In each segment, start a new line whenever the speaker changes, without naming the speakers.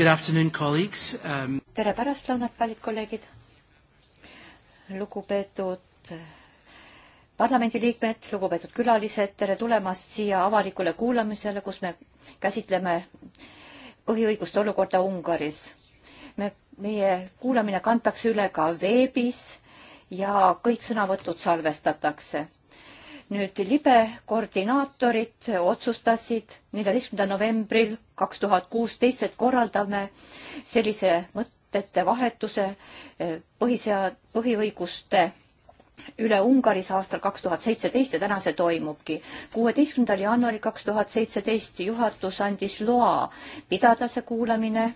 Good afternoon, colleagues
um.... tere pärastlõunat, kallid kolleegid. lugupeetud parlamendiliikmed, lugupeetud külalised, tere tulemast siia avalikule kuulamisele, kus me käsitleme põhiõiguste olukorda Ungaris. me, meie kuulamine kantakse üle ka veebis ja kõik sõnavõtud salvestatakse nüüd libe koordinaatorid otsustasid neljateistkümnendal novembril kaks tuhat kuusteist, et korraldame sellise mõtete vahetuse eh, põhisea-, põhiõiguste üle Ungaris aastal kaks tuhat seitseteist ja täna see toimubki. kuueteistkümnendal jaanuaril kaks tuhat seitseteist juhatus andis loa pidada see kuulamine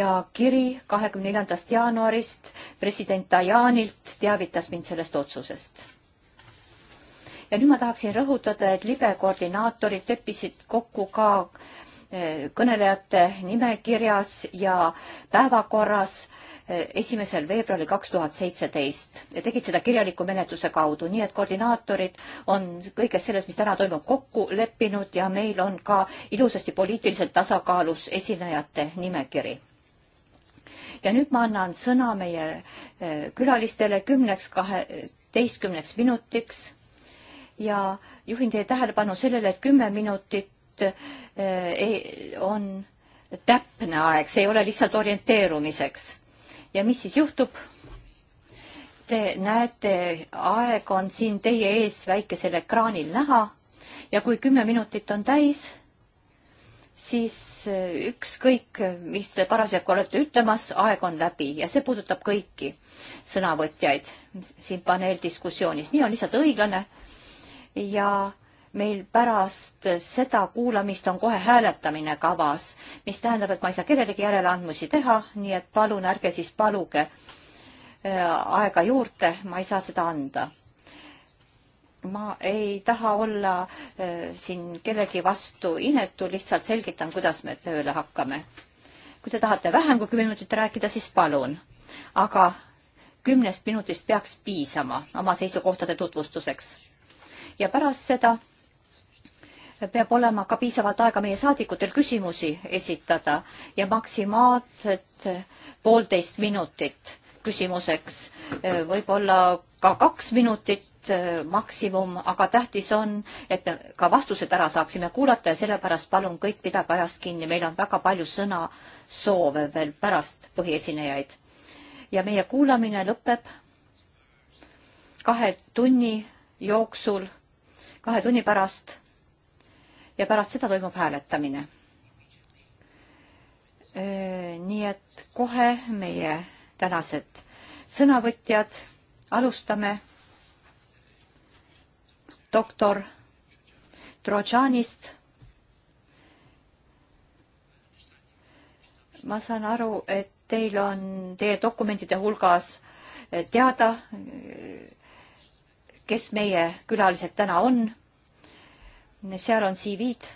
ja kiri kahekümne neljandast jaanuarist president Tajanilt teavitas mind sellest otsusest ja nüüd ma tahaksin rõhutada, et libe koordinaatorid leppisid kokku ka eh, kõnelejate nimekirjas ja päevakorras eh, esimesel veebruaril kaks tuhat seitseteist ja tegid seda kirjaliku menetluse kaudu, nii et koordinaatorid on kõiges selles, mis täna toimub, kokku leppinud ja meil on ka ilusasti poliitiliselt tasakaalus esinejate nimekiri. ja nüüd ma annan sõna meie eh, külalistele kümneks, kaheteistkümneks minutiks ja juhin teie tähelepanu sellele, et kümme minutit eh, ei, on täpne aeg, see ei ole lihtsalt orienteerumiseks. ja mis siis juhtub? Te näete, aeg on siin teie ees väikesel ekraanil näha ja kui kümme minutit on täis, siis eh, ükskõik, mis te parasjagu olete ütlemas, aeg on läbi ja see puudutab kõiki sõnavõtjaid siin paneeldiskussioonis. nii on lihtsalt õiglane ja meil pärast seda kuulamist on kohe hääletamine kavas, mis tähendab, et ma ei saa kellelegi järeleandmusi teha, nii et palun ärge siis paluge äh, aega juurde, ma ei saa seda anda. ma ei taha olla äh, siin kellegi vastu inetu, lihtsalt selgitan, kuidas me tööle hakkame. kui te tahate vähem kui kümme minutit rääkida, siis palun, aga kümnest minutist peaks piisama oma seisukohtade tutvustuseks ja pärast seda peab olema ka piisavalt aega meie saadikutel küsimusi esitada ja maksimaalselt poolteist minutit küsimuseks, võib-olla ka kaks minutit eh, maksimum, aga tähtis on, et me ka vastused ära saaksime kuulata ja sellepärast palun kõik pidage ajast kinni, meil on väga palju sõnasoove veel pärast põhiesinejaid. ja meie kuulamine lõpeb kahe tunni jooksul kahe tunni pärast ja pärast seda toimub hääletamine. nii et kohe meie tänased sõnavõtjad, alustame doktor Trojanist. ma saan aru, et teil on teie dokumentide hulgas teada kes meie külalised täna on. seal on CV-d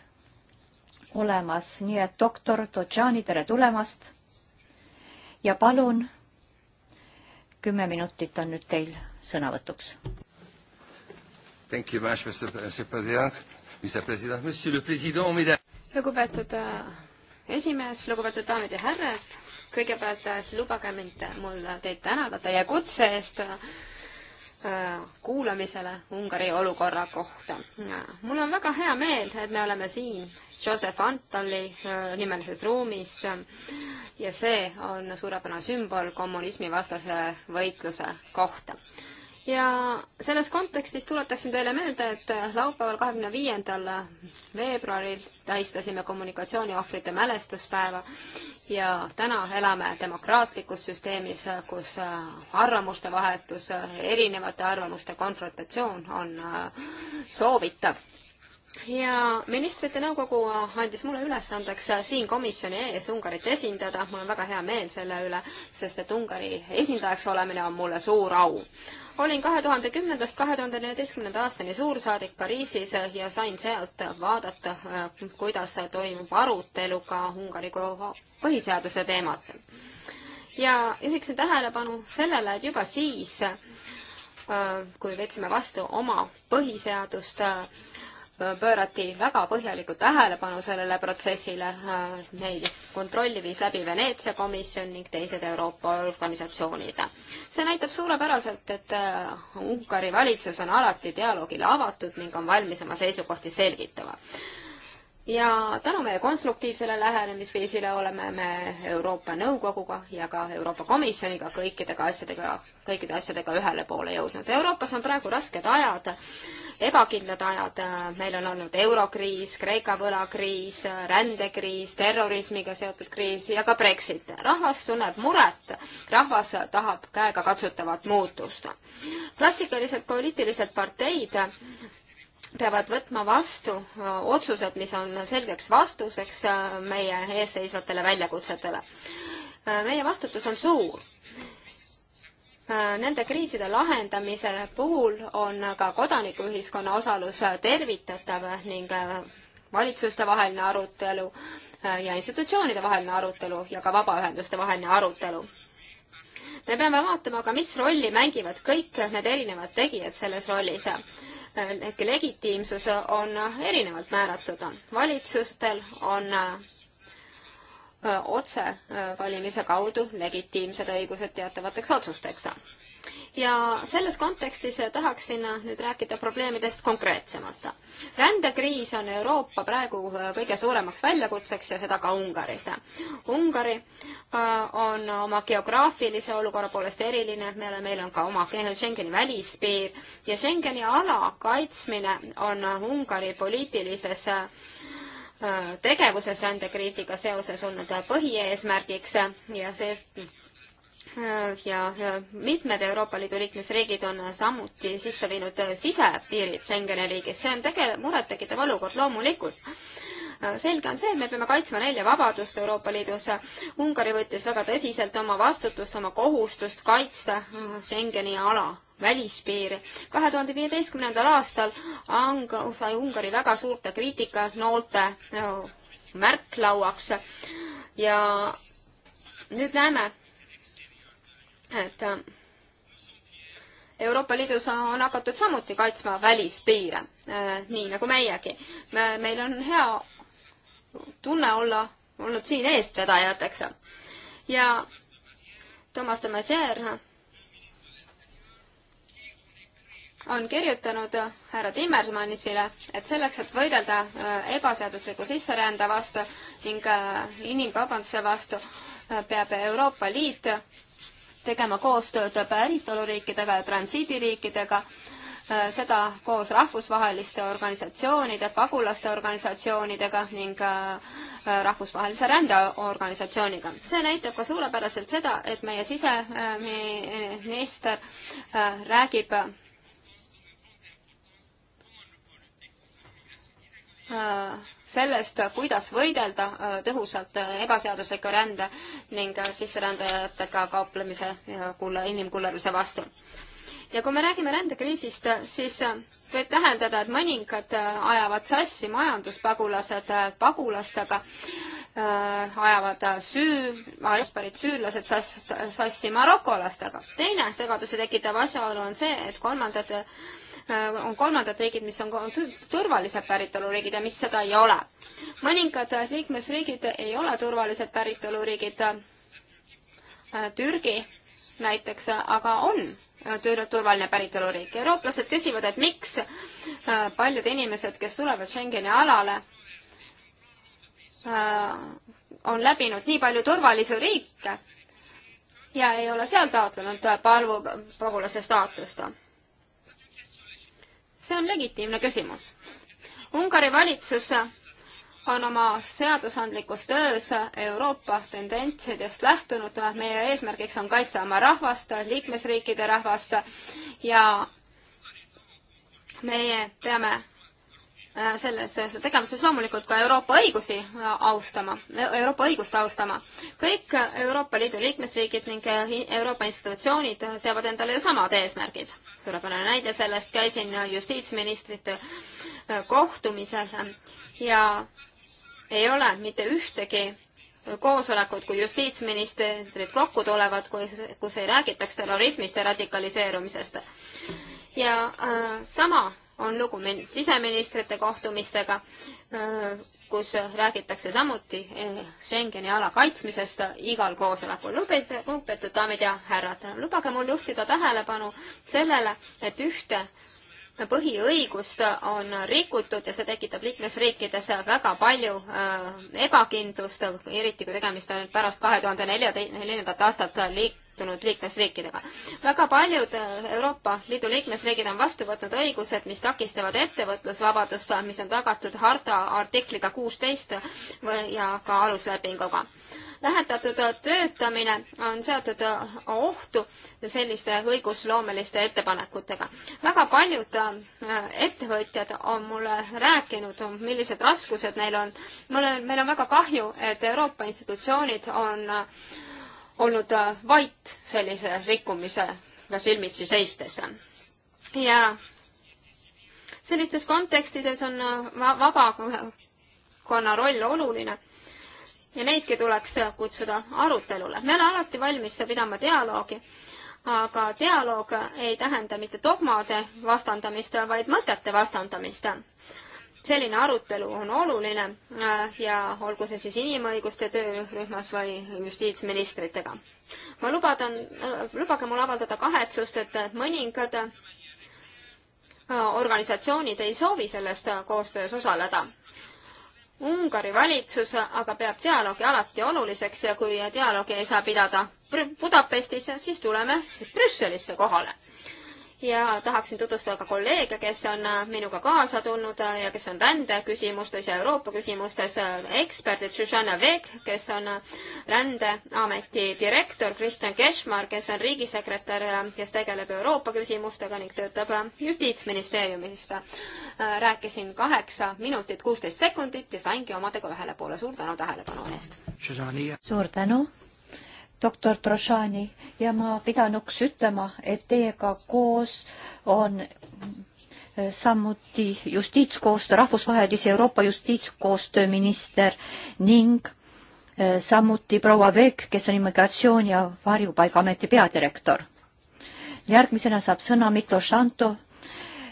olemas, nii et doktor Dodžani, tere tulemast. ja palun, kümme minutit on nüüd teil sõnavõtuks.
lugupeetud äh, esimees, lugupeetud daamid ja härrad, kõigepealt äh, lubage mind, äh, mul teid tänada teie kutse eest Äh, kuulamisele Ungari olukorra kohta. mul on väga hea meel, et me oleme siin Joseph Antali äh, nimelises ruumis ja see on suurepärane sümbol kommunismivastase võitluse kohta ja selles kontekstis tuletaksin teile meelde, et laupäeval, kahekümne viiendal veebruaril tähistasime kommunikatsiooniohvrite mälestuspäeva ja täna elame demokraatlikus süsteemis, kus arvamuste vahetus, erinevate arvamuste konfrontatsioon on soovitav ja ministrite nõukogu andis mulle ülesandeks siin komisjoni ees Ungarit esindada, mul on väga hea meel selle üle, sest et Ungari esindajaks olemine on mulle suur au. olin kahe tuhande kümnendast kahe tuhande neljateistkümnenda aastani suursaadik Pariisis ja sain sealt vaadata, kuidas toimub arutelu ka Ungari põhiseaduse teemadel. ja juhiksin tähelepanu sellele, et juba siis, äh, kui võtsime vastu oma põhiseadust, pöörati väga põhjalikku tähelepanu sellele protsessile, neid kontrolli viis läbi Veneetsia komisjon ning teised Euroopa organisatsioonid. see näitab suurepäraselt, et äh, Ungari valitsus on alati dialoogile avatud ning on valmis oma seisukohti selgitama ja tänu meie konstruktiivsele lähenemisviisile oleme me Euroopa Nõukoguga ja ka Euroopa Komisjoniga kõikidega asjadega, kõikide asjadega ühele poole jõudnud. Euroopas on praegu rasked ajad, ebakindlad ajad, meil on olnud eurokriis, Kreeka võlakriis, rändekriis, terrorismiga seotud kriis ja ka Brexit. rahvas tunneb muret, rahvas tahab käegakatsutavat muutust. klassikalised poliitilised parteid peavad võtma vastu äh, otsused, mis on selgeks vastuseks äh, meie eesseisvatele väljakutsetele. Äh, meie vastutus on suur. Nende kriiside lahendamise puhul on ka kodanikuühiskonna osalus tervitatav ning valitsuste vaheline arutelu ja institutsioonide vaheline arutelu ja ka vabaühenduste vaheline arutelu me peame vaatama ka, mis rolli mängivad kõik need erinevad tegijad selles rollis ehkki legitiimsus on erinevalt määratud. valitsustel on äh, otsevalimise äh, kaudu legitiimsed õigused teatavateks otsusteks ja selles kontekstis tahaksin nüüd rääkida probleemidest konkreetsemalt. rändekriis on Euroopa praegu äh, kõige suuremaks väljakutseks ja seda ka Ungaris. Ungari äh, on oma geograafilise olukorra poolest eriline, meil on, meil on ka oma Schengeni välispiir ja Schengeni ala kaitsmine on Ungari poliitilises äh, tegevuses rändekriisiga seoses olnud põhieesmärgiks ja see ja mitmed Euroopa Liidu liikmesriigid on samuti sisse viinud sisepiirid Schengeni riigis, see on tege-, murettekitav olukord loomulikult. selge on see, et me peame kaitsma nelja vabadust Euroopa Liidus. Ungari võttis väga tõsiselt oma vastutust, oma kohustust kaitsta Schengeni ala välispiiri. kahe tuhande viieteistkümnendal aastal sai Ungari väga suurte kriitikanoolte märklauaks ja nüüd näeme, et äh, Euroopa Liidus on hakatud samuti kaitsma välispiire, äh, nii nagu meiegi. me, meil on hea tunne olla olnud siin eestvedajateks. ja Thomas de Maizière on kirjutanud härra Timmermannisile, et selleks, et võidelda äh, ebaseadusliku sisserände vastu ning inimkaubanduse vastu, peab Euroopa Liit tegema koostööd päritoluriikidega ja transiidiriikidega, äh, seda koos rahvusvaheliste organisatsioonide, pagulaste organisatsioonidega ning äh, äh, rahvusvahelise rändeorganisatsiooniga. see näitab ka suurepäraselt seda, et meie siseminister räägib Äh, sellest, kuidas võidelda äh, tõhusalt äh, ebaseadusliku rände ning sisserändajatega kauplemise ja kulla, inimkullerluse vastu. ja kui me räägime rändekriisist, siis võib täheldada, et mõningad ajavad sassi majanduspagulased pagulastega, ajavad süü, ajuspärit süürlased sass, sassi marokolastega. teine segadusi tekitav asjaolu on see, et kolmandad Äh, on kolmandad riigid, mis on turvalised päritoluriigid ja mis seda ei ole. mõningad äh, liikmesriigid ei ole turvalised päritoluriigid. Äh, Türgi näiteks aga on turvaline päritoluriik. eurooplased küsivad, et miks paljud inimesed, kes tulevad Schengeni alale, on läbinud nii palju turvalisi riike ja ei ole seal taotlenud palvu pagulase staatust see on legitiimne küsimus. Ungari valitsus on oma seadusandlikus töös Euroopa tendentsidest lähtunud, meie eesmärgiks on kaitse oma rahvast, liikmesriikide rahvast ja meie peame Äh, selles tegevuses loomulikult ka Euroopa õigusi austama, Euroopa õigust austama. kõik Euroopa Liidu liikmesriigid ning äh, Euroopa institutsioonid seavad endale ju samad eesmärgid. suurepärane näide sellest, käisin justiitsministrite äh, kohtumisel ja ei ole mitte ühtegi koosolekud, kui justiitsministrid kokku tulevad, kus ei räägitaks terrorismist ja radikaliseerumisest. ja äh, sama on lugu siseministrite kohtumistega, kus räägitakse samuti eh, Schengeni ala kaitsmisest igal koosolekul. lugupeetud daamid ja härrad, lubage mul juhtida tähelepanu sellele, et ühte põhiõigust on rikutud ja see tekitab liikmesriikides väga palju äh, ebakindlust, eriti kui tegemist on pärast kahe tuhande neljandat aastat liitunud liikmesriikidega. väga paljud äh, Euroopa Liidu liikmesriigid on vastu võtnud õigused, mis takistavad ettevõtlusvabadust, mis on tagatud harta artikliga kuusteist ja ka aluslepinguga lähetatud töötamine on seotud ohtu selliste õigusloomeliste ettepanekutega. väga paljud äh, ettevõtjad on mulle rääkinud, millised raskused neil on. mul on, meil on väga kahju, et Euroopa institutsioonid on äh, olnud äh, vait sellise rikkumisega silmitsi seistes. ja sellistes kontekstides on vabakonna roll oluline ja neidki tuleks kutsuda arutelule. me oleme alati valmis pidama dialoogi, aga dialoog ei tähenda mitte dogmade vastandamist, vaid mõtete vastandamist. selline arutelu on oluline äh, ja olgu see siis inimõiguste töörühmas või justiitsministritega. ma lubadan, äh, lubage mul avaldada kahetsust, et mõningad äh, organisatsioonid ei soovi sellest koostöös osaleda Ungari valitsus aga peab dialoogi alati oluliseks ja kui dialoogi ei saa pidada Budapestis, siis tuleme siis Brüsselisse kohale ja tahaksin tutvustada ka kolleege, kes on äh, minuga kaasa tulnud äh, ja kes on rändeküsimustes ja Euroopa küsimustes äh, eksperdid. Susanna Veg, kes on rändeameti direktor, Kristjan Kešmar, kes on riigisekretär, kes tegeleb Euroopa küsimustega ning töötab Justiitsministeeriumis. rääkisin kaheksa minutit kuusteist sekundit ja saingi
omadega ühele poole. suur
tänu tähelepanu eest!
suur tänu! doktor Trošani ja ma pidanuks ütlema, et teiega koos on eh, samuti justiitskoostöö, rahvusvahelise Euroopa justiitskoostööminister ning eh, samuti proua Vekk, kes on immigratsiooni ja varjupaigaameti peadirektor. järgmisena saab sõna Miklo Šantov,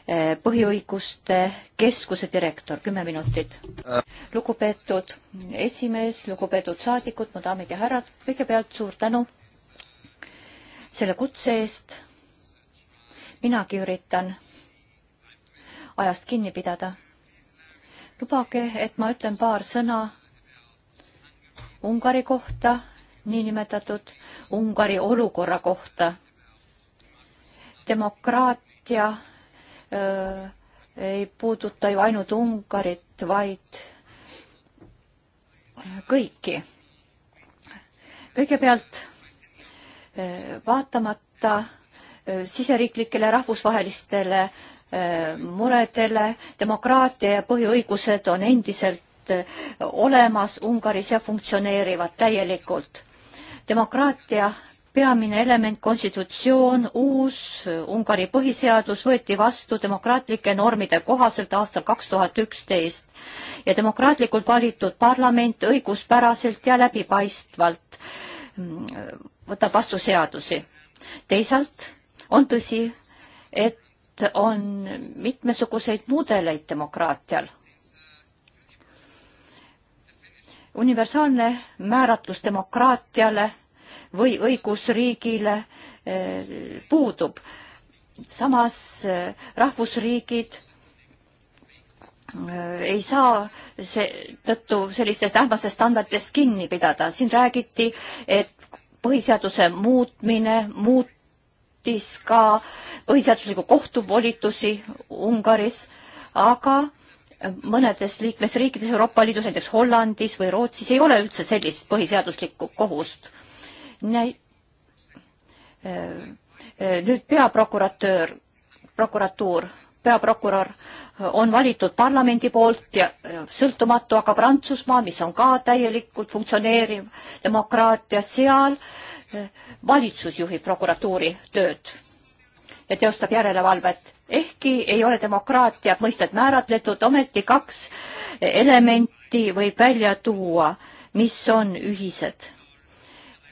Eh, põhiõiguste keskuse direktor, kümme minutit. lugupeetud esimees, lugupeetud saadikud, mu daamid ja härrad, kõigepealt suur tänu selle kutse eest. minagi üritan ajast kinni pidada. lubage, et ma ütlen paar sõna Ungari kohta, niinimetatud Ungari olukorra kohta. demokraatia Äh, ei puuduta ju ainult Ungarit, vaid kõiki. kõigepealt äh, vaatamata äh, siseriiklikele rahvusvahelistele muredele, demokraatia ja põhiõigused on endiselt olemas Ungaris ja funktsioneerivad täielikult. demokraatia peamine element, konstitutsioon, uus Ungari põhiseadus võeti vastu demokraatlike normide kohaselt aastal kaks tuhat üksteist ja demokraatlikult valitud parlament õiguspäraselt ja läbipaistvalt mm, võtab vastu seadusi. teisalt on tõsi, et on mitmesuguseid mudeleid demokraatial universaalne määratlus demokraatiale või õigusriigile eh, puudub. samas eh, rahvusriigid eh, ei saa seetõttu sellistest ähmastest standarditest kinni pidada. siin räägiti, et põhiseaduse muutmine muutis ka põhiseadusliku kohtu volitusi Ungaris, aga mõnedes liikmesriikides Euroopa Liidus, näiteks Hollandis või Rootsis ei ole üldse sellist põhiseaduslikku kohust näi-, äh, äh, nüüd peaprokuratöör, prokuratuur, peaprokurör äh, on valitud parlamendi poolt ja sõltumatu, aga Prantsusmaa, mis on ka täielikult funktsioneeriv demokraatia, seal valitsus juhib prokuratuuri tööd ja teostab järelevalvet. ehkki ei ole demokraatia mõistet määratletud, ometi kaks elementi võib välja tuua, mis on ühised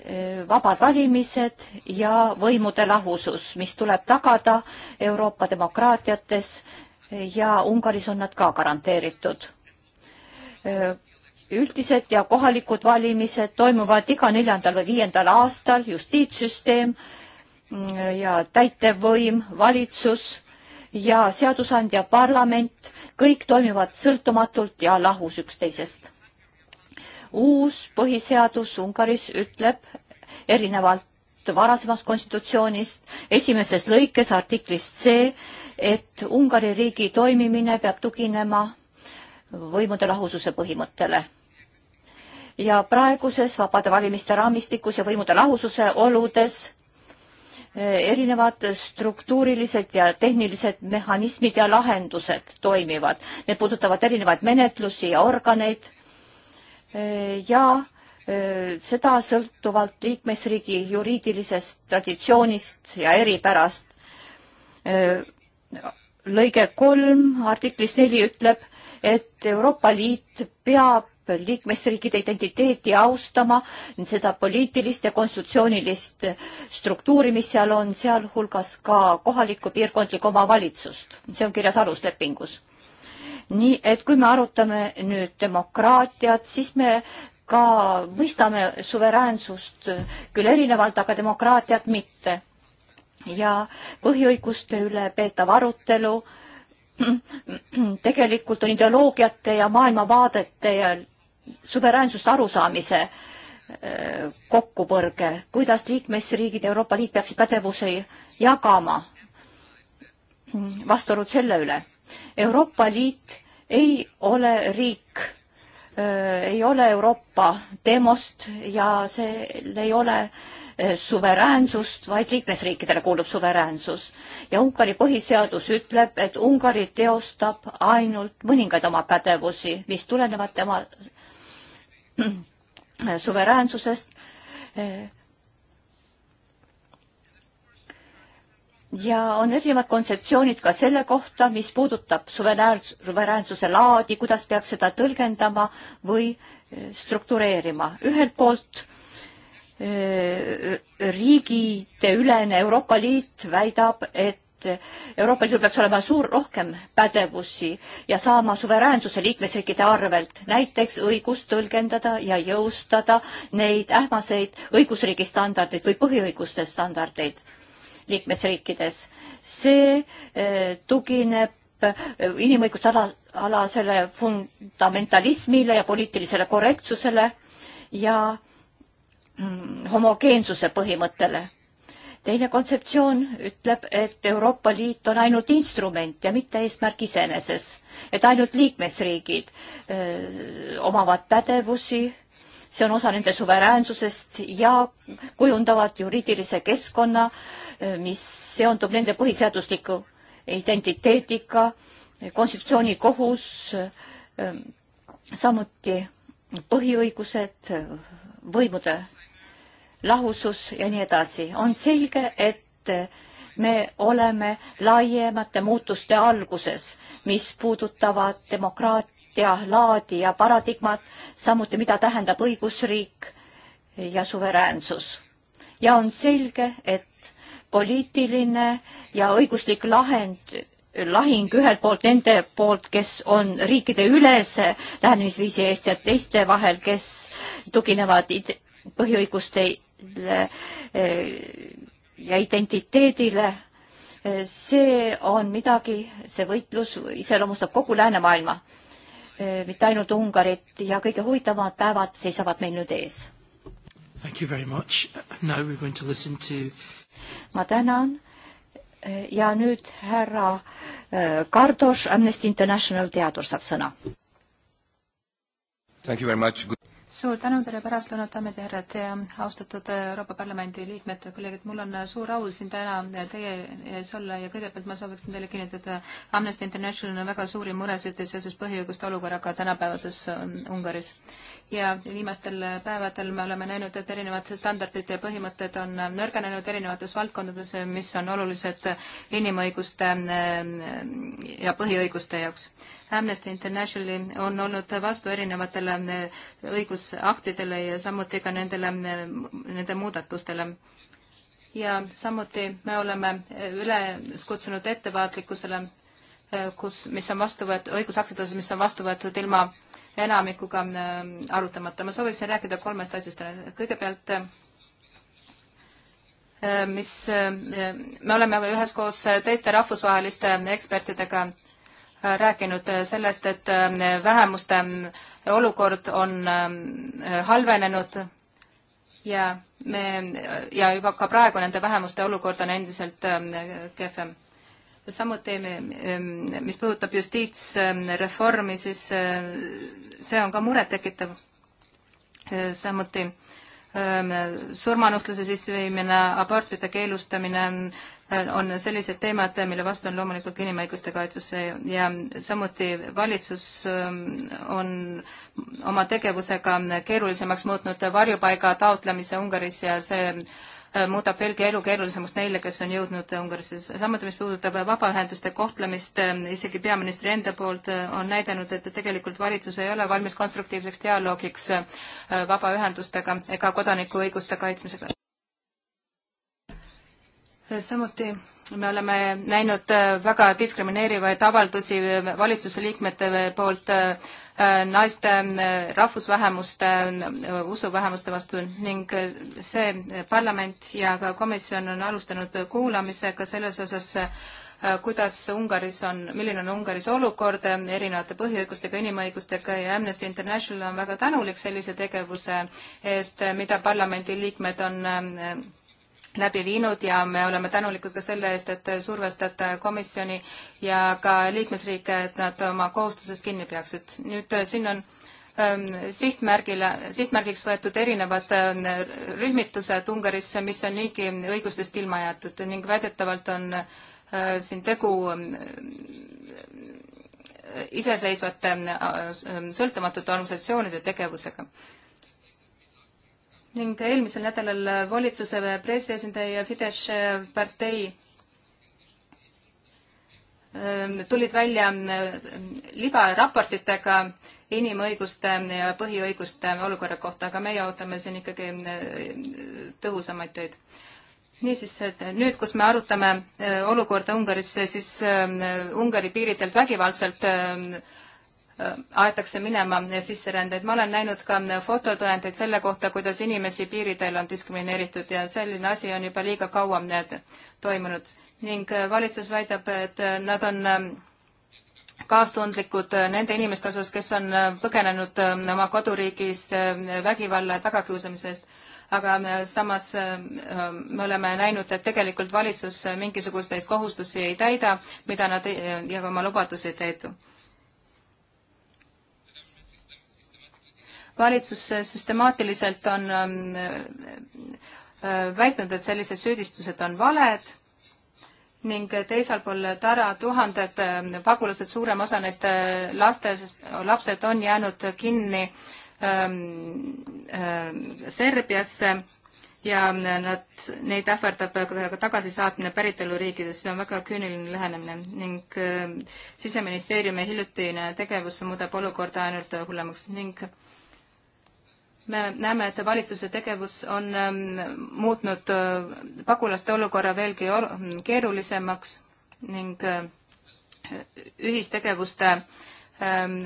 Eh, vabad valimised ja võimude lahusus, mis tuleb tagada Euroopa demokraatiates ja Ungaris on nad ka garanteeritud. Eh, üldised ja kohalikud valimised toimuvad iga neljandal või viiendal aastal, justiitssüsteem mm, ja täitevvõim, valitsus ja seadusandja parlament, kõik toimivad sõltumatult ja lahus üksteisest uus põhiseadus Ungaris ütleb erinevalt varasemast konstitutsioonist esimeses lõikes artiklist C, et Ungari riigi toimimine peab tuginema võimude lahususe põhimõttele. ja praeguses vabade valimiste raamistikus ja võimude lahususe oludes eh, erinevad struktuurilised ja tehnilised mehhanismid ja lahendused toimivad. Need puudutavad erinevaid menetlusi ja organeid ja e, seda sõltuvalt liikmesriigi juriidilisest traditsioonist ja eripärast. E, lõige kolm artiklis neli ütleb, et Euroopa Liit peab liikmesriikide identiteeti austama, seda poliitilist ja konstitutsioonilist struktuuri, mis seal on, sealhulgas ka kohalikku piirkondlikku omavalitsust. see on kirjas aluslepingus nii et kui me arutame nüüd demokraatiat, siis me ka mõistame suveräänsust küll erinevalt, aga demokraatiat mitte. ja põhiõiguste üle peetav arutelu tegelikult on ideoloogiate ja maailmavaadete ja suveräänsust arusaamise äh, kokkupõrge, kuidas liikmesriigid, Euroopa Liit peaksid pädevusi jagama, vastuolud selle üle Euroopa Liit ei ole riik, ei ole Euroopa temost ja seal ei ole suveräänsust, vaid liikmesriikidele kuulub suveräänsus. ja Ungari põhiseadus ütleb, et Ungari teostab ainult mõningaid oma pädevusi, mis tulenevad tema suveräänsusest ja on erinevad kontseptsioonid ka selle kohta, mis puudutab suveräänsus, suveräänsuse laadi, kuidas peaks seda tõlgendama või eh, struktureerima. ühelt poolt eh, riigiteülene Euroopa Liit väidab, et Euroopa Liidul peaks olema suur, rohkem pädevusi ja saama suveräänsuse liikmesriikide arvelt, näiteks õigust tõlgendada ja jõustada neid ähmaseid õigusriigi standardeid või põhiõiguste standardeid liikmesriikides. see eh, tugineb eh, inimõiguste ala, alasele fundamentalismile ja poliitilisele korrektsusele ja mm, homogeensuse põhimõttele. teine kontseptsioon ütleb, et Euroopa Liit on ainult instrument ja mitte eesmärk iseeneses, et ainult liikmesriigid öö, eh, omavad pädevusi see on osa nende suveräänsusest ja kujundavad juriidilise keskkonna, eh, mis seondub nende põhiseadusliku identiteediga, konstitutsioonikohus, eh, samuti põhiõigused, võimude lahusus ja nii edasi. on selge, et me oleme laiemate muutuste alguses, mis puudutavad demokraatiat ja laadi ja paradigmad, samuti mida tähendab õigusriik ja suveräänsus. ja on selge, et poliitiline ja õiguslik lahend, lahing ühelt poolt nende poolt, kes on riikide ülese lähenemisviisi eest ja teiste vahel, kes tuginevad põhiõigustele eh, ja identiteedile, eh, see on midagi, see võitlus iseloomustab kogu läänemaailma Äh, mitte ainult Ungarit ja kõige huvitavamad päevad seisavad meil nüüd ees.
To...
ma tänan äh, ja nüüd härra Kardoš äh, Amnesty International teadur saab sõna suur tänu
teile pärastlõunat, daamid ja härrad, austatud Euroopa Parlamendi liikmed, kolleegid, mul on suur au siin täna teie ees olla ja kõigepealt ma sooviksin teile kinnitada, Amnesty International on väga suuri muresid seoses põhiõiguste olukorraga tänapäevases ähm, Ungaris. ja viimastel päevadel me oleme näinud, et erinevad standardid ja põhimõtted on nõrgenenud erinevates valdkondades, mis on olulised inimõiguste ähm, ja põhiõiguste jaoks Amnesty Internationali on olnud vastu erinevatele eh, õigusaktidele ja samuti ka nendele, eh, nende muudatustele ja samuti me oleme eh, üles kutsunud ettevaatlikkusele, kus, mis on vastu võetud, õigusaktid osas, mis on vastu võetud ilma enamikuga arutamata. ma sooviksin rääkida kolmest asjast. kõigepealt, mis, me oleme üheskoos teiste rahvusvaheliste ekspertidega rääkinud sellest, et äh, vähemuste äh, olukord on äh, halvenenud ja me, ja juba ka praegu nende vähemuste olukord on endiselt kehvem. samuti, ähm, mis puudutab justiitsreformi, siis see on ka murettekitav. samuti ähm, surmanuhtluse sisseviimine, abortide keelustamine, on sellised teemad, mille vastu on loomulikult ka inimõiguste kaitsus ja samuti valitsus ähm, on oma tegevusega keerulisemaks muutnud varjupaiga taotlemise Ungaris ja see äh, muudab veelgi elu keerulisemaks neile, kes on jõudnud Ungarisse. samuti, mis puudutab vabaühenduste kohtlemist, äh, isegi peaministri enda poolt äh, on näidanud, et tegelikult valitsus ei ole valmis konstruktiivseks dialoogiks vabaühendustega ega kodanikuõiguste kaitsmisega samuti me oleme näinud äh, väga diskrimineerivaid avaldusi äh, valitsuse liikmete äh, poolt naiste, rahvusvähemuste, usuvähemuste vastu ning see parlament ja ka komisjon on alustanud kuulamisega selles osas, kuidas Ungaris on, milline on Ungaris olukord erinevate põhiõigustega, inimõigustega ja Amnesty International on väga tänulik sellise tegevuse eest, mida parlamendi liikmed on läbi viinud ja me oleme tänulikud ka selle eest, et survestate komisjoni ja ka liikmesriike, et nad oma kohustusest kinni peaksid. nüüd äh, siin on ähm, sihtmärgile, sihtmärgiks võetud erinevad ähm, rühmitused Ungarisse, mis on niigi õigustest ilma jäetud ning väidetavalt on äh, siin tegu äh, iseseisvate äh, sõltumatute organisatsioonide tegevusega ning eelmisel nädalal valitsuse pressiesindaja Fidesz partei ähm, tulid välja äh, libaraportitega inimõiguste ja põhiõiguste olukorra kohta, aga meie ootame siin ikkagi äh, tõhusamaid töid. niisiis, nüüd, kus me arutame äh, olukorda Ungaris, siis Ungari piiridelt vägivaldselt aetakse minema sisserändeid. ma olen näinud ka fototõendeid selle kohta, kuidas inimesi piiridel on diskrimineeritud ja selline asi on juba liiga kaua toimunud ning valitsus väidab, et nad on kaastundlikud nende inimeste osas, kes on põgenenud oma koduriigis vägivalla ja tagakiusamise eest aga samas ähm, me oleme näinud, et tegelikult valitsus mingisuguseid kohustusi ei täida, mida nad ja oma lubadusi ei täidu. valitsus süstemaatiliselt on ähm, äh, väitnud, et sellised süüdistused on valed ning teisel pool tara tuhanded ähm, pagulased, suurem osa neist äh, laste, lapsed on jäänud kinni ähm, äh, Serbiasse ja nad, neid ähvardab ka tagasisaatmine päritoluriikides, see on väga küüniline lähenemine ning siseministeeriumi hiljutine tegevus muudab olukorda ainult hullemaks ning äh, me näeme, et valitsuse tegevus on ähm, muutnud äh, pagulaste olukorra veelgi keerulisemaks ning äh, ühistegevuste ähm,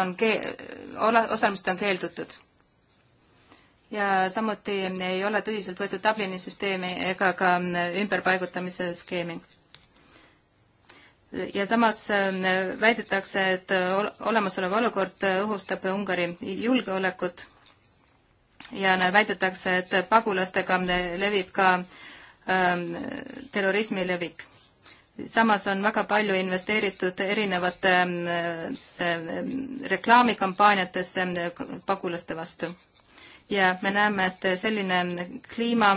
on ke-, osalemist on keeldutud. ja samuti ei ole tõsiselt võetud Dublini süsteemi ega ka äh, ümberpaigutamise skeemi. ja samas väidetakse, et olemasolev olukord õhustab Ungari julgeolekut ja väidetakse, et pagulastega levib ka ähm, terrorismi levik. samas on väga palju investeeritud erinevatesse ähm, ähm, reklaamikampaaniatesse ähm, pagulaste vastu. ja me näeme, et selline kliima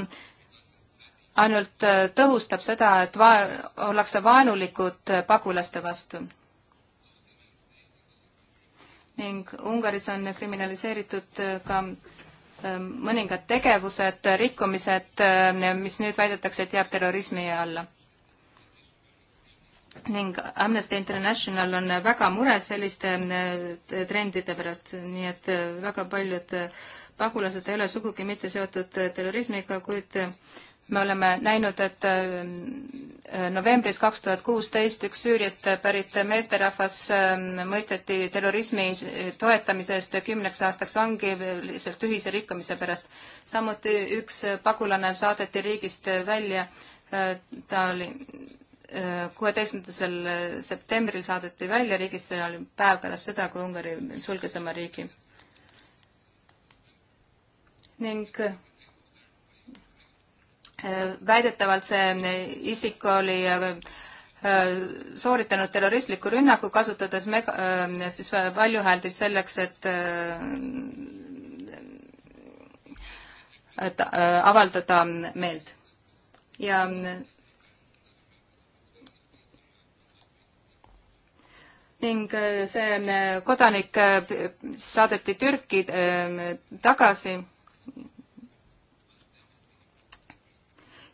ainult äh, tõhustab seda, et va-, ollakse vaenulikud äh, pagulaste vastu ning Ungaris on kriminaliseeritud äh, ka Ehm, mõningad tegevused, rikkumised, ehm, mis nüüd väidetakse, et jääb terrorismi alla. ning Amnesty International on väga mures selliste ehm, trendide pärast, nii et väga paljud pagulased ei ole sugugi mitte seotud terrorismiga, kuid me oleme näinud, et äh, novembris kaks tuhat kuusteist üks Süüriast pärit meesterahvas äh, mõisteti terrorismi toetamise eest kümneks aastaks vangi lihtsalt ühise rikkumise pärast. samuti üks pagulane saadeti riigist välja, äh, ta oli kuueteistkümnendal septembril saadeti välja riigist, see oli päev pärast seda, kui Ungari sulges oma riigi. ning väidetavalt see isik oli äh, sooritanud terroristliku rünnaku, kasutades mega, äh, siis valjuhääldeid selleks, et äh, et avaldada meelt. ja ning see kodanik saadeti Türki tagasi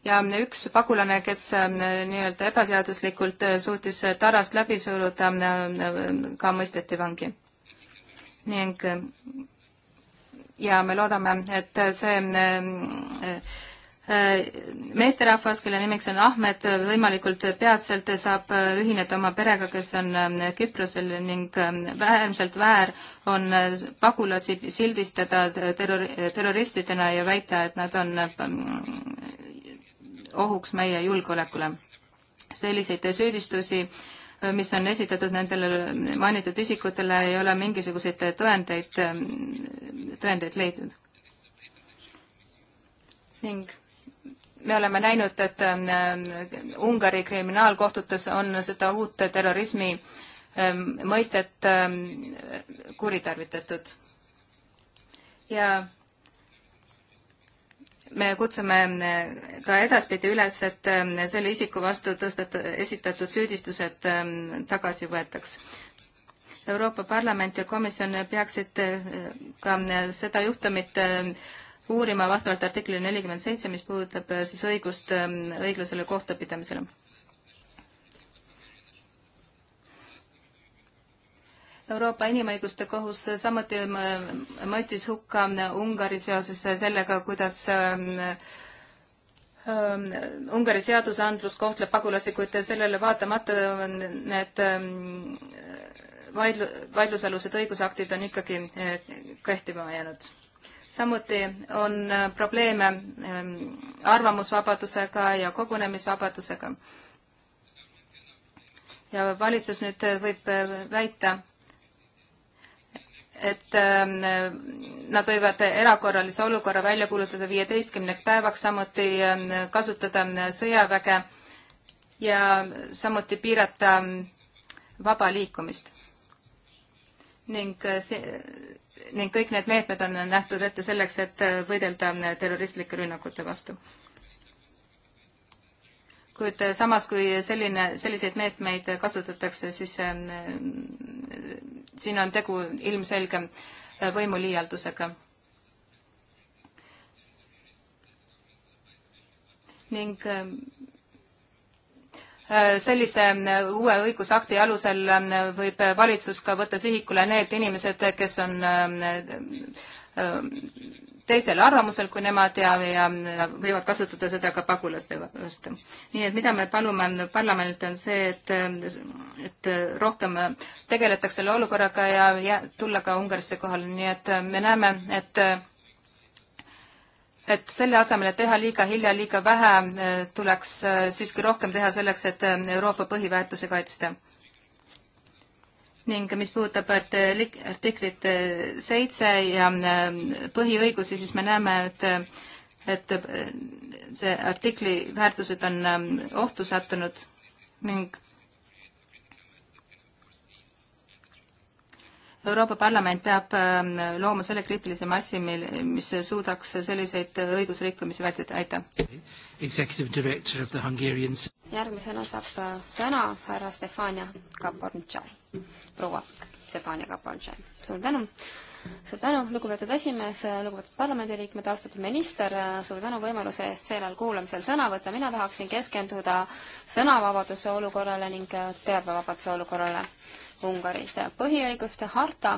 ja üks pagulane, kes ähm, nii-öelda ebaseaduslikult äh, suutis äh, tarast läbi suruda, ähm, äh, ka mõisteti vangi. ning ja me loodame, et see ähm, meesterahvas, kelle nimeks on Ahmed, võimalikult peatselt saab ühineda oma perega, kes on Küprosel ning äärmiselt väär on pagulasi sildistada terror-, terroristidena ja väita, et nad on ohuks meie julgeolekule. selliseid süüdistusi, äh, mis on esitatud nendele mainitud isikutele, ei ole mingisuguseid tõendeid, äh, tõendeid leidnud. ning me oleme näinud, et äh, Ungari kriminaalkohtutes on seda uut terrorismi mõistet kuritarvitatud. ja me kutsume eh, ka edaspidi üles, et eh, selle isiku vastu tõstet-, esitatud süüdistused eh, tagasi võetaks. Euroopa Parlament ja komisjon peaksid ka seda juhtumit uurima vastavalt artiklile nelikümmend seitse, mis puudutab siis õigust õiglasele kohtupidamisele Euroopa Inimõiguste Kohus samuti mõistis hukka Ungari seoses sellega, kuidas ähm, ähm, Ungari seadusandlus kohtleb pagulasi, kuid sellele vaatamata need ähm, vaidlu-, vaidlusalused õigusaktid on ikkagi äh, kehtima jäänud samuti on äh, probleeme arvamusvabadusega ja kogunemisvabadusega. ja valitsus nüüd äh, võib väita, et ähm, nad võivad erakorralise olukorra välja kuulutada viieteistkümneks päevaks, samuti ähm, kasutada ähm, sõjaväge ja samuti piirata vaba liikumist. ning äh, see, ning kõik need meetmed on nähtud ette selleks, et äh, võidelda terroristlike rünnakute vastu. kuid äh, samas, kui selline, selliseid meetmeid kasutatakse, siis siin on tegu ilmselge äh, võimuliialdusega. ning äh, äh, sellise uue õigusakti alusel võib valitsus ka võtta sihikule need inimesed, kes on teisel arvamusel kui nemad ja, ja võivad kasutada seda ka pagulaste vastu. nii et mida me palume parlamendilt on see, et, et rohkem tegeletakse selle olukorraga ja, ja tulla ka Ungarisse kohale, nii et me näeme, et et selle asemel, et teha liiga hilja, liiga vähe, tuleks äh, siiski rohkem teha selleks, et äh, Euroopa põhiväärtusi kaitsta ning mis puudutab artiklit äh, seitse ja ähm, põhiõigusi, siis me näeme, et, et äh, see artikli väärtused on ähm, ohtu sattunud ning Euroopa Parlament peab ähm, looma selle kriitilise massi, mil, mis suudaks selliseid õigusrikkumisi vältida, aitäh.
järgmisena saab äh, sõna härra Stefania Kapornšai, proua Stefania Kapornšai, suur tänu. suur tänu, lugupeetud esimees, lugupeetud parlamendiliikmed, austatud minister, suur tänu võimaluse eest sellel kuulamisel sõna võtta, mina tahaksin keskenduda sõnavabaduse olukorrale ning teabevabaduse olukorrale Ungaris. põhiõiguste harta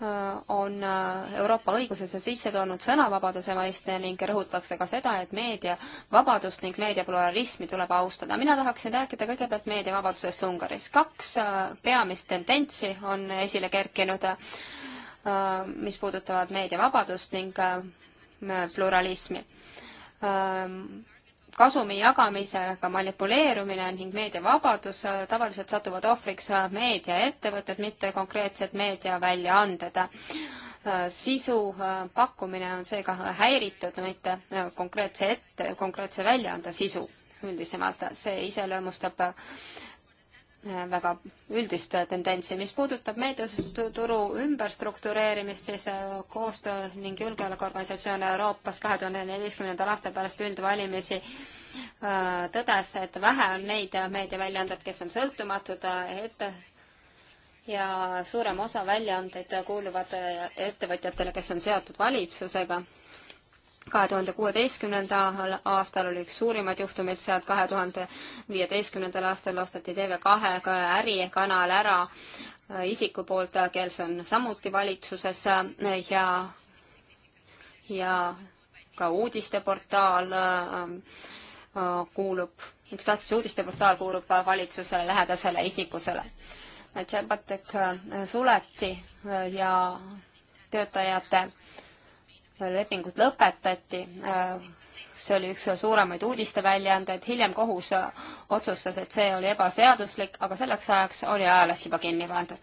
äh, on äh, Euroopa õigusesse sisse toonud sõnavabaduse mõiste ning rõhutakse ka seda, et meediavabadust ning meediapluralismi tuleb austada. mina tahaksin rääkida kõigepealt meediavabadusest Ungaris. kaks äh, peamist tendentsi on esile kerkinud, mis puudutavad meediavabadust ning pluralismi kasumi jagamisega manipuleerumine ning meediavabadus, äh, tavaliselt satuvad ohvriks äh, meediaettevõtted, mitte konkreetsed meediaväljaanded. Äh, sisu pakkumine on seega häiritud, mitte konkreetse ette, konkreetse väljaande sisu üldisemalt, see iseloomustab väga üldist tendentsi. mis puudutab meediaturu ümberstruktureerimist, siis äh, koostöö ning julgeolekuorganisatsioon Euroopas kahe tuhande neljateistkümnendal aastal pärast üldvalimisi äh, tõdes, et vähe on neid meediaväljaandeid, kes on sõltumatud äh, ette ja suurem osa väljaandeid kuuluvad ettevõtjatele, kes on seotud valitsusega kahe tuhande kuueteistkümnendal aastal oli üks suurimaid juhtumeid sealt, kahe tuhande viieteistkümnendal aastal osteti TV2 ärikanal ära äh, isiku poolt, kel see on samuti valitsuses äh, ja, ja ka uudisteportaal äh, kuulub, üks tähtis uudisteportaal kuulub valitsuse lähedasele isikusele. Tšepatek suleti ja töötajate lepingud lõpetati, see oli üks suuremaid uudisteväljaandeid, hiljem kohus otsustas, et see oli ebaseaduslik, aga selleks ajaks oli ajaleht juba kinni pandud.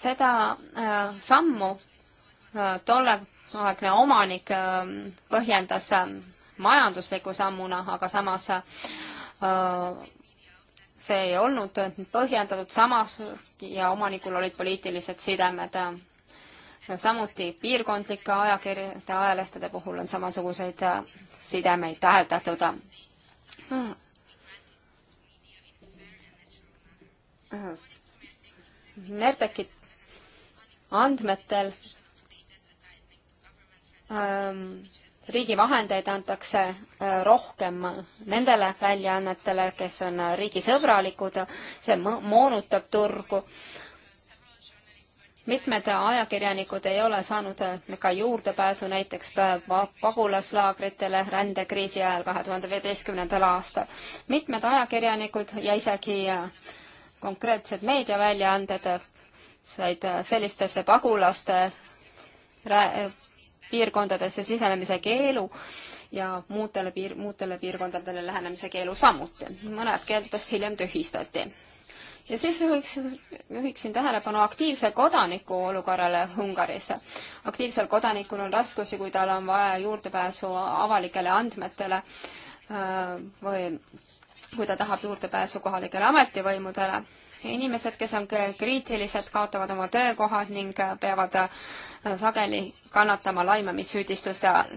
seda äh, sammu äh, tolleaegne omanik äh, põhjendas äh, majandusliku sammuna, aga samas äh, see ei olnud põhjendatud samas ja omanikul olid poliitilised sidemed äh, samuti piirkondlike ajakirjade, ajalehtede puhul on samasuguseid äh, sidemeid täheldatud. Äh, Nerteki andmetel ähm, riigi vahendeid antakse äh, rohkem nendele väljaannetele, kes on riigisõbralikud, see moonutab turgu mitmed ajakirjanikud ei ole saanud äh, ka juurdepääsu näiteks äh, pagulaslaagritele rändekriisi ajal kahe tuhande viieteistkümnendal aastal. mitmed ajakirjanikud ja isegi äh, konkreetsed meediaväljaanded said sellistesse pagulaste piirkondadesse sisenemise keelu ja muutele piir, muutele piirkondadele lähenemise keelu samuti. mõned keeldudest hiljem tühistati ja siis juhiks, juhiksin tähelepanu aktiivse kodaniku olukorrale Ungaris. aktiivsel kodanikul on raskusi, kui tal on vaja juurdepääsu avalikele andmetele äh, või kui ta tahab juurdepääsu kohalikele ametivõimudele. inimesed, kes on kriitilised, kaotavad oma töökoha ning peavad äh, sageli kannatama laimamissüüdistuste all.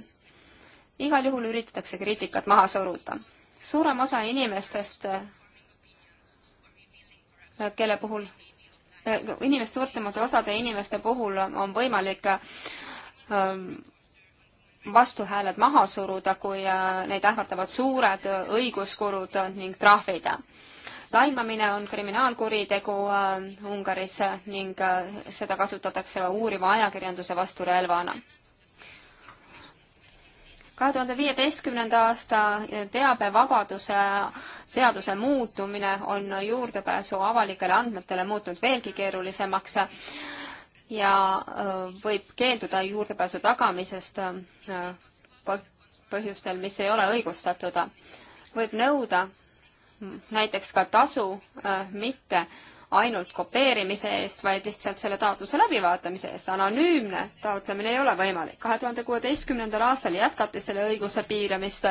igal juhul üritatakse kriitikat maha suruda. suurem osa inimestest Äh, kelle puhul, äh, inimest suurtemate osade inimeste puhul on võimalik äh, vastuhääled maha suruda, kui neid ähvardavad suured õiguskulud ning trahvid. laimamine on kriminaalkuritegu Ungaris ning seda kasutatakse uuriva ajakirjanduse vastu relvana kahe tuhande viieteistkümnenda aasta teabevabaduse seaduse muutumine on juurdepääsu avalikele andmetele muutnud veelgi keerulisemaks ja võib keelduda juurdepääsu tagamisest põhjustel, mis ei ole õigustatud. võib nõuda näiteks ka tasu, mitte ainult kopeerimise eest, vaid lihtsalt selle taotluse läbivaatamise eest. anonüümne taotlemine ei ole võimalik. kahe tuhande kuueteistkümnendal aastal jätkati selle õiguse piiramist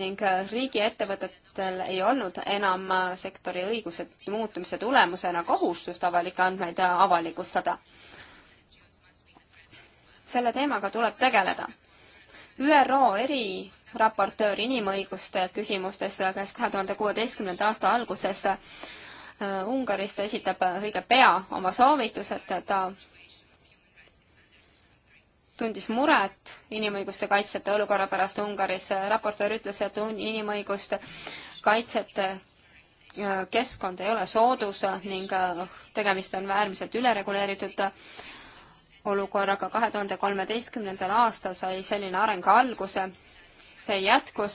ning äh, riigiettevõtetel ei olnud enam äh, sektori õiguse muutumise tulemusena kohustust avalikke andmeid äh, avalikustada. selle teemaga tuleb tegeleda ÜRO eriraportöör inimõiguste küsimustes, kes kahe tuhande kuueteistkümnenda aasta alguses äh, Ungarist esitab õige pea oma soovitused, ta tundis muret inimõiguste kaitsjate olukorra pärast Ungaris. raportöör ütles, et inimõiguste kaitsjate äh, keskkond ei ole soodus ning äh, tegemist on äärmiselt ülereguleeritud olukorraga. kahe tuhande kolmeteistkümnendal aastal sai selline areng alguse. see jätkus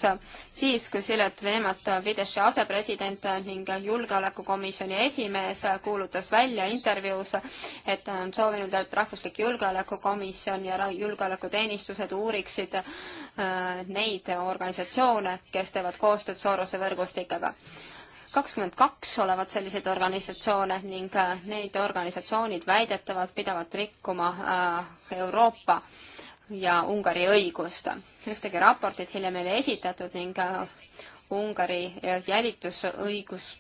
siis, kui Silet Veemat, Fideszi asepresident ning julgeolekukomisjoni esimees kuulutas välja intervjuus, et ta on soovinud, et Rahvuslik Julgeolekukomisjon ja julgeolekuteenistused uuriksid äh, neid organisatsioone, kes teevad koostööd Soorose võrgustikega kakskümmend kaks olevat selliseid organisatsioone ning äh, neid organisatsioonid väidetavalt pidavat rikkuma äh, Euroopa ja Ungari õigust. ühtegi raportit hiljem ei ole esitatud ning äh, Ungari jälitusõigust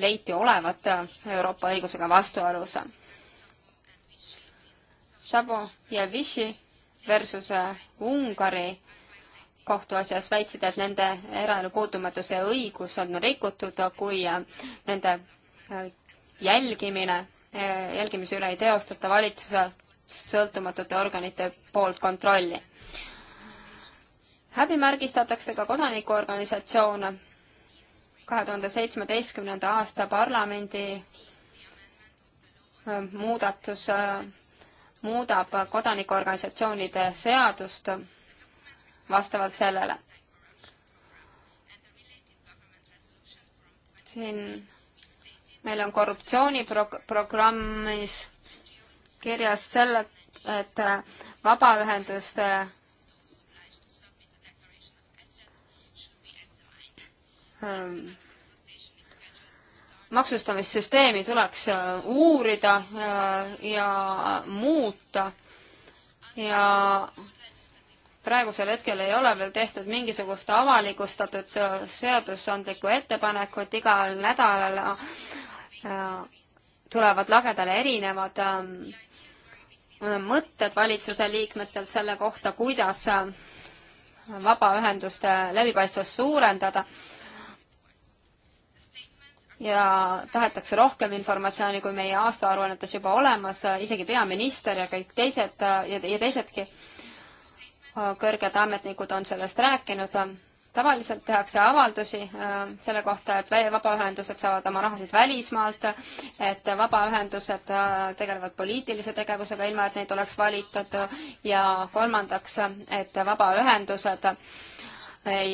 leiti olevat Euroopa õigusega vastuolus. Šabo ja Vichy versus Ungari kohtuasjas väitsid, et nende eraelu puutumatuse õigus on rikutud, kui äh, nende äh, jälgimine, äh, jälgimise üle ei teostata valitsuse sõltumatute organite poolt kontrolli. häbimärgistatakse ka kodanikuorganisatsioone. kahe tuhande seitsmeteistkümnenda aasta parlamendi muudatus muudab kodanikuorganisatsioonide seadust vastavalt sellele. siin meil on korruptsiooniprogrammis kirjas selle, et vabaühenduste ähm, maksustamissüsteemi tuleks äh, uurida ja, äh, ja muuta ja praegusel hetkel ei ole veel tehtud mingisugust avalikustatud seadusandlikku ettepanekut, igal nädalal äh, tulevad lagedale erinevad ähm, mõtted valitsuse liikmetelt selle kohta, kuidas äh, vabaühenduste läbipaistvust suurendada ja tahetakse rohkem informatsiooni, kui meie aastaaruannetes juba olemas, äh, isegi peaminister ja kõik teised ja, ja teisedki kõrged ametnikud on sellest rääkinud. tavaliselt tehakse avaldusi äh, selle kohta, et vabaühendused saavad oma rahasid välismaalt, et vabaühendused äh, tegelevad poliitilise tegevusega, ilma et neid oleks valitud ja kolmandaks, et vabaühendused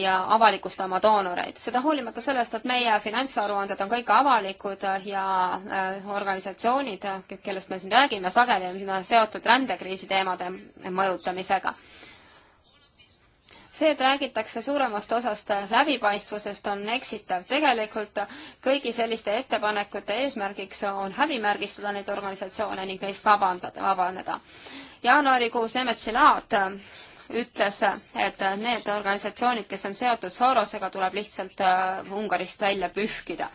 ja avalikusta oma doonoreid. seda hoolimata sellest, et meie finantsaruanded on kõik avalikud ja äh, organisatsioonid, kellest me siin räägime, sageli on seotud rändekriisi teemade mõjutamisega see, et räägitakse suuremast osast läbipaistvusest, on eksitav. tegelikult kõigi selliste ettepanekute eesmärgiks on häbimärgistada neid organisatsioone ning neist vabandada, vabaneda. jaanuarikuus Nemet Šilaat ütles, et need organisatsioonid, kes on seotud Sorosega, tuleb lihtsalt äh, Ungarist välja pühkida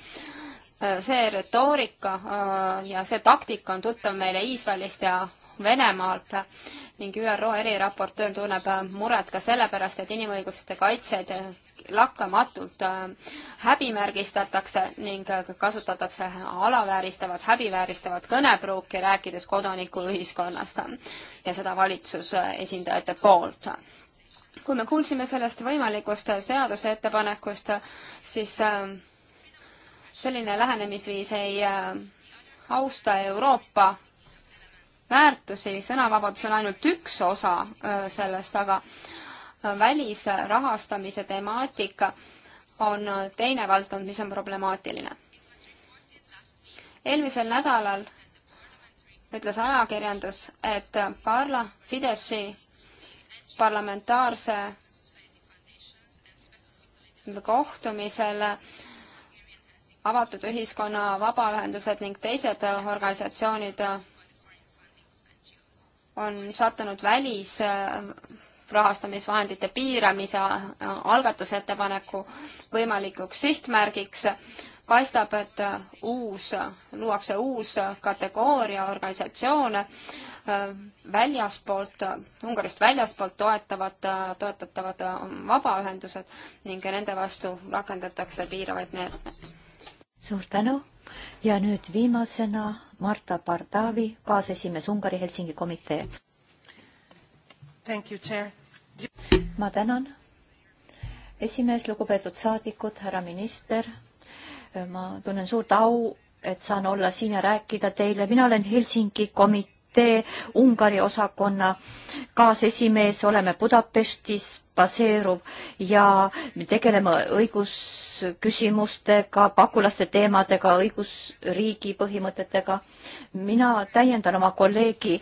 Äh, see retoorika äh, ja see taktika on tuttav meile Iisraelist ja Venemaalt ning ÜRO eriraportöör tunneb äh, muret ka sellepärast, et inimõiguste kaitsjaid lakkamatult häbimärgistatakse ning kasutatakse alavääristavat, häbivääristavat kõnepruuki, rääkides kodanikuühiskonnast ja seda valitsuse esindajate poolt kui me kuulsime sellest võimalikust seaduseettepanekust, siis selline lähenemisviis ei äh, austa Euroopa väärtusi, sõnavabadus on ainult üks osa äh, sellest, aga äh, välisrahastamise temaatika on teine valdkond, mis on problemaatiline. eelmisel nädalal ütles ajakirjandus, et parla-, Fideszi parlamentaarse kohtumisel avatud ühiskonna vabaühendused ning teised organisatsioonid on sattunud välis äh, rahastamisvahendite piiramise äh, algatusettepaneku võimalikuks sihtmärgiks, paistab, et äh, uus, luuakse uus kategooria organisatsioone väljaspoolt, Ungarist väljaspoolt toetavad, toetatavad vabaühendused ning nende vastu rakendatakse piiravaid meetmeid
suur tänu ja nüüd viimasena Marta Pardavi, kaasesimees Ungari Helsingi komitee. ma tänan. esimees, lugupeetud saadikud, härra minister, ma tunnen suurt au, et saan olla siin ja rääkida teile, mina olen Helsingi komitee tee Ungari osakonna kaasesimees, oleme Budapestis baseeruv ja tegeleme õigusküsimustega, pagulaste teemadega, õigusriigi põhimõtetega. mina täiendan oma kolleegi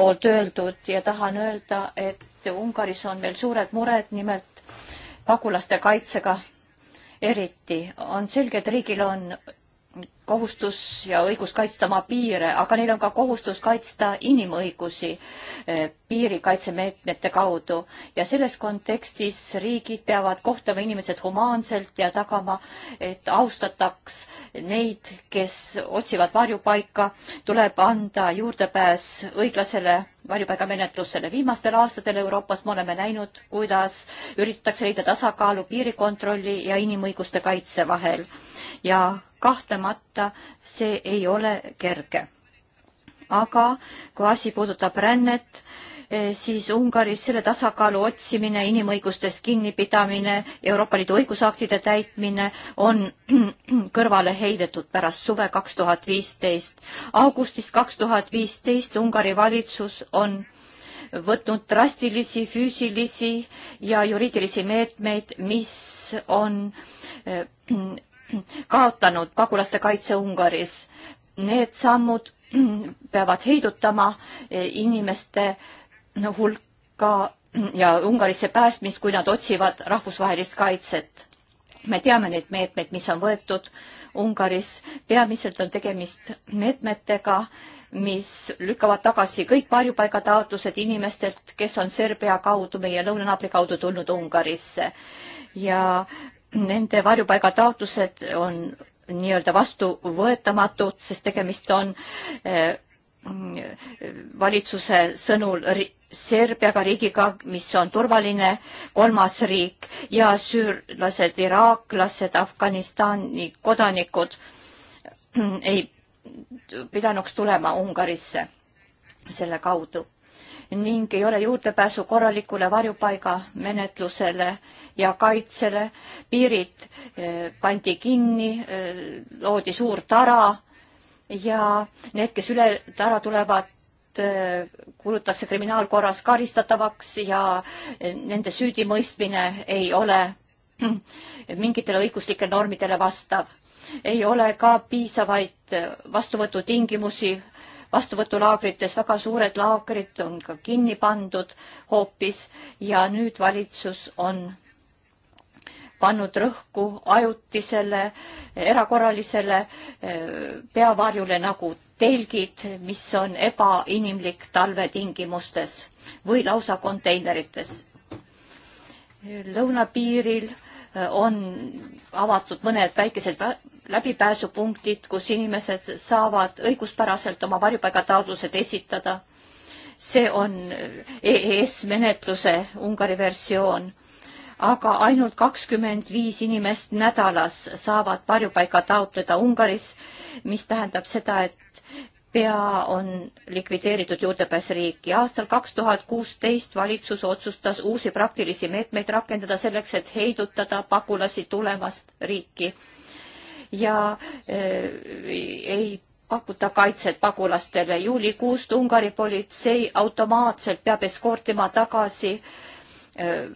poolt öeldud ja tahan öelda, et Ungaris on meil suured mured, nimelt pagulaste kaitsega eriti. on selge, et riigil on kohustus ja õigus kaitsta oma piire, aga neil on ka kohustus kaitsta inimõigusi eh, piirikaitsemeetmete kaudu ja selles kontekstis riigid peavad kohtama inimesed humaanselt ja tagama, et austataks neid, kes otsivad varjupaika, tuleb anda juurdepääs õiglasele varjupaigamenetlusele. viimastel aastatel Euroopas me oleme näinud, kuidas üritatakse leida tasakaalu piirikontrolli ja inimõiguste kaitse vahel ja kahtlemata võtta, see ei ole kerge. aga kui asi puudutab rännet, eh, siis Ungaris selle tasakaalu otsimine, inimõigustest kinnipidamine, Euroopa Liidu õigusaktide täitmine on kõrvale heidetud pärast suve kaks tuhat viisteist. augustist kaks tuhat viisteist Ungari valitsus on võtnud drastilisi füüsilisi ja juriidilisi meetmeid, mis on eh, kaotanud pagulaste kaitse Ungaris. Need sammud peavad heidutama eh, inimeste hulka ja Ungarisse päästmist, kui nad otsivad rahvusvahelist kaitset. me teame neid meetmeid, mis on võetud Ungaris. peamiselt on tegemist meetmetega, mis lükkavad tagasi kõik varjupaigataotlused inimestelt, kes on Serbia kaudu, meie lõunanaabri kaudu tulnud Ungarisse. ja nende varjupaigataotlused on nii-öelda vastuvõetamatud, sest tegemist on eh, valitsuse sõnul ri Serbiaga riigiga, mis on turvaline kolmas riik ja süürlased, iraaklased, Afganistani kodanikud eh, ei pidanuks tulema Ungarisse selle kaudu ning ei ole juurdepääsu korralikule varjupaigamenetlusele ja kaitsele. piirid eh, pandi kinni, eh, loodi suur tara ja need, kes üle tara tulevad, eh, kuulutakse kriminaalkorras karistatavaks ja nende süüdimõistmine ei ole mingitele õiguslikele normidele vastav. ei ole ka piisavaid vastuvõtutingimusi vastuvõtulaagrites, väga suured laagrid on ka kinni pandud hoopis ja nüüd valitsus on pannud rõhku ajutisele erakorralisele eh, peavarjule nagu telgid, mis on ebainimlik talvetingimustes või lausa konteinerites. lõunapiiril eh, on avatud mõned väikesed läbipääsupunktid, kus inimesed saavad õiguspäraselt oma varjupaigataotlused esitada. see on EES menetluse Ungari versioon. aga ainult kakskümmend viis inimest nädalas saavad varjupaika taotleda Ungaris, mis tähendab seda, et pea on likvideeritud juurdepääs riiki. aastal kaks tuhat kuusteist valitsus otsustas uusi praktilisi meetmeid rakendada selleks, et heidutada pagulasi tulemast riiki ja eh, ei pakuta kaitset pagulastele. juulikuust Ungari politsei automaatselt peab eskortima tagasi eh,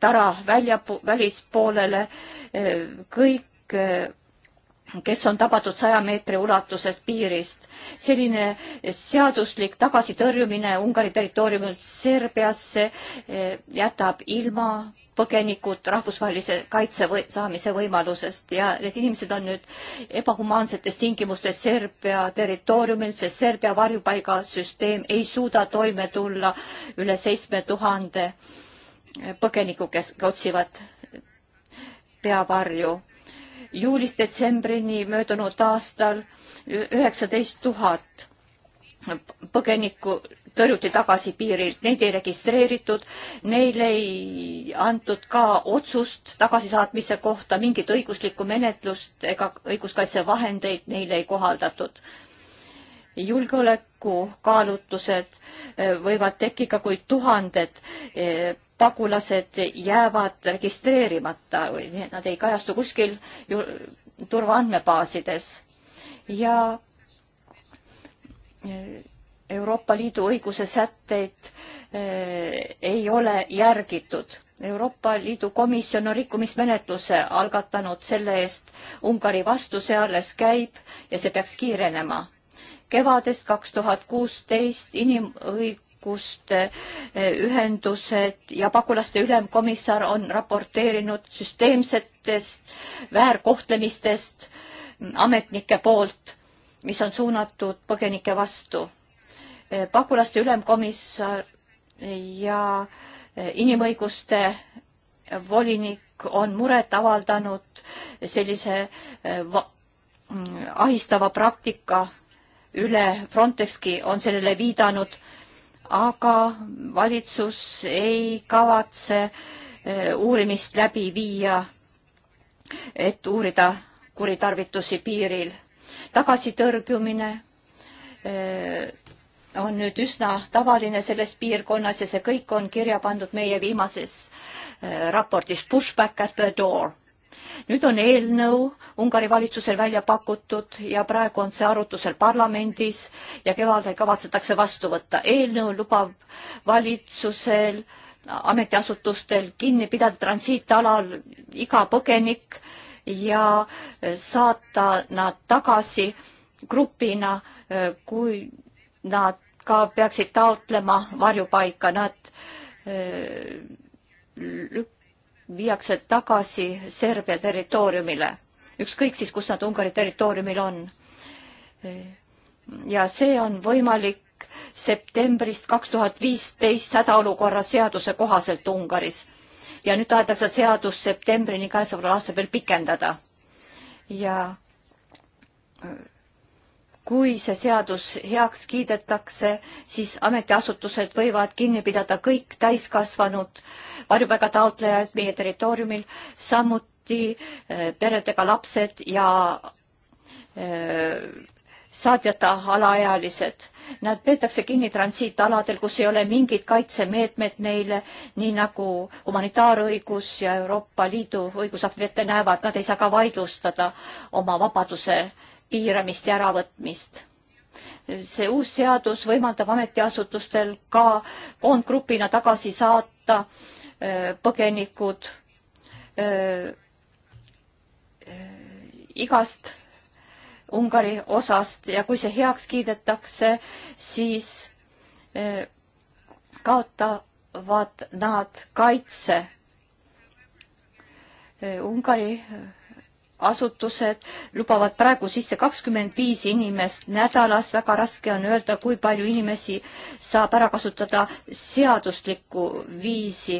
tara välja, välispoolele eh, kõik kes on tabatud saja meetri ulatuses piirist. selline seaduslik tagasitõrjumine Ungari territooriumilt Serbiasse eh, jätab ilma põgenikud rahvusvahelise kaitse või, saamise võimalusest ja need inimesed on nüüd ebahumaansetes tingimustes Serbia territooriumil, sest Serbia varjupaigasüsteem ei suuda toime tulla üle seitsme tuhande põgeniku, kes otsivad peavarju juulist detsembrini möödunud aastal üheksateist tuhat põgenikku tõrjuti tagasi piirilt, neid ei registreeritud, neile ei antud ka otsust tagasisaatmise kohta, mingit õiguslikku menetlust ega õiguskaitsevahendeid neile ei kohaldatud julgeolekukaalutlused eh, võivad tekkida, kui tuhanded eh, pagulased jäävad registreerimata või nad ei kajastu kuskil turvaandmebaasides. ja eh, Euroopa Liidu õiguse sätteid ei ole järgitud. Euroopa Liidu komisjon on rikkumismenetluse algatanud selle eest Ungari vastu, see alles käib ja see peaks kiirenema kevadest kaks tuhat kuusteist inimõiguste eh, ühendused ja pagulaste ülemkomissar on raporteerinud süsteemsetest väärkohtlemistest ametnike poolt, mis on suunatud põgenike vastu. Eh, pagulaste ülemkomissar ja eh, inimõiguste volinik on muret avaldanud sellise mm, ahistava praktika üle, Frontexki on sellele viidanud, aga valitsus ei kavatse eh, uurimist läbi viia, et uurida kuritarvitusi piiril. tagasitõrjumine eh, on nüüd üsna tavaline selles piirkonnas ja see kõik on kirja pandud meie viimases eh, raportis Pushback at the door nüüd on eelnõu Ungari valitsusel välja pakutud ja praegu on see arutusel parlamendis ja kevadel kavatsetakse vastu võtta. eelnõu lubab valitsusel ametiasutustel kinni pidada transiitalal iga põgenik ja saata nad tagasi grupina, kui nad ka peaksid taotlema varjupaika, nad äh, viiakse tagasi Serbia territooriumile, ükskõik siis, kus nad Ungari territooriumil on. ja see on võimalik septembrist kaks tuhat viisteist hädaolukorra seaduse kohaselt Ungaris. ja nüüd tahetakse seadus septembrini käesoleval aastal veel pikendada. ja kui see seadus heaks kiidetakse, siis ametiasutused võivad kinni pidada kõik täiskasvanud varjupaiga taotlejad meie territooriumil, samuti eh, peredega lapsed ja eh, saatjata alaealised. Nad peetakse kinni transiitaladel, kus ei ole mingit kaitsemeetmed neile, nii nagu humanitaarõigus ja Euroopa Liidu õigusaktid ette näevad, nad ei saa ka vaidlustada oma vabaduse piiramist ja äravõtmist. see uus seadus võimaldab ametiasutustel ka koondgrupina tagasi saata äh, põgenikud äh, äh, igast Ungari osast ja kui see heaks kiidetakse, siis kaotavad nad kaitse. Ungari asutused lubavad praegu sisse kakskümmend viis inimest nädalas, väga raske on öelda, kui palju inimesi saab ära kasutada seaduslikku viisi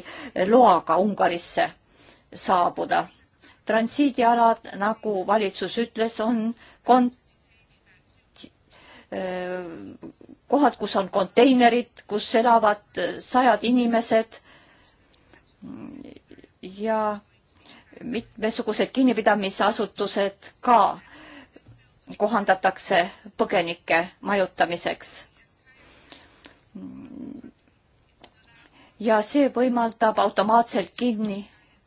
loaga Ungarisse saabuda. transiidialad, nagu valitsus ütles, on kont-, kohad, kus on konteinerid, kus elavad sajad inimesed ja mitmesugused kinnipidamisasutused ka kohandatakse põgenike majutamiseks. ja see võimaldab automaatselt kinni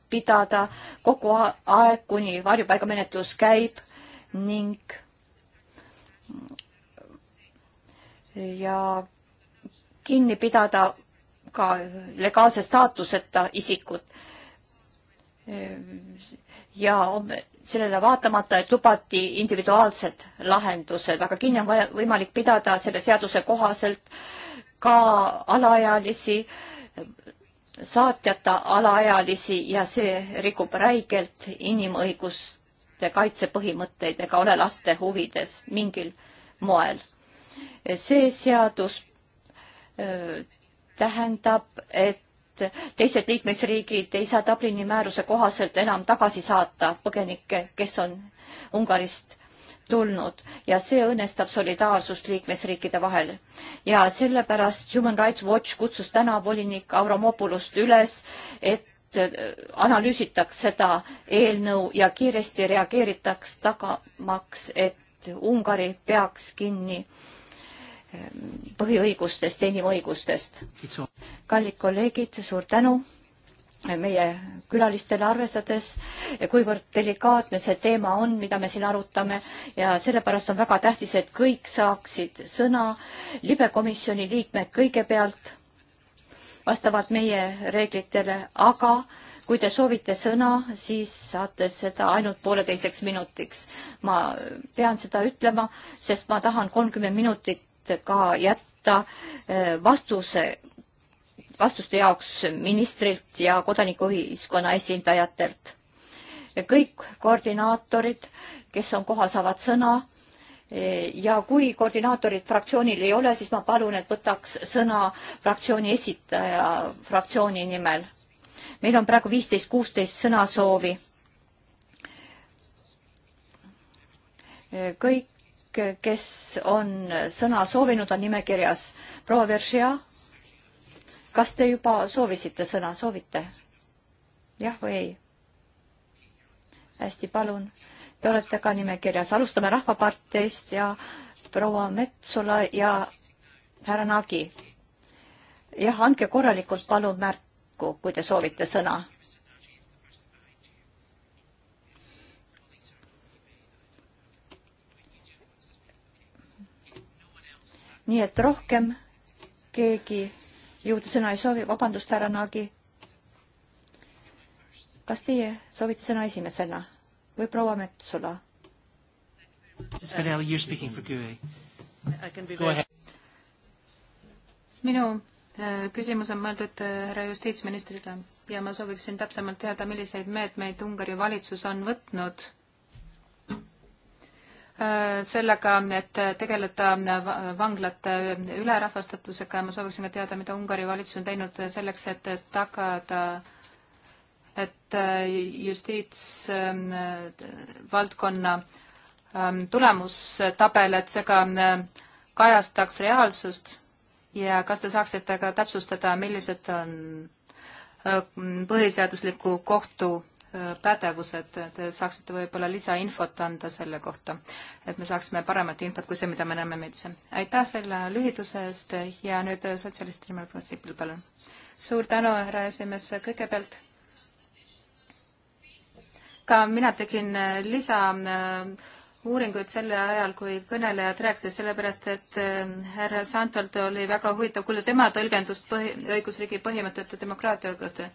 pidada kogu aeg, kuni varjupaigamenetlus käib ning ja kinni pidada ka legaalse staatuseta isikut ja sellele vaatamata, et lubati individuaalsed lahendused, aga kinni on vaja, võimalik pidada selle seaduse kohaselt ka alaealisi, saatjata alaealisi ja see rikub räigelt inimõiguste kaitsepõhimõtteid ega ole laste huvides mingil moel. see seadus öö, äh, tähendab, et et teised liikmesriigid ei saa Dublini määruse kohaselt enam tagasi saata põgenikke, kes on Ungarist tulnud ja see õõnestab solidaarsust liikmesriikide vahel. ja sellepärast Human Rights Watch kutsus täna volinik Avramopulust üles, et analüüsitaks seda eelnõu ja kiiresti reageeritaks tagamaks, et Ungari peaks kinni äh, põhiõigustest ja inimõigustest. kallid kolleegid, suur tänu meie külalistele arvestades, kuivõrd delikaatne see teema on, mida me siin arutame ja sellepärast on väga tähtis, et kõik saaksid sõna, libekomisjoni liikmed kõigepealt vastavalt meie reeglitele, aga kui te soovite sõna, siis saate seda ainult pooleteiseks minutiks. ma pean seda ütlema, sest ma tahan kolmkümmend minutit ka jätta eh, vastuse, vastuste jaoks ministrilt ja kodanikuühiskonna esindajatelt. kõik koordinaatorid, kes on kohal, saavad sõna. Eh, ja kui koordinaatorid fraktsioonil ei ole, siis ma palun, et võtaks sõna fraktsiooni esitaja fraktsiooni nimel. meil on praegu viisteist, kuusteist sõnasoovi. Eh, kõik kes on sõna soovinud, on nimekirjas. proua Veržia, kas te juba soovisite sõna, soovite? jah või ei? hästi, palun. Te olete ka nimekirjas, alustame Rahvaparteist ja proua Metsola ja härra Nagi. jah, andke korralikult palun märku, kui te soovite sõna nii et rohkem keegi jõudusõna ei soovi, vabandust, härra Naagi. kas teie soovite sõna esimesena või proua Metsula?
minu äh, küsimus on mõeldud äh, härra justiitsministrile ja ma sooviksin täpsemalt teada, milliseid meetmeid Ungari valitsus on võtnud Äh, sellega, et tegeleda vanglate ülerahvastatusega ja ma sooviksin ka teada, mida Ungari valitsus on teinud selleks, et tagada, et äh, justiitsvaldkonna ähm, ähm, tulemustabel, et see ka äh, kajastaks reaalsust ja kas te saaksite ka täpsustada, millised on põhiseadusliku kohtu pädevused, te saaksite võib-olla lisainfot anda selle kohta, et me saaksime paremat infot kui see, mida me näeme meedias. aitäh selle lühiduse eest ja nüüd sotsialistide nimel printsiipil, palun. suur tänu, härra esimees, kõigepealt ka mina tegin lisa äh, uuringuid selle ajal, kui kõnelejad rääkisid, sellepärast et äh, härra Santolt oli väga huvitav kuulda tema tõlgendust põhi, õigusriigi põhimõtete demokraatia kohta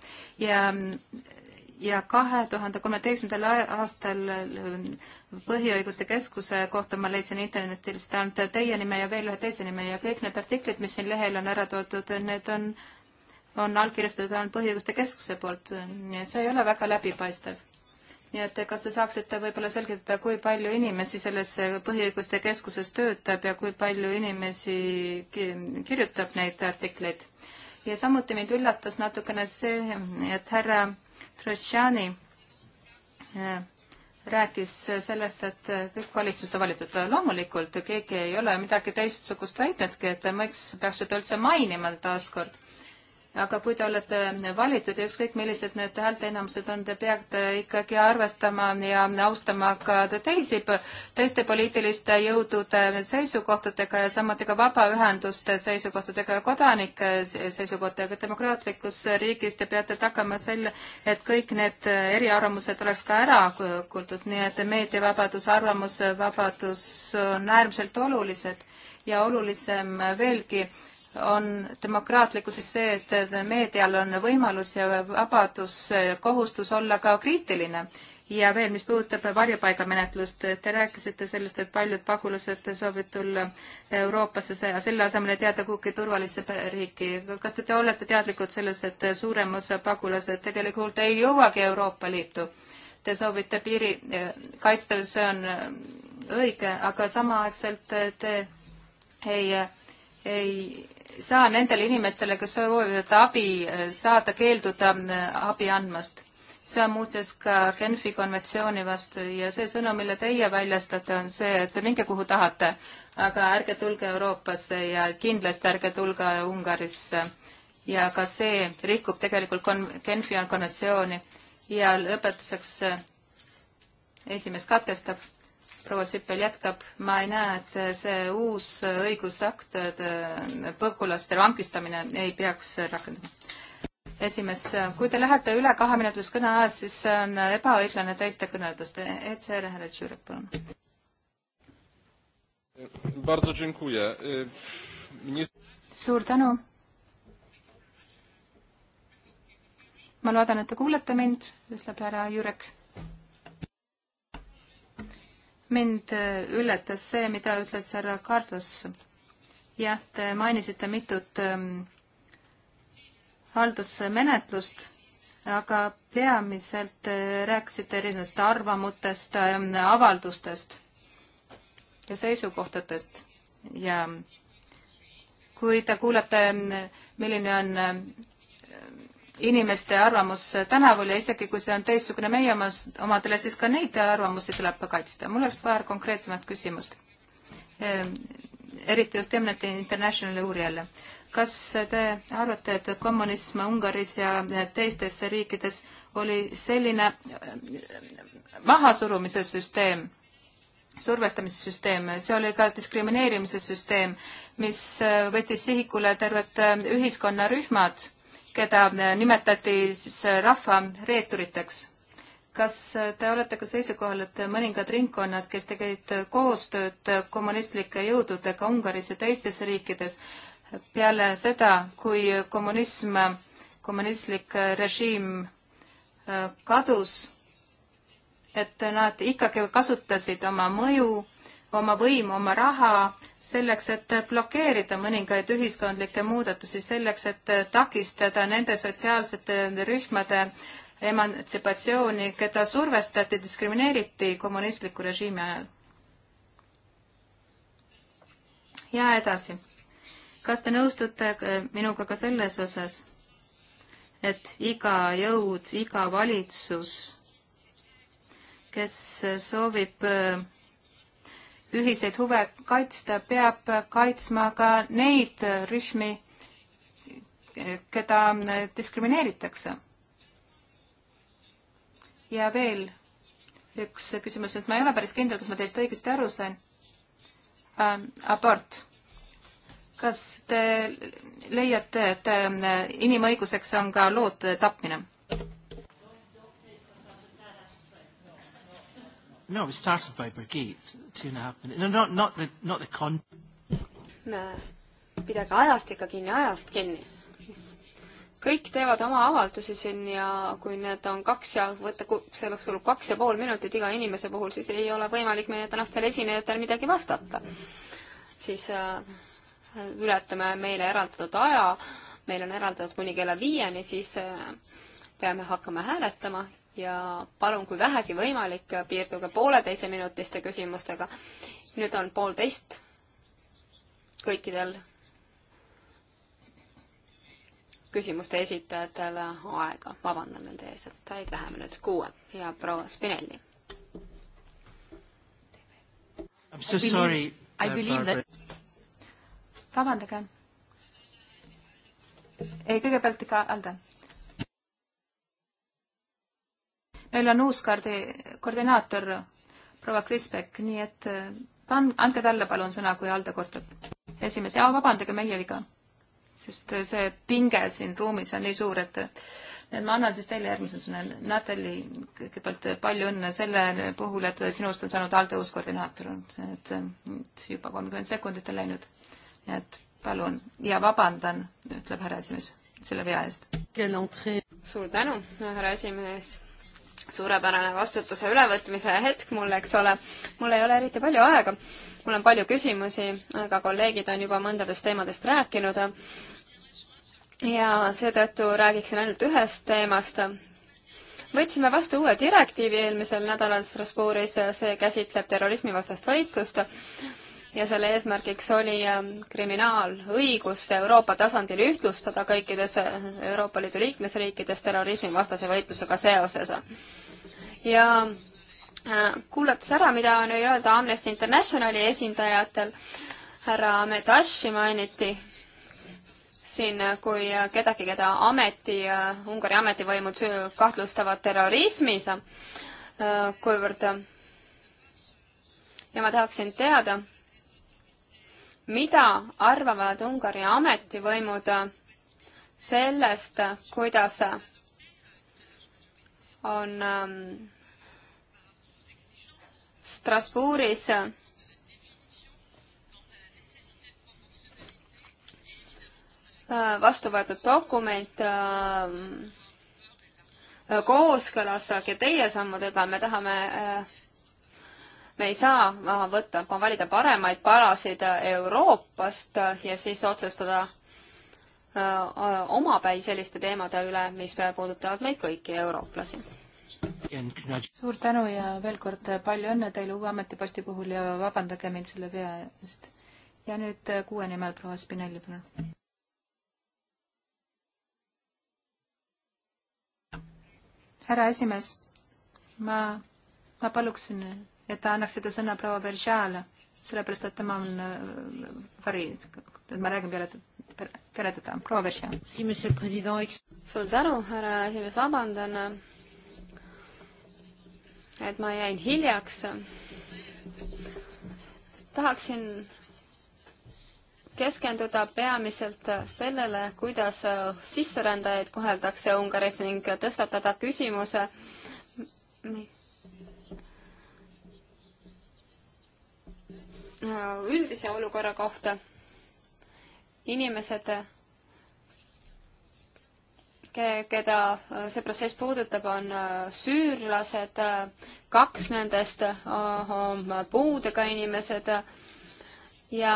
ja ja kahe tuhande kolmeteistkümnendal aastal äh, Põhiõiguste Keskuse kohta ma leidsin internetist ainult teie nime ja veel ühe teise nime ja kõik need artiklid, mis siin lehel on ära toodud, need on, on allkirjastatud ainult Põhiõiguste Keskuse poolt, nii et see ei ole väga läbipaistev. nii et kas te saaksite võib-olla selgitada, kui palju inimesi selles Põhiõiguste Keskuses töötab ja kui palju inimesi kirjutab neid artikleid? ja samuti mind üllatas natukene see, et härra Khrushchani eh, rääkis sellest, et kõik valitsused on valitud. loomulikult keegi ei ole midagi teistsugust väitnudki, et miks peaks seda üldse mainima taaskord aga kui te olete valitud ja ükskõik millised need häälteenamused on, te peate ikkagi arvestama ja austama ka teisi, teiste poliitiliste jõudude seisukohtadega ja samuti ka vabaühenduste seisukohtadega ja kodanike seisukohtadega. demokraatlikus riigis te peate tagama selle, et kõik need eriarvamused oleks ka ära kuuldud, nii et meediavabadus, arvamusvabadus on äärmiselt olulised ja olulisem veelgi on demokraatlikkuses see, et meedial on võimalus ja vabadus, kohustus olla ka kriitiline. ja veel, mis puudutab varjupaigamenetlust, te rääkisite sellest, et paljud pagulased soovivad tulla Euroopasse sõja, selle asemel, et jääda kuhugi turvalisse riiki. kas te, te olete teadlikud sellest, et suurem osa pagulased tegelikult ei jõuagi Euroopa Liitu? Te soovite piiri eh, kaitsta, see on eh, õige, aga samaaegselt eh, te ei ei saa nendele inimestele, kes soovivad abi saada, keelduda äh, abi andmast. see on muuseas ka Genfi konventsiooni vastu ja see sõnum, mille teie väljastate, on see, et minge kuhu tahate, aga ärge tulge Euroopasse ja kindlasti ärge tulge Ungarisse. ja ka see rikub tegelikult kon-, Genfi konventsiooni ja lõpetuseks äh, esimees katkestab proua Sippel jätkab, ma ei näe, et see uus õigusakt, äh, põgulaste vangistamine ei peaks rakenduma. esimees, kui te lähete üle kaheminutilist kõne ajast, siis see on ebaõiglane teiste kõneluste, et see läheb Jürek, palun. suur tänu. ma loodan, et te kuulete mind, ütleb härra Jürek mind äh, üllatas see, mida ütles härra Cardos. jah, te mainisite mitut ähm, haldusmenetlust, aga peamiselt äh, rääkisite erinevatest arvamutest äh,, avaldustest ja seisukohtadest ja kui te kuulete, milline on inimeste arvamus tänaval ja isegi kui see on teistsugune meie omas, omadele, siis ka neid arvamusi tuleb ka kaitsta. mul oleks paar konkreetsemat küsimust. Ehm, eriti just Amnesty Internationali uurijale. kas te arvate, et kommunism Ungaris ja teistes riikides oli selline ehm, mahasurumise süsteem, survestamissüsteem, see oli ka diskrimineerimise süsteem, mis ehm, võttis sihikule terved ühiskonnarühmad keda äh, nimetati siis äh, rahvareeturiteks. kas äh, te olete ka seisukohal, et mõningad ringkonnad, kes tegid koostööd kommunistlike jõududega Ungaris ja teistes riikides, peale seda, kui kommunism, kommunistlik režiim kadus, et nad ikkagi kasutasid oma mõju oma võimu, oma raha selleks, et blokeerida mõningaid ühiskondlikke muudatusi, selleks, et takistada nende sotsiaalsete rühmade emantsipatsiooni, keda survestati, diskrimineeriti kommunistliku režiimi ajal. ja edasi. kas te nõustute minuga ka selles osas, et iga jõud, iga valitsus, kes soovib äh, ühiseid huve kaitsta, peab kaitsma ka neid rühmi, keda diskrimineeritakse. ja veel üks küsimus, et ma ei ole päris kindel, kas ma teist õigesti aru sain ähm,. abort. kas te leiate, et ähm, inimõiguseks on ka lood tapmine?
No, it started by Brigitte two and a half minutes. No, not, not the, not the con-.
pidage ajast ikka kinni, ajast kinni. kõik teevad oma avaldusi siin ja kui need on kaks ja võtta, selleks kulub kaks ja pool minutit iga inimese puhul, siis ei ole võimalik meie tänastel esinejatel midagi vastata. siis äh, ületame meile eraldatud aja, meil on eraldatud kuni kella viieni, siis äh, peame hakkama hääletama ja palun, kui vähegi võimalik, piirduge pooleteiseminutiste küsimustega. nüüd on poolteist kõikidel küsimuste esitajatel aega. vabandan nende ees, et said vähem nüüd kuue ja proua Spinelli.
Uh,
vabandage. ei, kõigepealt ikka Aldo meil on uus koordi-, koordinaator proua Krispek, nii et äh, pan-, andke talle palun sõna, kui Aldo kordab. esimees, jaa, vabandage, meie viga. sest äh, see pinge siin ruumis on nii suur, et äh, et ma annan siis teile järgmise sõna. Natali, kõigepealt palju õnne selle puhul, et sinust on saanud Aldo uus koordinaator, et, et juba kolmkümmend sekundit on läinud. nii et palun ja vabandan, ütleb härra esimees, selle vea eest.
suur tänu, härra esimees suurepärane vastutuse ülevõtmise hetk mul, eks ole. mul ei ole eriti palju aega, mul on palju küsimusi, aga kolleegid on juba mõndadest teemadest rääkinud. ja seetõttu räägiksin ainult ühest teemast. võtsime vastu uue direktiivi eelmisel nädalal Strasbourgis, see käsitleb terrorismivastast võitlust ja selle eesmärgiks oli ähm, kriminaalõigust Euroopa tasandil ühtlustada kõikides äh, Euroopa Liidu liikmesriikides terrorismivastase võitlusega seoses. ja äh, kuulates ära, mida on öelda Amnesty Internationali esindajatel, härra Ahmed Ashi mainiti siin äh, kui kedagi, keda ameti, Ungari ametivõimud kahtlustavad terrorismis, kuivõrd ja ma tahaksin teada, mida arvavad Ungari ametivõimud sellest, kuidas on ähm, Strasbourgis äh, vastu võetud dokument ähm, kooskõlas teie sammudega, me tahame äh, me ei saa maha võtta, valida paremaid parasid Euroopast ja siis otsustada äh, omapäi selliste teemade üle, mis puudutavad meid kõiki eurooplasi.
suur tänu ja veel kord palju õnne teile uue ametiposti puhul ja vabandage mind selle vea eest. ja nüüd kuue nimel proua Spinelli, palun. härra esimees, ma, ma paluksin et te annaksite sõna proua Veržale, sellepärast et tema on variid,
äh, et ma räägin peale, peale teda. proua Verša. suur tänu, härra esimees, vabandan, et ma jäin hiljaks. tahaksin keskenduda peamiselt sellele, kuidas sisserändajaid koheldakse Ungaris ning tõstatada küsimuse, Äh, üldise olukorra kohta. inimesed, keda äh, see protsess puudutab, on äh, süürlased, kaks nendest on puudega inimesed ja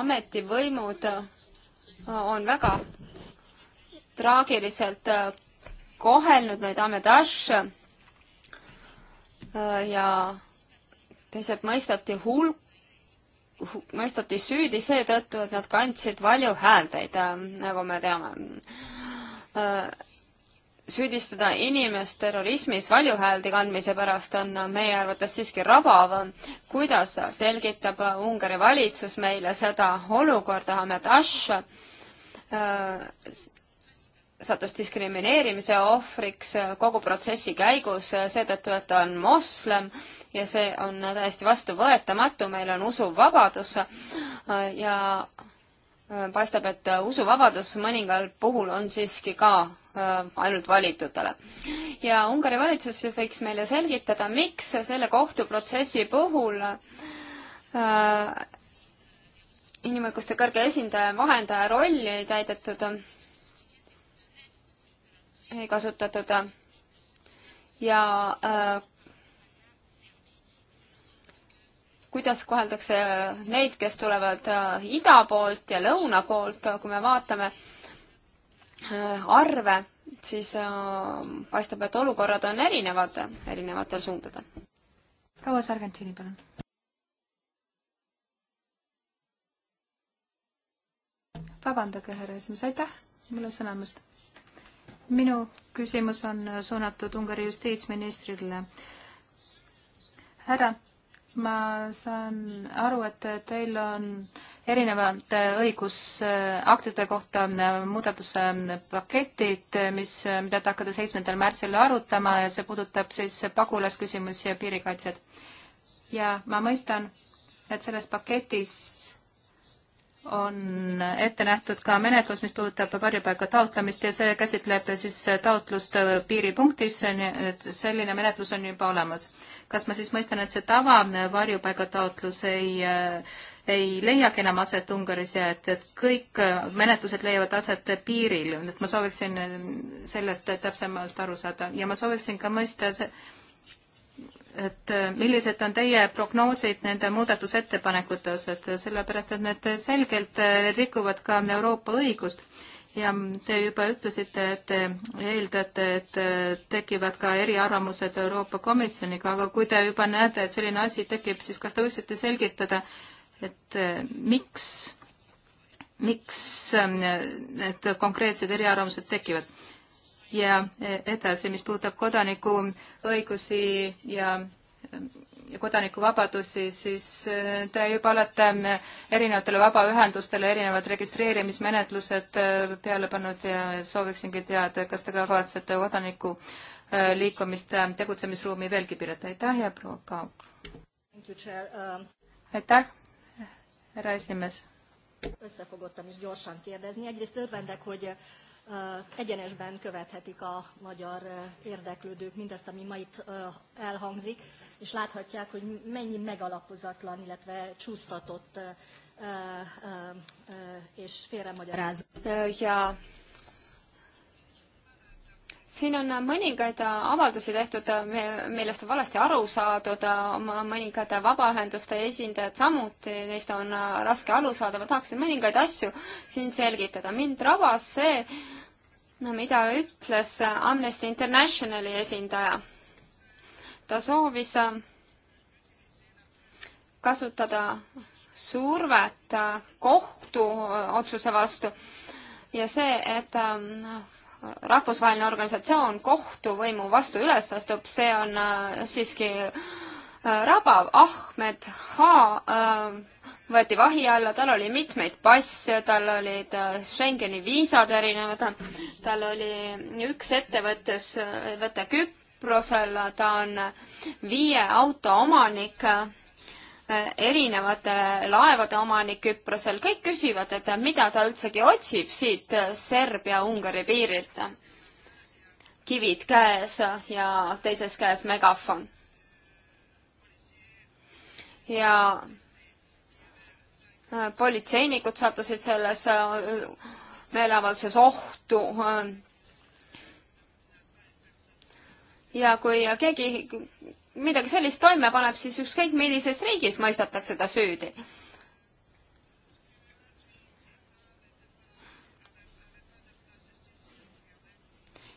ametivõimud on väga traagiliselt kohelnud neid ametašše ja teised mõisteti hulk mõisteti süüdi seetõttu, et nad kandsid valjuhääldeid, äh, nagu me teame. Äh, süüdistada inimest terrorismis valjuhääldi kandmise pärast on meie arvates siiski rabav. kuidas selgitab Ungari valitsus meile seda olukorda, Ahmed Ash äh, sattus diskrimineerimise ohvriks äh, kogu protsessi käigus äh, seetõttu, et ta on moslem ja see on täiesti vastuvõetamatu, meil on usuvabadus äh, ja paistab, et usuvabadus mõningal puhul on siiski ka ainult valitutele. ja Ungari valitsus võiks meile selgitada, miks selle kohtuprotsessi puhul inimõiguste kõrge esindaja vahendaja rolli ei täidetud ei kasutatud ja äh, kuidas koheldakse neid, kes tulevad äh, ida poolt ja lõuna poolt, kui me vaatame äh, arve, siis paistab, et olukorrad on erinevad erinevatel suundadel. proua
Sargentini, palun. vabandage, härra esimees, aitäh mulle sõna andmast minu küsimus on suunatud Ungari justiitsministrile. härra, ma saan aru, et teil on erinevate õigusaktide kohta muudatuspaketid, mis, mida te hakkate seitsmendal märtsil arutama ja see puudutab siis pagulasküsimusi ja piirikaitset. ja ma mõistan, et selles paketis on ette nähtud ka menetlus, mis puudutab varjupaiga taotlemist ja see käsitleb siis taotlust piiripunktis, et selline menetlus on juba olemas. kas ma siis mõistan, et see tava varjupaiga taotlus ei, ei leiagi enam aset Ungaris ja et, et kõik menetlused leiavad aset piiril, et ma sooviksin sellest täpsemalt aru saada ja ma sooviksin ka mõista see, et äh, millised on teie prognoosid nende muudatusettepanekute osas, sellepärast et need selgelt äh, rikuvad ka Euroopa õigust ja te juba ütlesite, et te eeldate, et äh, tekivad ka eriarvamused Euroopa Komisjoniga, aga kui te juba näete, et selline asi tekib, siis kas te võiksite selgitada, et miks, miks need konkreetsed eriarvamused tekivad? ja edasi, mis puudutab kodanikuõigusi ja kodanikuvabadusi, siis äh, te juba olete äh, erinevatele vabaühendustele erinevad registreerimismenetlused äh, peale pannud ja sooviksingi teada, kas te ka kavatsete kodaniku liikumist, tegutsemisruumi veelgi piirata. aitäh ja proua Kaug.
Um,
aitäh, härra esimees.
Összefogottam is gyorsan kérdezni. Egyrészt örvendek, hogy egyenesben követhetik a magyar érdeklődők mindazt, ami ma itt elhangzik, és láthatják, hogy mennyi megalapozatlan, illetve csúsztatott és félremagyarázó. ja
siin on mõningaid avaldusi tehtud, millest on valesti aru saadud, mõningad vabaühenduste esindajad samuti, neist on raske aru saada, ma tahaksin mõningaid asju siin selgitada. mind rabas see, no mida ütles Amnesty Internationali esindaja. ta soovis kasutada survet kohtuotsuse vastu ja see, et rahvusvaheline organisatsioon kohtuvõimu vastu üles astub, see on äh, siiski äh, rabav. Ahmed Ha äh, võeti vahi alla, tal oli mitmeid passe, tal olid Schengeni viisad erinevad, tal oli üks ettevõttes, ettevõte Küprosel, ta on viie auto omanik erinevate laevade omanik Küprosel, kõik küsivad, et mida ta üldsegi otsib siit Serbia-Ungari piirilt. kivid käes ja teises käes megafon. ja äh, politseinikud sattusid selles äh, meeleavalduses ohtu. ja kui keegi midagi sellist toime paneb, siis ükskõik millises riigis mõistetakse ta süüdi.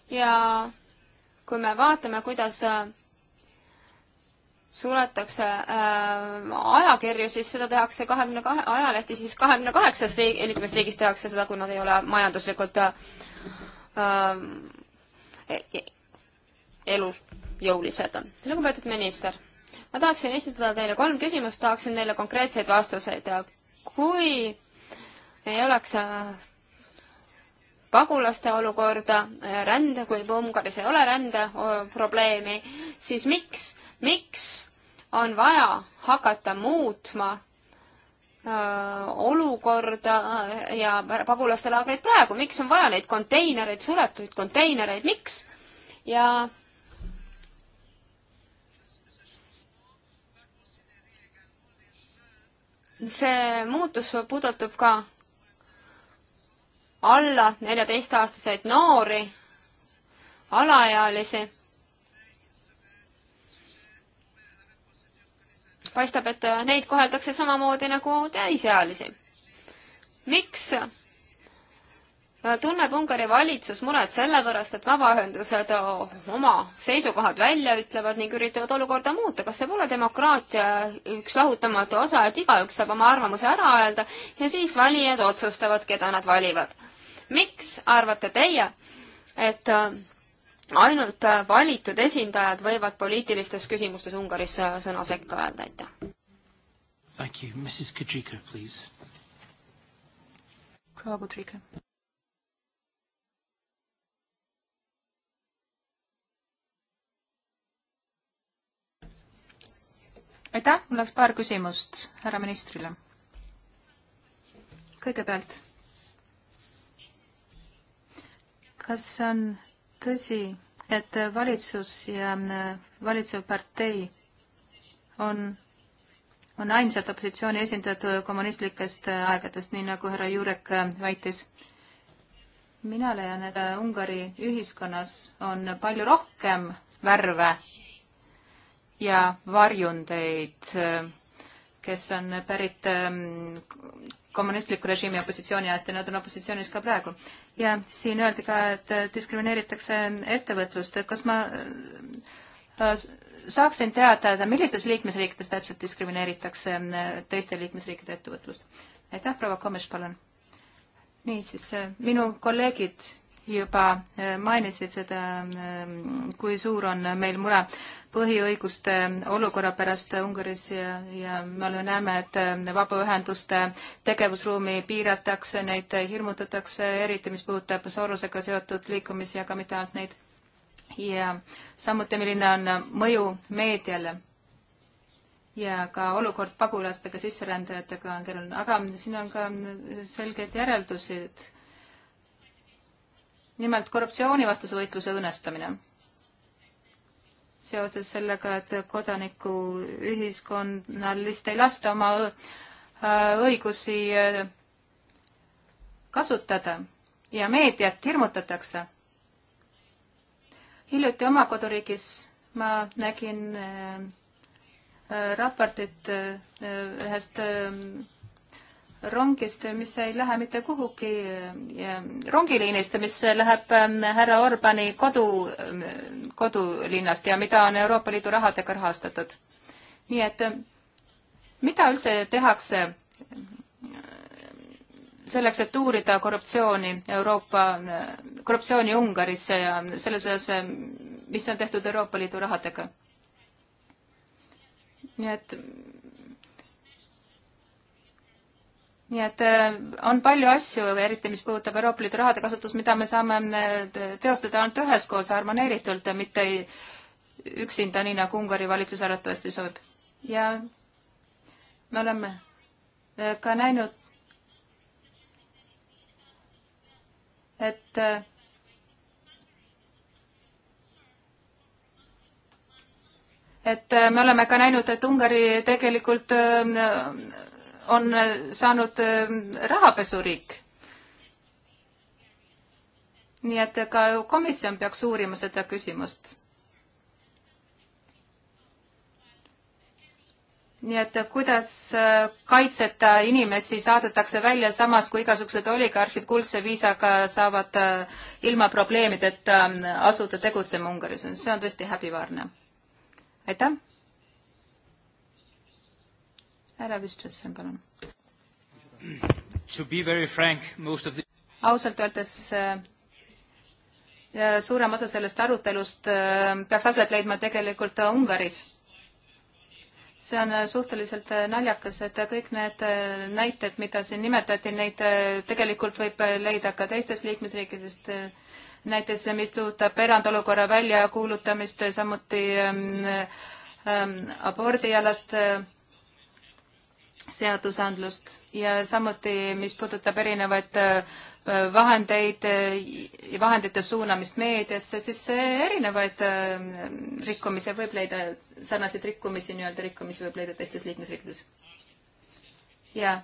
ja kui me vaatame, kuidas äh, suletakse äh, ajakirju, siis seda tehakse kahekümne kahe, ajalehti siis kahekümne kaheksas riik, liikmesriigis tehakse seda, kui nad ei ole majanduslikult äh, äh e-, e-, elus jõulised. lugupeetud minister, ma tahaksin esitada teile kolm küsimust, tahaksin neile konkreetseid vastuseid ja kui ei oleks äh, pagulaste olukorda, äh, rände, kui Ungaris ei ole rändeprobleemi, siis miks, miks on vaja hakata muutma äh, olukorda ja pagulastelaagreid praegu, miks on vaja neid konteinereid, suletuid konteinereid, miks? ja see muutus puudutab ka alla neljateistaastaseid noori, alaealisi paistab, et neid koheldakse samamoodi nagu täisealisi. miks Äh, tunneb Ungari valitsus muret sellepärast, et vabaühendused äh, oma seisukohad välja ütlevad ning üritavad olukorda muuta. kas see pole demokraatia üks lahutamatu osa, et igaüks saab oma arvamuse ära öelda ja siis valijad otsustavad, keda nad valivad? miks arvate teie, et äh, ainult valitud esindajad võivad poliitilistes küsimustes Ungaris sõna sekka
öelda, aitäh? Thank you. Mrs. Kudryka, please.
Proua Kudryka. aitäh, mul oleks paar küsimust härra ministrile. kõigepealt, kas on tõsi, et valitsus ja äh, valitsev partei on, on ainsad opositsiooni esindajad kommunistlikest äh, aegadest, nii nagu härra Jurek äh, väitis? mina leian, et Ungari ühiskonnas on palju rohkem värve ja varjundeid, kes on pärit ähm, kommunistliku režiimi opositsiooni ajast ja nad on opositsioonis ka praegu. ja siin öeldi ka, et äh, diskrimineeritakse ettevõtlust, kas ma äh, äh, saaksin teada, et millistes liikmesriikides täpselt diskrimineeritakse ähm, teiste liikmesriikide ettevõtlust? aitäh, proua Komes, palun. niisiis, minu kolleegid juba äh, mainisid seda, ähm, kui suur on meil mure põhiõiguste äh, olukorra pärast Ungaris ja, ja me näeme, et äh, vabaühenduste tegevusruumi piiratakse, neid hirmutatakse, eriti mis puudutab Sorosega seotud liikumisi, aga mitte ainult neid. ja samuti, milline on mõju meediale ja ka olukord pagulastega, sisserändajatega on keeruline, aga siin on ka selgeid järeldusi, et nimelt korruptsioonivastase võitluse õõnestamine. seoses sellega, et kodanikuühiskonnal vist ei lasta oma äh, õigusi äh, kasutada ja meediat hirmutatakse. hiljuti oma koduriigis ma nägin äh, raportit ühest rongist, mis ei lähe mitte kuhugi, rongiliinist, mis läheb ähm, härra Orbani kodu, ähm, kodulinnast ja mida on Euroopa Liidu rahadega rahastatud. nii et ähm, mida üldse tehakse selleks, et uurida korruptsiooni Euroopa, äh, korruptsiooni Ungaris ja selles osas, mis on tehtud Euroopa Liidu rahadega? nii et nii et äh, on palju asju, eriti mis puudutab Euroopa Liidu rahade kasutust, mida me saame äh, teostada ainult üheskoos harmoneeritult, mitte üksinda, nii nagu Ungari valitsus arvatavasti soovib. ja me oleme äh, ka näinud, et et me oleme ka näinud, et Ungari tegelikult on äh, saanud ähm, rahapesuriik. nii et ka komisjon peaks uurima seda küsimust. nii et kuidas äh, kaitseta inimesi saadetakse välja, samas kui igasugused oligarhid kuldse viisaga saavad äh, ilma probleemideta ähm, asuda tegutsema Ungaris, see on tõesti häbiväärne. aitäh! härra Vistressen, palun.
The...
ausalt öeldes äh, suurem osa sellest arutelust äh, peaks aset leidma tegelikult äh, Ungaris see on suhteliselt naljakas, et kõik need näited, mida siin nimetati, neid tegelikult võib leida ka teistest liikmesriikidest, näiteks mis puudutab erandolukorra väljakuulutamist, samuti ähm, ähm, abordialast äh, seadusandlust ja samuti, mis puudutab erinevaid äh, vahendeid ja äh, vahendite suunamist meediasse, siis erinevaid äh, rikkumisi võib leida, sarnaseid rikkumisi, nii-öelda rikkumisi võib leida teistes liikmesriikides. jaa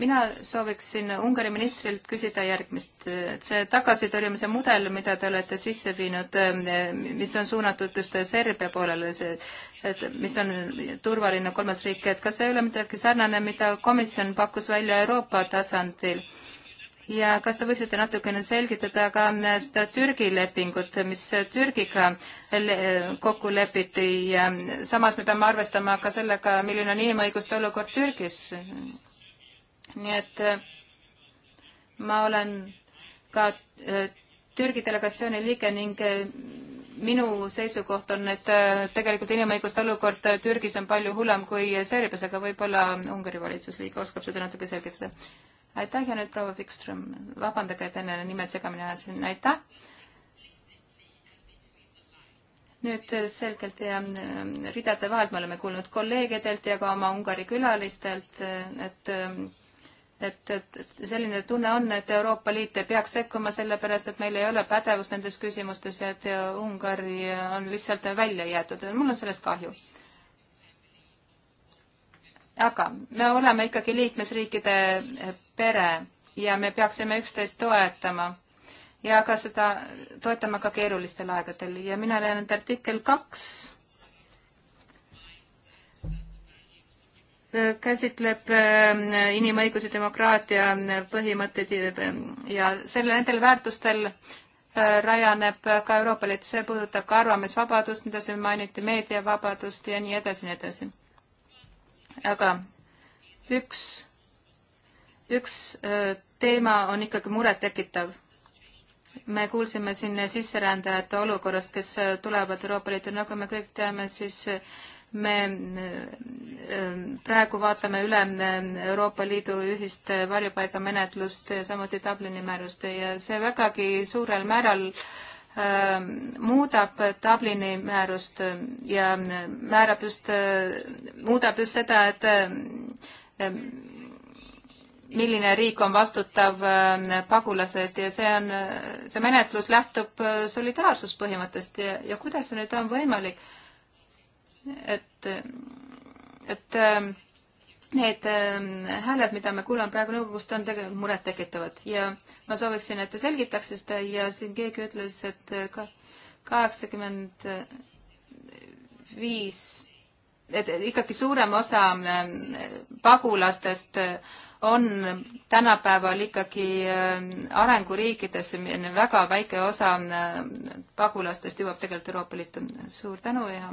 mina sooviksin Ungari ministrilt küsida järgmist. see tagasitõrjumise mudel, mida te olete sisse viinud, mis on suunatud just Serbia poolele, see, et mis on turvaline kolmas riik, et kas see ei ole midagi sarnane, mida komisjon pakkus välja Euroopa tasandil? ja kas te võiksite natukene selgitada ka seda Türgi lepingut, mis Türgiga kokku lepiti ja samas me peame arvestama ka sellega, milline on inimõiguste olukord Türgis nii et äh, ma olen ka äh, Türgi delegatsiooni liige ning äh, minu seisukoht on, et tegelikult inimõiguste olukord Türgis on palju hullem kui Serbias, aga võib-olla Ungari valitsusliige oskab seda natuke selgitada. aitäh ja nüüd proua Wikström, vabandage, et enne nimed segamini ajasin, aitäh. nüüd selgelt ja ridade vahelt me oleme kuulnud kolleegidelt ja ka oma Ungari külalistelt, et et, et selline tunne on, et Euroopa Liit ei peaks sekkuma, sellepärast et meil ei ole pädevust nendes küsimustes ja et Ungari on lihtsalt välja jäetud. mul on sellest kahju. aga me oleme ikkagi liikmesriikide pere ja me peaksime üksteist toetama ja ka seda toetama ka keerulistel aegadel ja mina leian, et artikkel kaks 2 käsitleb ähm, inimõiguse demokraatia äh, põhimõtteid ähm, ja selle, nendel väärtustel äh, rajaneb ka Euroopa Liit, see puudutab ka arvamisvabadust, mida siin mainiti, meediavabadust ja nii edasi, nii edasi. aga üks, üks äh, teema on ikkagi murettekitav. me kuulsime siin sisserändajate olukorrast, kes tulevad Euroopa Liitu, nagu me kõik teame, siis äh, me äh, praegu vaatame üle äh, Euroopa Liidu ühist varjupaigamenetlust, samuti Dublini määrust ja see vägagi suurel määral äh, muudab Dublini määrust ja määrab just, muudab just seda, et milline riik on vastutav pagulase eest ja see on, see menetlus lähtub solidaarsuspõhimõttest ja, ja kuidas see nüüd on võimalik et, et ähm, need ähm, hääled, mida me kuuleme praegu nõukogust, on tegelikult murettekitavad ja ma sooviksin, et te selgitaksite seda ja siin keegi ütles, et ka kaheksakümmend viis, et ikkagi suurem osa ähm, pagulastest on tänapäeval ikkagi arenguriikides väga väike osa pagulastest jõuab tegelikult Euroopa Liitu. suur tänu ja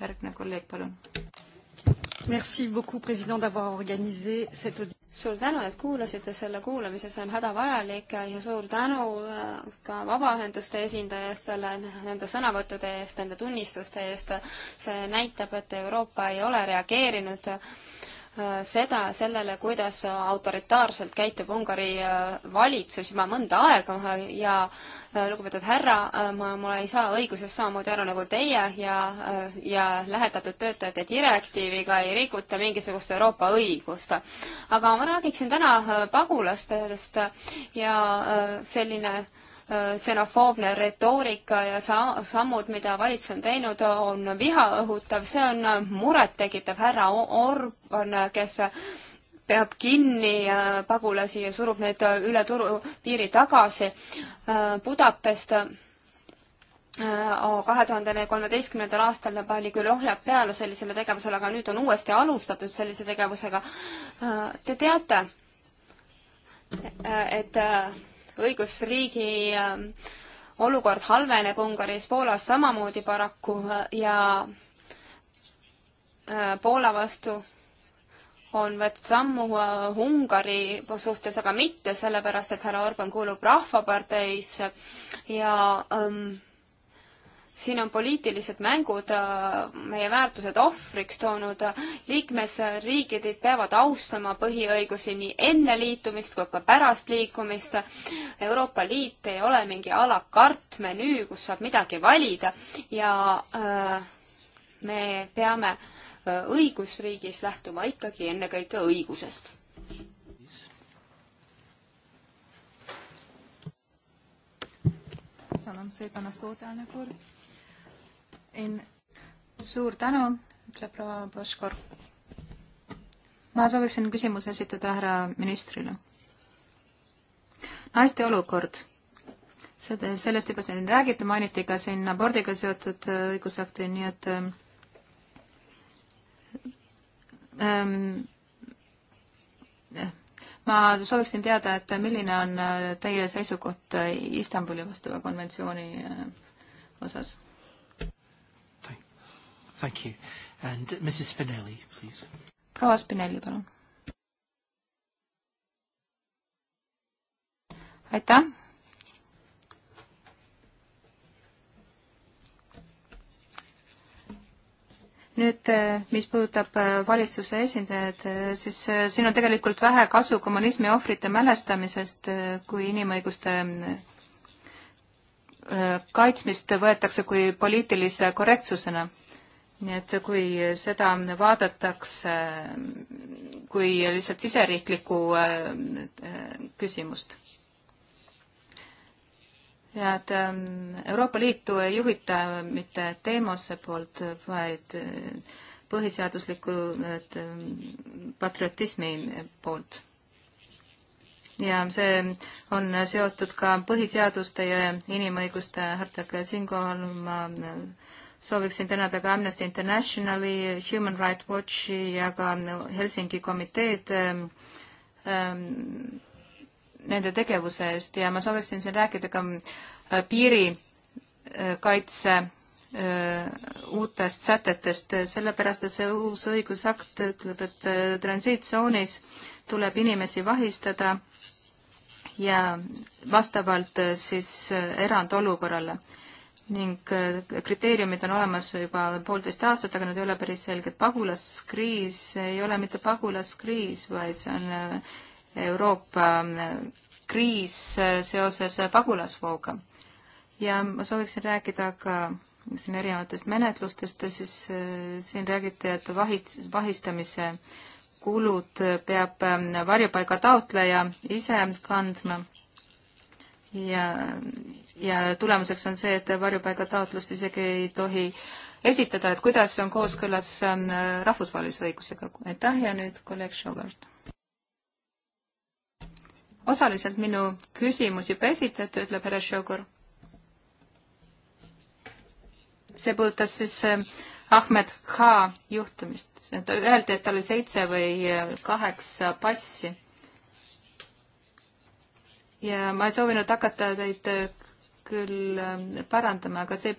järgmine kolleeg, palun.
Merci beaucoup, president, d'avoir organisé cette audi-. suur tänu, et kuulasite selle kuulamise, see on hädavajalik ja suur tänu äh, ka vabaühenduste esindaja eest selle, nende sõnavõttude eest, nende tunnistuste eest. see näitab, et Euroopa ei ole reageerinud äh, Äh, seda, sellele, kuidas autoritaarselt käitub Ungari äh, valitsus juba mõnda aega ja äh, lugupeetud härra, ma, ma ei saa õigusest samamoodi aru nagu teie ja, ja lähetatud töötajate direktiiviga ei rikuta mingisugust Euroopa õigust. aga ma räägiksin täna pagulastest ja selline äh, ksenofoobne retoorika ja sa-, sammud, mida valitsus on teinud, on viha õhutav, see on murettekitav härra Orban, kes peab kinni äh, pagulasi ja surub neid äh, üle turu, piiri tagasi. Äh, Budapest kahe tuhande kolmeteistkümnendal aastal pani küll ohjad peale sellisele tegevusele, aga nüüd on uuesti alustatud sellise tegevusega. Te teate, et õigusriigi ähm, olukord halveneb Ungaris, Poolas samamoodi paraku äh, ja äh, Poola vastu on võetud sammu äh, Ungari suhtes, aga mitte sellepärast, et härra Orban kuulub Rahvaparteisse ja ähm, siin on poliitilised mängud äh, meie väärtused ohvriks toonud. liikmesriigid peavad austama põhiõigusi nii enne liitumist kui ka pärast liikumist. Euroopa Liit ei ole mingi a la carte menüü, kus saab midagi valida ja äh, me peame äh, õigusriigis lähtuma ikkagi ennekõike õigusest.
Köszönöm szépen a szót, elnök úr in... suur tänu, ütleb proua Poskor. ma sooviksin küsimuse esitada härra ministrile. naiste olukord, seda, sellest juba siin räägiti, mainiti ka siin abordiga seotud äh, õigusakti, nii et ähm, ähm ma sooviksin teada, et milline on äh, teie seisukoht äh, Istanbuli vastava konventsiooni osas?
Thank you. And Mrs Spinelli, please.
proua Spinelli, palun. aitäh. nüüd, eh, mis puudutab eh, valitsuse esindajad, eh, siis siin on tegelikult vähe kasu kommunismi ohvrite mälestamisest, kui inimõiguste mm, kaitsmist võetakse kui poliitilise korrektsusena nii et kui seda vaadatakse kui lihtsalt siseriiklikku äh, küsimust. ja et ähm, Euroopa Liitu ei juhita mitte Demose poolt, vaid äh, põhiseadusliku ähm, patriotismi poolt. ja see on seotud ka põhiseaduste ja inimõiguste hartaga ja siinkohal ma äh, sooviksin tänada ka Amnesty Internationali, Human Rights Watchi ja ka Helsingi komiteed ähm, ähm nende tegevuse eest ja ma sooviksin siin rääkida ka äh, piirikaitse äh, äh, uutest sätetest, sellepärast et see uus õigusakt ütleb, et transiitsoonis tuleb inimesi vahistada ja vastavalt siis erandolukorrale ning äh, kriteeriumid on olemas juba poolteist aastat, aga need ei ole päris selged. pagulaskriis ei ole mitte pagulaskriis, vaid see on äh, Euroopa äh, kriis seoses pagulasvooga. ja ma sooviksin rääkida ka siin erinevatest menetlustest, siis siin räägiti, et vahit-, vahistamise kulud peab varjupaiga taotleja ise kandma ja, ja tulemuseks on see, et varjupaigataotlust isegi ei tohi esitada, et kuidas see on kooskõlas ähm, rahvusvahelise õigusega. aitäh ja nüüd kolleeg Šogart. osaliselt minu küsimus juba esitati, ütleb härra Šogor. see puudutas siis ähm, Ahmed H juhtumist. Öeldi, et tal oli seitse või äh, kaheksa passi ja ma ei soovinud hakata teid äh, küll äh, parandama, aga see,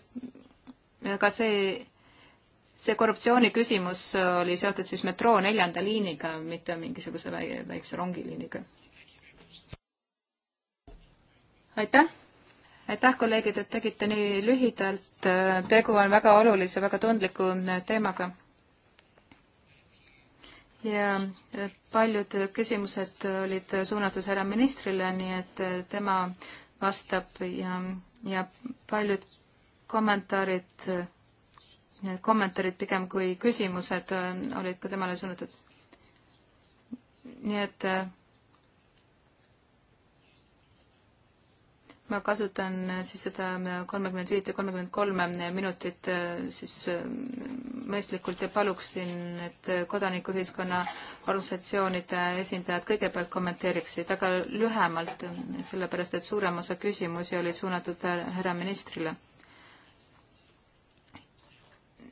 aga see, see korruptsiooni küsimus äh, oli seotud siis metroo neljanda liiniga, mitte mingisuguse väikse rongiliiniga. aitäh, aitäh, kolleegid, et tegite nii lühidalt. tegu on väga olulise, väga tundliku teemaga ja eh, paljud küsimused olid suunatud härra ministrile, nii et eh, tema vastab ja, ja paljud kommentaarid, eh, kommentaarid pigem kui küsimused olid ka temale suunatud. nii et ma kasutan äh, siis seda äh, kolmekümmend viit ja kolmekümmend kolme äh, minutit siis mõistlikult ja paluksin, et kodanikuühiskonna organisatsioonide esindajad kõigepealt kommenteeriksid, aga lühemalt, sellepärast et suurem osa küsimusi olid suunatud härra ministrile.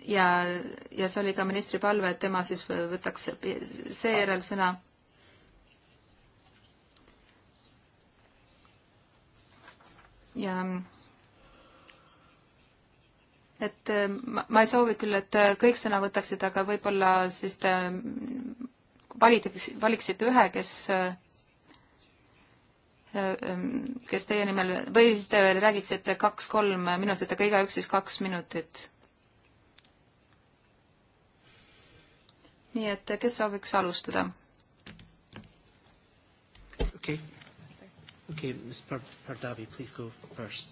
ja, ja see oli ka ministri palve, et tema siis võtaks seejärel sõna ja et äh, ma, ma ei soovi küll, et äh, kõik sõna võtaksid, aga võib-olla siis te äh, valitakse, valiksite ühe, kes ähm, kes teie nimel või siis te räägiksite kaks-kolm minutit, aga igaüks siis kaks minutit. nii et kes sooviks alustada?
okei okay Okay, Ms Pardavi, please go first.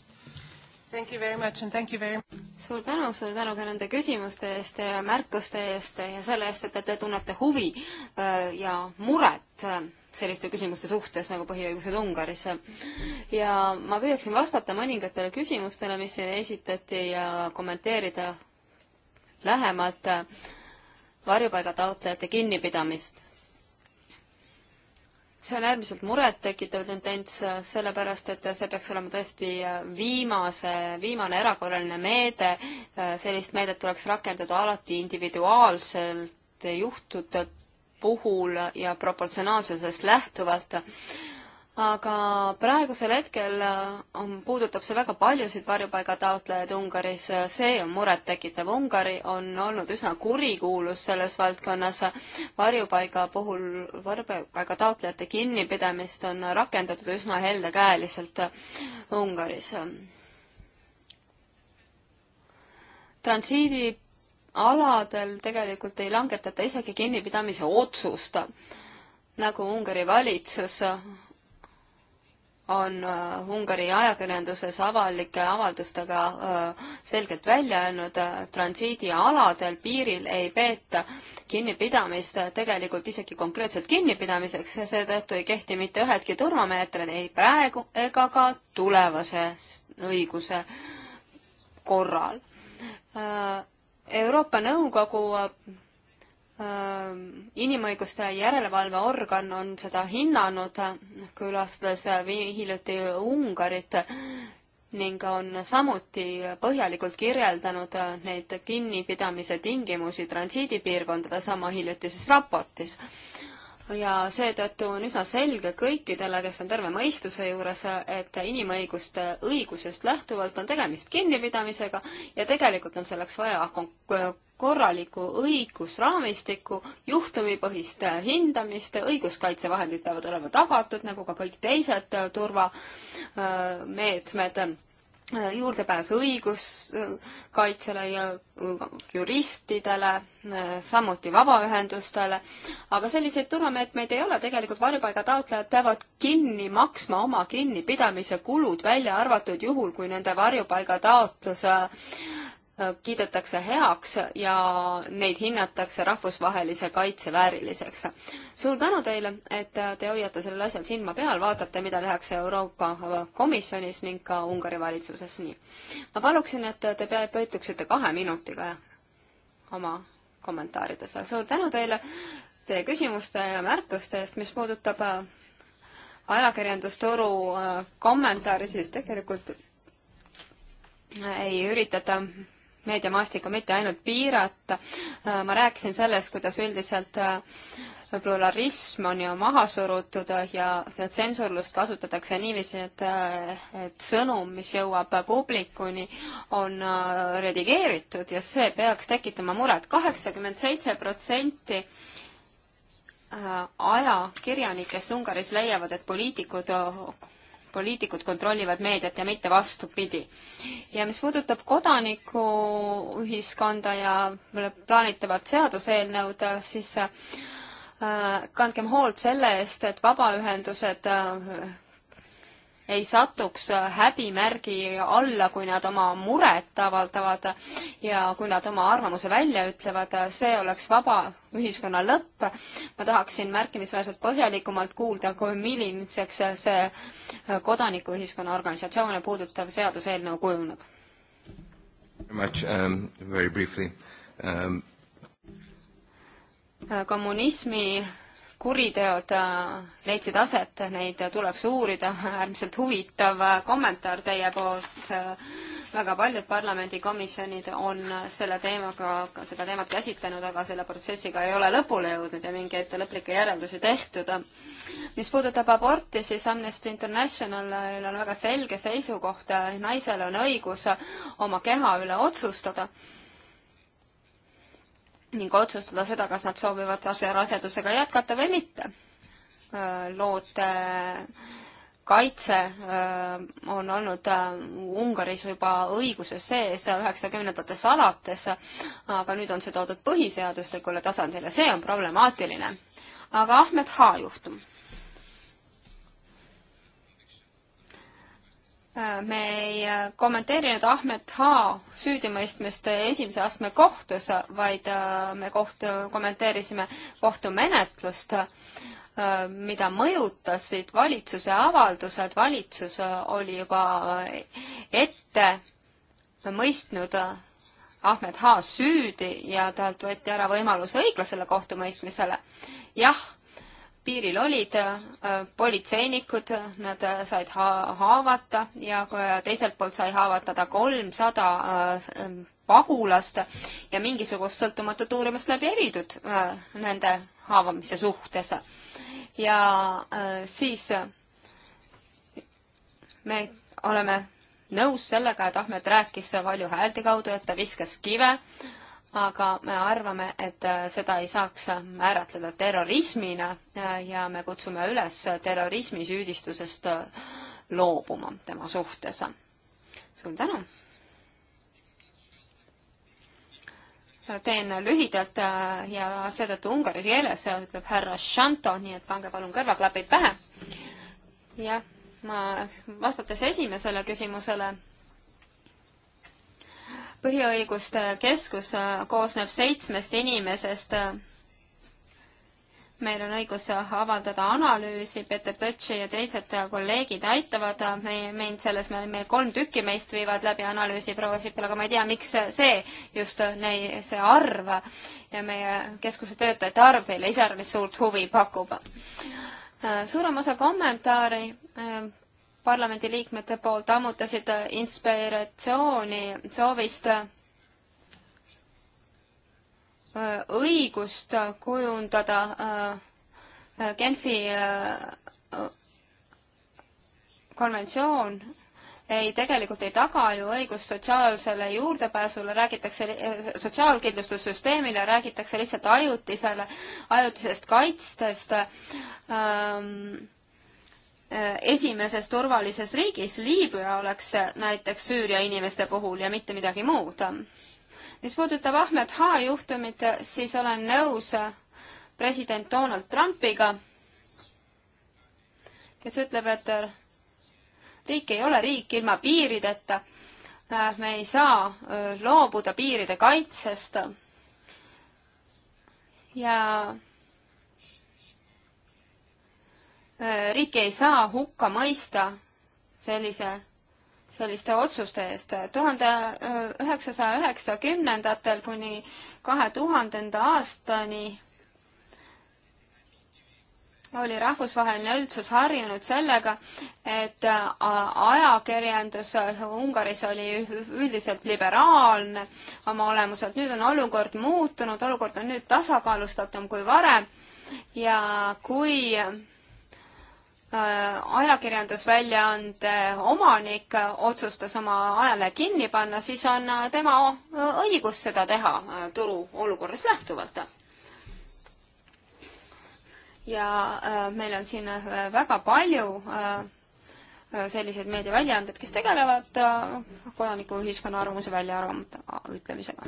Thank you very much and thank
you very
suur tänu, suur tänu ka nende küsimuste eest ja märkuste eest ja selle eest, et te tunnete huvi äh, ja muret äh, selliste küsimuste suhtes nagu põhiõigused Ungaris. ja ma püüaksin vastata mõningatele küsimustele, mis siin esitati ja kommenteerida lähemalt äh, varjupaigataotlejate kinnipidamist see on äärmiselt murettekitav tendents, sellepärast et see peaks olema tõesti äh, viimase, viimane erakorraline meede, äh, sellist meedet tuleks rakendada alati individuaalselt juhtude puhul ja proportsionaalsusest lähtuvalt aga praegusel hetkel äh, on, puudutab see väga paljusid varjupaigataotlejaid Ungaris, see on murettekitav. Ungari on olnud üsna kurikuulus selles valdkonnas. varjupaiga puhul, varjupaigataotlejate kinnipidamist on rakendatud üsna heldekäeliselt Ungaris. transiidialadel tegelikult ei langetata isegi kinnipidamise otsust, nagu Ungari valitsus on äh, Ungari ajakirjanduses avalike avaldustega äh, selgelt välja öelnud, äh, transiidialadel piiril ei peeta kinnipidamist tegelikult isegi konkreetselt kinnipidamiseks ja seetõttu ei kehti mitte ühedki turvameetrid ei praegu ega ka tulevase õiguse korral. Euroopa Nõukogu inimõiguste järelevalveorgan on seda hinnanud, külastades hiljuti Ungarit ning on samuti põhjalikult kirjeldanud neid kinnipidamise tingimusi transiidipiirkondade sama hiljutises raportis. ja seetõttu on üsna selge kõikidele, kes on terve mõistuse juures, et inimõiguste õigusest lähtuvalt on tegemist kinnipidamisega ja tegelikult on selleks vaja korraliku õigusraamistiku, juhtumipõhist hindamist, õiguskaitsevahendid peavad olema tagatud, nagu ka kõik teised turvameetmed, äh, äh, juurdepääs õiguskaitsele ja äh, juristidele, samuti vabaühendustele, aga selliseid turvameetmeid ei ole, tegelikult varjupaiga taotlejad peavad kinni maksma oma kinnipidamise kulud, välja arvatud juhul, kui nende varjupaiga taotlus äh, kiidetakse heaks ja neid hinnatakse rahvusvahelise kaitse vääriliseks. suur tänu teile, et te hoiate sellel asjal silma peal, vaatate, mida tehakse Euroopa Komisjonis ning ka Ungari valitsuses, nii. ma paluksin, et te peatuksite kahe minutiga oma kommentaarides. suur tänu teile teie küsimuste ja märkuste eest, mis puudutab äh, ajakirjandusturu äh, kommentaari, siis tegelikult äh, ei üritata meediamaastikku mitte ainult piirata, äh, ma rääkisin sellest, kuidas üldiselt äh, pluralism on ju maha surutud äh, ja tsensurlust kasutatakse niiviisi, et, et sõnum, mis jõuab publikuni, on redigeeritud ja see peaks tekitama muret. kaheksakümmend seitse protsenti ajakirjanikest Ungaris leiavad, et poliitikud poliitikud kontrollivad meediat ja mitte vastupidi. ja mis puudutab kodanikuühiskonda ja plaanitavat seaduseelnõud, siis äh, kandkem hoolt selle eest, et vabaühendused äh, ei satuks häbimärgi alla, kui nad oma muret avaldavad ja kui nad oma arvamuse välja ütlevad, see oleks vaba ühiskonna lõpp. ma tahaksin märkimisväärselt põhjalikumalt kuulda, kui milliseks see kodanikuühiskonna organisatsioone puudutav seaduseelnõu kujuneb.
Um, very briefly
um....
kommunismi kuriteod äh, leidsid aset, neid tuleks uurida, äärmiselt huvitav äh, kommentaar teie poolt. Äh, väga paljud parlamendikomisjonid on selle teemaga, seda teemat käsitlenud, aga selle protsessiga ei ole lõpule jõudnud ja mingeid lõplikke järeldusi tehtud. mis puudutab aborti, siis Amnesty Internationalil on väga selge seisukoht, naisel on õigus oma keha üle otsustada ning otsustada seda, kas nad soovivad rasedusega jätkata või mitte. Äh, loote äh, kaitse äh, on olnud Ungaris juba õiguses sees üheksakümnendates alates, aga nüüd on see toodud põhiseaduslikule tasandile, see on problemaatiline. aga Ahmed H juhtum Äh, me ei äh, kommenteerinud Ahmed H süüdimõistmist esimese astme kohtus, vaid äh, me kohtu, kommenteerisime kohtumenetlust, mida mõjutasid valitsuse avaldused, valitsus oli juba ette mõistnud Ahmed H süüdi ja talt võeti ära võimalus õiglasele kohtumõistmisele. jah piiril olid äh, politseinikud, nad äh, said ha-, haavata ja teiselt poolt sai haavatada kolmsada äh, pagulast ja mingisugust sõltumatut uurimust läbi ei viidud nende haavamise suhtes. ja siis me oleme nõus sellega, et Ahmed rääkis valju häälde kaudu, et ta viskas kive äh, aga me arvame, et äh, seda ei saaks äh, määratleda terrorismina äh, ja me kutsume üles terrorismisüüdistusest loobuma tema suhtes. suur tänu! teen lühidalt ja seetõttu ungari keeles ütleb härra Shanto, nii et pange palun kõrvaklapid pähe. jah, ma vastates esimesele küsimusele põhiõiguste keskus äh, koosneb seitsmest inimesest. Äh, meil on õigus äh, avaldada analüüsi, Peter Tõtši ja teised kolleegid aitavad meie, meid selles, me olime kolm tükki meist viivad läbi analüüsi proua Sipil, aga ma ei tea, miks see just, see arv ja meie keskuse töötajate arv teile iseäranis suurt huvi pakub. suurem osa kommentaari parlamendiliikmete poolt ammutasid inspiratsiooni soovist äh, õigust kujundada äh, Genfi äh, konventsioon ei, tegelikult ei taga ju õigust sotsiaalsele juurdepääsule, räägitakse sotsiaalkindlustussüsteemile, räägitakse lihtsalt ajutisele, ajutisest kaitstest ähm, Äh, esimeses turvalises riigis, Liibüa oleks näiteks Süüria inimeste puhul ja mitte midagi muud. mis puudutab Ahmed H juhtumit, siis olen nõus äh, president Donald Trumpiga, kes ütleb, et äh, riik ei ole riik ilma piirideta. me ei saa loobuda piiride kaitsest. ja Äh, riiki ei saa hukka mõista sellise, selliste otsuste eest. tuhande äh, üheksasaja üheksakümnendatel kuni kahe tuhandenda aastani oli rahvusvaheline üldsus harjunud sellega, et äh, ajakirjandus Ungaris oli üldiselt liberaalne oma olemuselt. nüüd on olukord muutunud, olukord on nüüd tasakaalustatum kui varem ja kui Äh, ajakirjandusväljaande omanik otsustas oma ajalehe kinni panna, siis on äh, tema äh, õigus seda teha turu olukorrast lähtuvalt. ja meil on siin väga palju selliseid meediaväljaanded, kes tegelevad kodanikuühiskonna arvamuse väljaarvamata ütlemisega.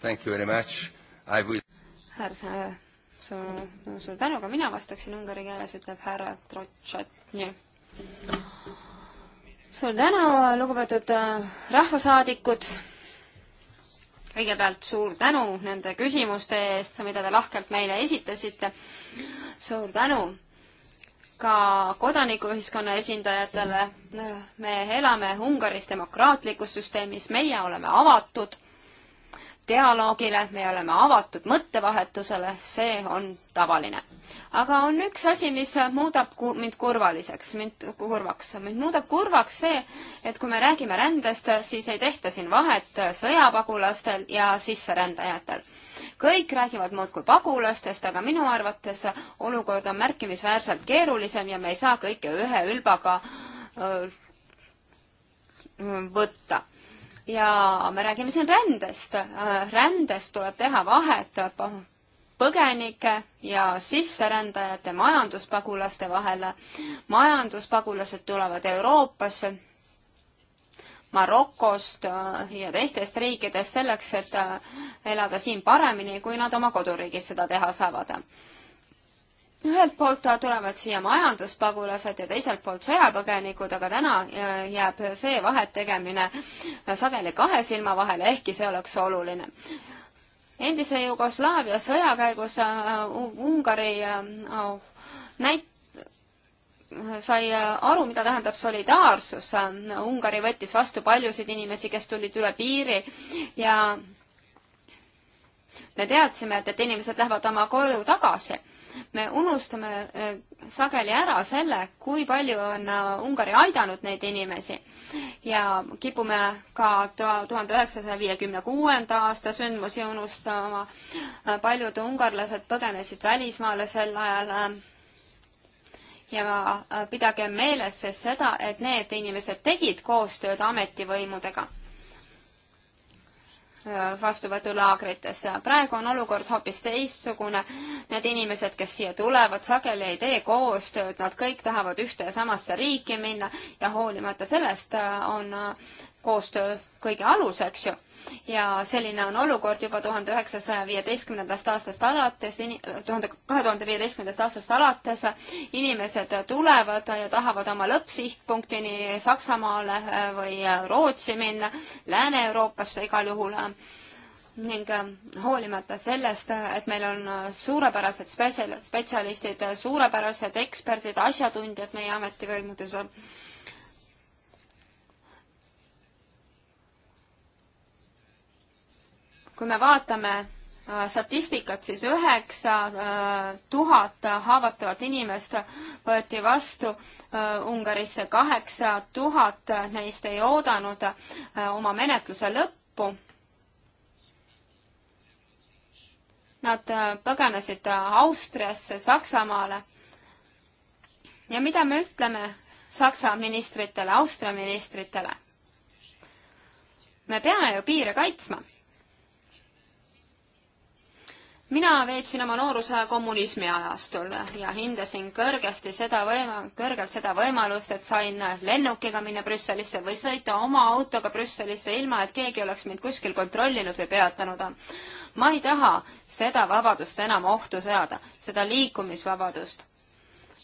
Thank you very much. I will
härra suur, suur tänu, ka mina vastaksin ungari keeles, ütleb härra Trotšatnje. suur tänu, lugupeetud äh, rahvasaadikud. kõigepealt suur tänu nende küsimuste eest, mida te lahkelt meile esitasite. suur tänu ka kodanikuühiskonna esindajatele. Äh, me elame Ungaris demokraatlikus süsteemis, meie oleme avatud dialoogile, me oleme avatud mõttevahetusele, see on tavaline. aga on üks asi, mis muudab ku-, mind kurvaliseks, mind kurvaks. mind muudab kurvaks see, et kui me räägime rändest, siis ei tehta siin vahet sõjapagulastel ja sisserändajatel. kõik räägivad muudkui pagulastest, aga minu arvates olukord on märkimisväärselt keerulisem ja me ei saa kõike ühe ülbaga öö, võtta ja me räägime siin rändest. Äh, rändes tuleb teha vahet põgenike ja sisserändajate majanduspagulaste vahele. majanduspagulased tulevad Euroopasse, Marokost äh, ja teistest riikidest selleks, et äh, elada siin paremini, kui nad oma koduriigis seda teha saavad ühelt poolt tulevad siia majanduspagulased ja teiselt poolt sõjapõgenikud, aga täna äh, jääb see vahetegemine sageli kahe silma vahele, ehkki see oleks oluline. endise Jugoslaavia sõja käigus äh, Ungari äh, näit-, sai aru, mida tähendab solidaarsus. Ungari võttis vastu paljusid inimesi, kes tulid üle piiri ja me teadsime, et, et inimesed lähevad oma koju tagasi me unustame äh, sageli ära selle, kui palju on äh, Ungari aidanud neid inimesi ja kipume ka tuhande üheksasaja viiekümne kuuenda aasta sündmusi unustama. Äh, paljud ungarlased põgenesid välismaale sel ajal ja pidagem meeles siis seda, et need inimesed tegid koostööd ametivõimudega vastuvõtulaagrites. praegu on olukord hoopis teistsugune. Need inimesed, kes siia tulevad, sageli ei tee koostööd, nad kõik tahavad ühte ja samasse riiki minna ja hoolimata sellest äh, on koostöö kõige alus, eks ju. ja selline on olukord juba tuhande üheksasaja viieteistkümnendast aastast alates, tuhande, kahe tuhande viieteistkümnendast aastast alates inimesed tulevad ja tahavad oma lõppsihtpunktini Saksamaale äh, või äh, Rootsi minna, Lääne-Euroopasse igal juhul äh, ning hoolimata sellest, et meil on suurepärased spetsialistid, suurepärased eksperdid, asjatundjad meie ametivõimudes, kui me vaatame äh, statistikat, siis üheksa äh, tuhat haavatavat inimest võeti vastu äh, Ungarisse, kaheksa tuhat neist ei oodanud oma menetluse lõppu. Nad põgenesid Austriasse, Saksamaale. ja mida me ütleme Saksa ministritele, Austria ministritele? me peame ju piire kaitsma mina veetsin oma nooruse kommunismi ajastul ja hindasin kõrgesti seda võima-, kõrgelt seda võimalust, et sain lennukiga minna Brüsselisse või sõita oma autoga Brüsselisse, ilma et keegi oleks mind kuskil kontrollinud või peatanud. ma ei taha seda vabadust enam ohtu seada, seda liikumisvabadust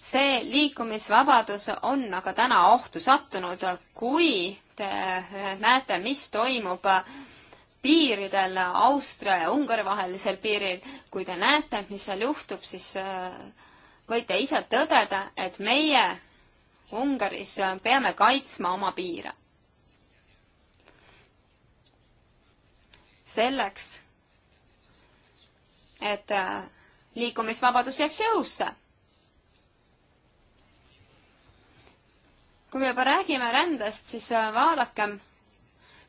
see liikumisvabadus on aga täna ohtu sattunud, kui te näete, mis toimub äh, piiridel, Austria ja Ungari vahelisel piiril, kui te näete, mis seal juhtub, siis äh, võite ise tõdeda, et meie Ungaris äh, peame kaitsma oma piire. selleks, et äh, liikumisvabadus jääks jõusse kui me juba räägime rändest, siis vaadakem,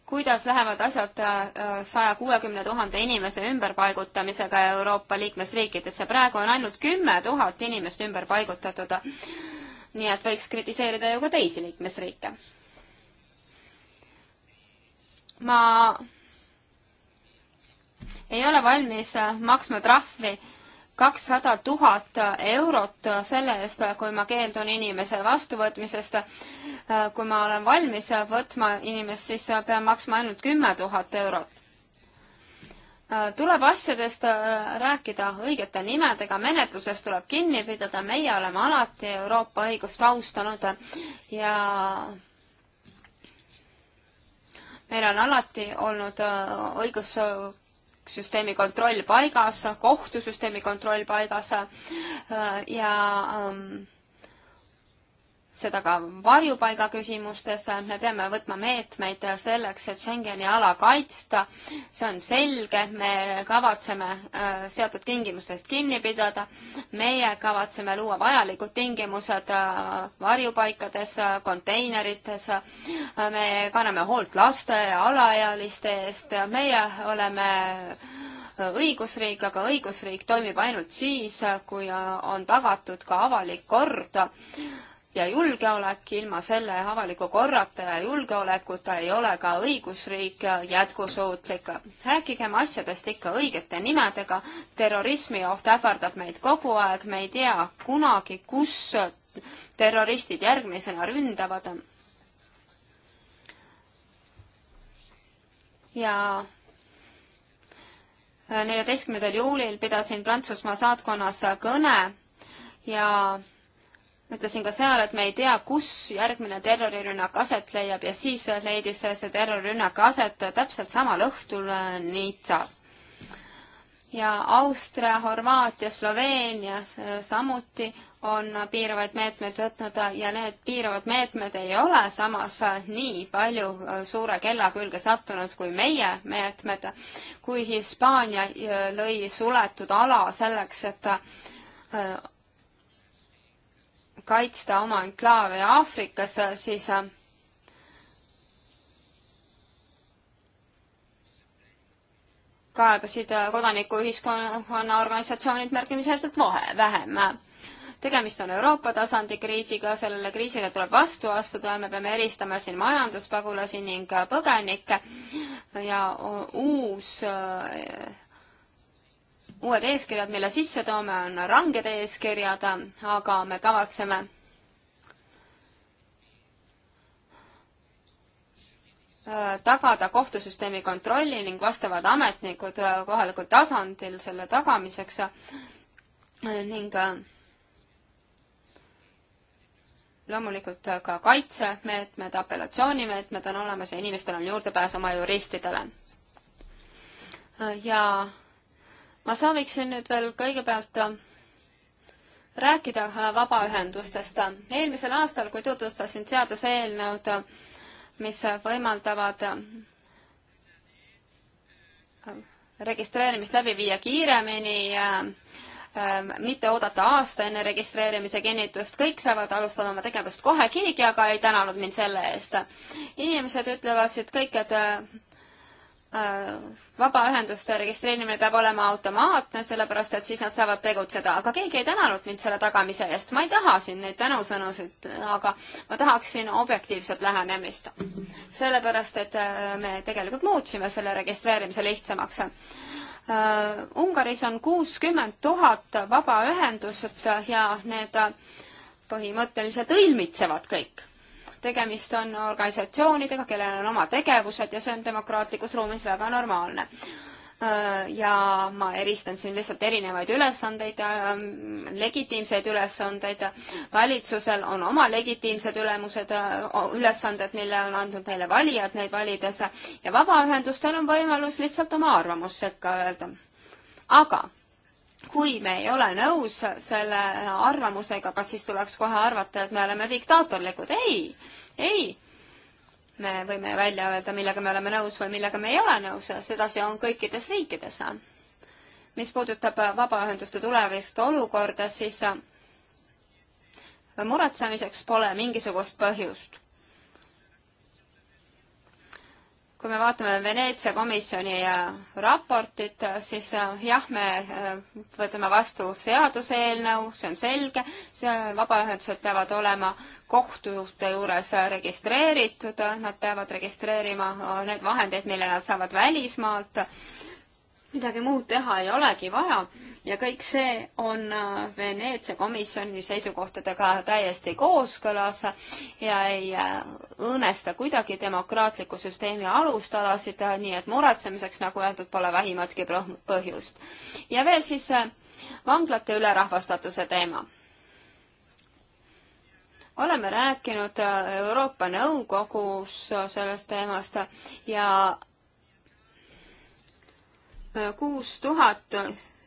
kuidas lähevad asjad äh, saja kuuekümne tuhande inimese ümberpaigutamisega Euroopa liikmesriikidesse. praegu on ainult kümme tuhat inimest ümber paigutatud. nii et võiks kritiseerida ju ka teisi liikmesriike. ma ei ole valmis maksma trahvi kakssada tuhat eurot selle eest, kui ma keeldun inimese vastuvõtmisest. kui ma olen valmis võtma inimest, siis pean maksma ainult kümme tuhat eurot. tuleb asjadest rääkida õigete nimedega, menetlusest tuleb kinni pidada, meie oleme alati Euroopa õigust austanud ja meil on alati olnud õigus süsteemi kontroll paigas, kohtusüsteemi kontroll paigas äh, ja ähm, seda ka varjupaiga küsimustes, me peame võtma meetmeid selleks, et Schengeni ala kaitsta. see on selge, me kavatseme äh, seatud tingimustest kinni pidada. meie kavatseme luua vajalikud tingimused äh, varjupaikades, äh, konteinerites. me kanname hoolt laste ja alaealiste eest. meie oleme õigusriik, aga õigusriik toimib ainult siis, kui on tagatud ka avalik kord ja julgeolek, ilma selle avaliku korrata ja julgeolekuta ei ole ka õigusriik jätkusuutlik. rääkigem asjadest ikka õigete nimedega, terrorismioht ähvardab meid kogu aeg, me ei tea kunagi, kus terroristid järgmisena ründavad. ja neljateistkümnendal juulil pidasin Prantsusmaa saatkonnas kõne ja ütlesin ka seal, et me ei tea, kus järgmine terrorirünnak aset leiab ja siis leidis see terrorirünnak aset täpselt samal õhtul äh, Nizzas. ja Austria, Horvaatia, Sloveenia äh, samuti on piiravaid meetmeid võtnud äh, ja need piiravad meetmed ei ole samas nii palju suure kella külge sattunud kui meie meetmed, kui Hispaania lõi suletud ala selleks, et kaitsta oma enklaave Aafrikas, siis äh, kaebasid äh, kodanikuühiskonna organisatsioonid märkimisväärselt vähem. tegemist on Euroopa tasandi kriisiga, sellele kriisile tuleb vastu astuda ja me peame eristama siin majanduspagulasi ning äh, põgenikke ja uus uued eeskirjad, mille sisse toome, on ranged eeskirjad, aga me kavatseme tagada kohtusüsteemi kontrolli ning vastavad ametnikud kohalikul tasandil selle tagamiseks ning äh, loomulikult ka kaitsemeetmed, apellatsioonimeetmed on olemas ja inimestel on juurdepääs oma juristidele. ja ma sooviksin nüüd veel kõigepealt rääkida äh, vabaühendustest. eelmisel aastal, kui tutvustasin seaduseelnõud, mis võimaldavad äh, registreerimist läbi viia kiiremini, äh, mitte oodata aasta enne registreerimise kinnitust, kõik saavad alustada oma tegevust kohe, keegi aga ei tänanud mind selle eest. inimesed ütlevad siit kõik, et vabaühenduste registreerimine peab olema automaatne, sellepärast et siis nad saavad tegutseda, aga keegi ei tänanud mind selle tagamise eest, ma ei taha siin neid tänusõnusid, aga ma tahaksin objektiivset lähenemist. sellepärast, et äh, me tegelikult muutsime selle registreerimise lihtsamaks. Äh, Ungaris on kuuskümmend tuhat vabaühendust ja need põhimõtteliselt õilmitsevad kõik tegemist on organisatsioonidega, kellel on oma tegevused ja see on demokraatlikus ruumis väga normaalne äh, ja ma eristan siin lihtsalt erinevaid ülesandeid, ähm, legitiimseid ülesandeid. valitsusel on oma legitiimsed ülemused, äh, ülesanded, mille on andnud neile valijad neid valides ja vabaühendustel on võimalus lihtsalt oma arvamust sekka öelda. aga kui me ei ole nõus selle arvamusega, kas siis tuleks kohe arvata, et me oleme diktaatorlikud? ei, ei. me võime välja öelda, millega me oleme nõus või millega me ei ole nõus, sedasi on kõikides riikides. mis puudutab vabaühenduste tulevist olukorda, siis muretsemiseks pole mingisugust põhjust kui me vaatame Veneetsia komisjoni äh, raportit, äh, siis äh, jah, me võtame vastu seaduseelnõu, see on selge, see, vabaühendused peavad olema kohtute juures registreeritud, nad peavad registreerima need vahendeid, mille nad saavad välismaalt midagi muud teha ei olegi vaja ja kõik see on äh, Veneetsia komisjoni seisukohtadega täiesti kooskõlas ja ei äh, õõnesta kuidagi demokraatliku süsteemi alustalasid, äh, nii et muretsemiseks, nagu öeldud, pole vähimatki põhjust. ja veel siis vanglate ülerahvastatuse teema oleme rääkinud Euroopa Nõukogus sellest teemast ja kuus tuhat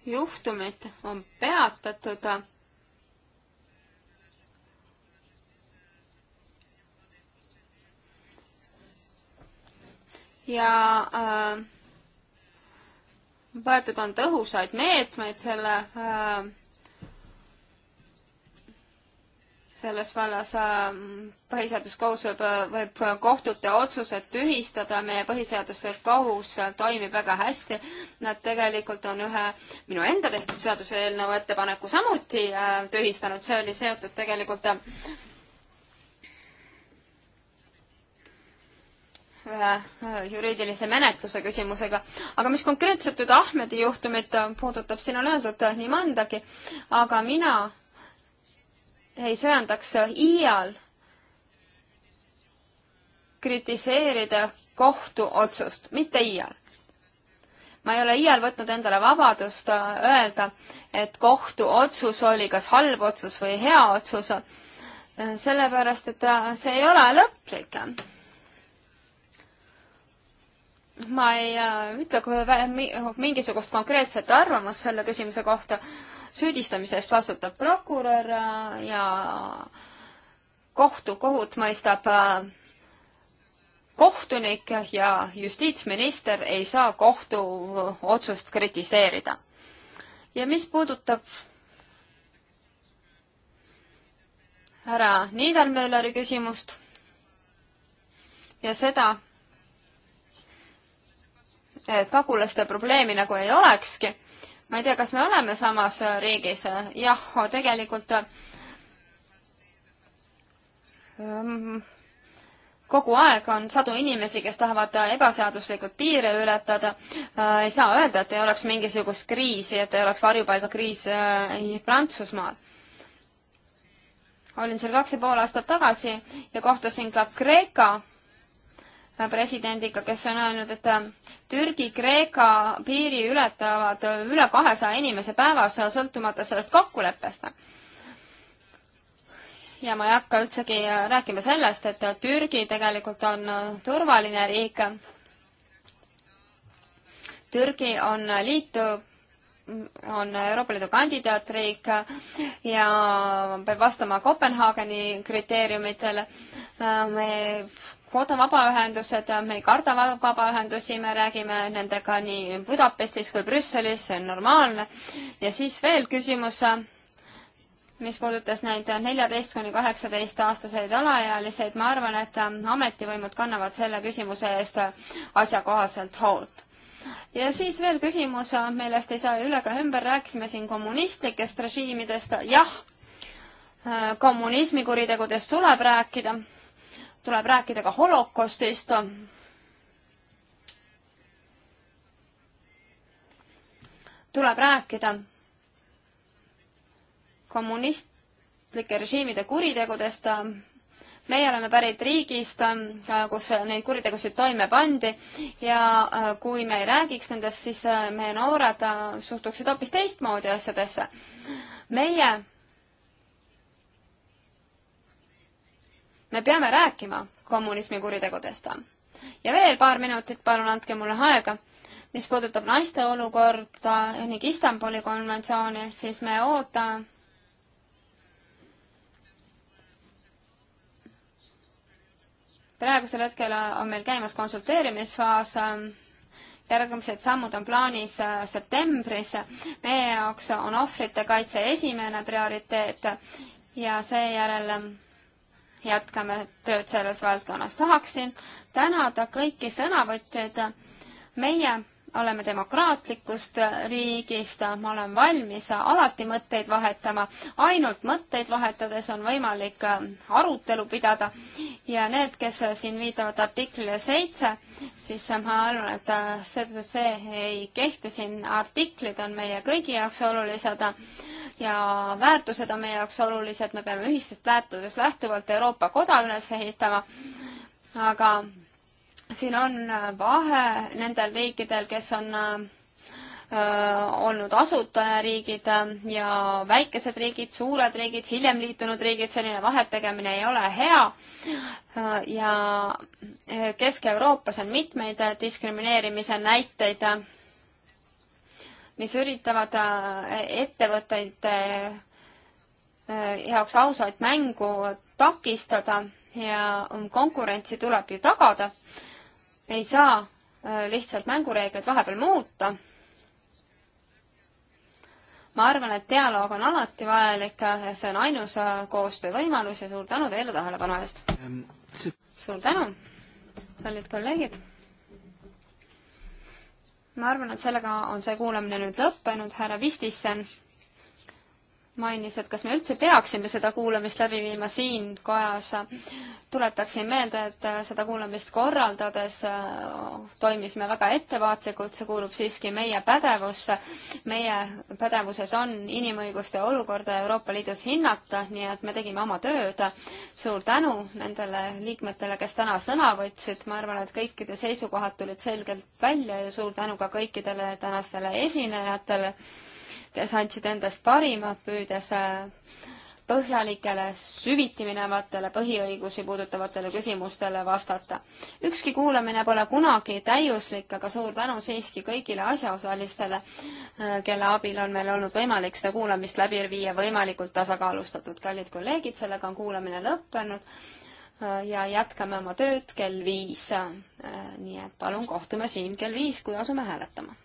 juhtumit on peatatud. ja äh, võetud on tõhusaid meetmeid selle äh, selles vallas ähm, põhiseaduskohus võib, äh, võib kohtute otsused tühistada, meie põhiseaduse kohus äh, toimib väga hästi. Nad tegelikult on ühe minu enda tehtud seaduseelnõu ettepaneku samuti äh, tühistanud, see oli seotud tegelikult ühe juriidilise menetluse küsimusega. aga mis konkreetselt nüüd Ahmedi juhtumit puudutab, siin on öeldud nii mõndagi, aga mina ei söandaks iial kritiseerida kohtuotsust, mitte iial. ma ei ole iial võtnud endale vabadust äh, öelda, et kohtuotsus oli kas halb otsus või hea otsus, äh, sellepärast et äh, see ei ole lõplik. ma ei ütle mingisugust konkreetset arvamust selle küsimuse kohta süüdistamise eest vastutab prokurör äh, ja kohtu kohut mõistab äh, kohtunik ja justiitsminister ei saa kohtu otsust kritiseerida. ja mis puudutab härra Niedermülleri küsimust ja seda, et pagulaste probleemi nagu ei olekski, ma ei tea, kas me oleme samas äh, riigis, jah, tegelikult ähm, kogu aeg on sadu inimesi, kes tahavad äh, ebaseaduslikult piire ületada. Äh, ei saa öelda, et ei oleks mingisugust kriisi, et ei oleks varjupaigakriis Prantsusmaal. olin seal kaks ja pool aastat tagasi ja kohtusin ka Kreeka presidendiga, kes on öelnud, et ähm, Türgi-Kreeka piiri ületavad äh, üle kahesaja inimese päevas, äh, sõltumata sellest kokkuleppest. ja ma ei hakka üldsegi äh, rääkima sellest, et Türgi tegelikult on turvaline riik. Türgi on liitu on Euroopa Liidu kandidaatriik ja peab vastama Kopenhaageni kriteeriumitele. me koduvabaühendused, me ei karda vabaühendusi, me räägime nendega nii Budapestis kui Brüsselis, see on normaalne. ja siis veel küsimus, mis puudutas neid neljateist kuni kaheksateist aastaseid alaealiseid, ma arvan, et ametivõimud kannavad selle küsimuse eest asjakohaselt hoolt ja siis veel küsimus, millest ei saa üle ega ümber, rääkisime siin kommunistlikest režiimidest, jah, kommunismi kuritegudest tuleb rääkida tuleb rääkida ka holokostist. tuleb rääkida kommunistlike režiimide kuritegudest. meie oleme pärit riigist, kus neid kuritegusid toime pandi ja kui me ei räägiks nendest, siis meie noored suhtuksid hoopis teistmoodi asjadesse. meie me peame rääkima kommunismi kuritegudest. ja veel paar minutit, palun andke mulle aega. mis puudutab naiste olukorda ning Istanbuli konventsiooni, siis me ootame praegusel hetkel on meil käimas konsulteerimisfaas, järgmised sammud on plaanis äh, septembris. meie jaoks on ohvrite kaitse esimene prioriteet ja seejärel jätkame tööd selles valdkonnas. tahaksin tänada kõiki sõnavõtjaid. meie oleme demokraatlikust riigist, ma olen valmis alati mõtteid vahetama, ainult mõtteid vahetades on võimalik arutelu pidada ja need, kes siin viitavad artiklile seitse, siis ma arvan, et see, see ei kehti siin, artiklid on meie kõigi jaoks olulised ja väärtused on meie jaoks olulised, me peame ühistest väärtusest lähtuvalt Euroopa kodakonnas ehitama, aga siin on äh, vahe nendel riikidel, kes on äh, äh, olnud asutajariigid ja väikesed riigid, suured riigid, hiljem liitunud riigid, selline vahetegemine ei ole hea. ja Kesk-Euroopas on mitmeid diskrimineerimise näiteid, mis üritavad ettevõtteid jaoks ausaid mängu takistada ja konkurentsi tuleb ju tagada ei saa äh, lihtsalt mängureegleid vahepeal muuta. ma arvan, et dialoog on alati vajalik ja see on ainus äh, koostöövõimalus ja suur tänu teile tähelepanu eest ähm,. suur tänu, kallid kolleegid. ma arvan, et sellega on see kuulamine nüüd lõppenud, härra Vistissen mainis, et kas me üldse peaksime seda kuulamist läbi viima siin kojas. tuletaksin meelde, et seda kuulamist korraldades äh, toimisime väga ettevaatlikult, see kuulub siiski meie pädevusse. meie pädevuses on inimõiguste olukorda Euroopa Liidus hinnata, nii et me tegime oma tööd. suur tänu nendele liikmetele, kes täna sõna võtsid, ma arvan, et kõikide seisukohad tulid selgelt välja ja suur tänu ka kõikidele tänastele esinejatele kes andsid endast parima, püüdes äh, põhjalikele, süviti minevatele põhiõigusi puudutavatele küsimustele vastata. ükski kuulamine pole kunagi täiuslik, aga suur tänu siiski kõigile asjaosalistele, äh, kelle abil on meil olnud võimalik seda kuulamist läbi viia võimalikult tasakaalustatud. kallid kolleegid, sellega on kuulamine lõppenud äh, ja jätkame oma tööd kell viis. nii et palun kohtume siin kell viis, kui asume hääletama.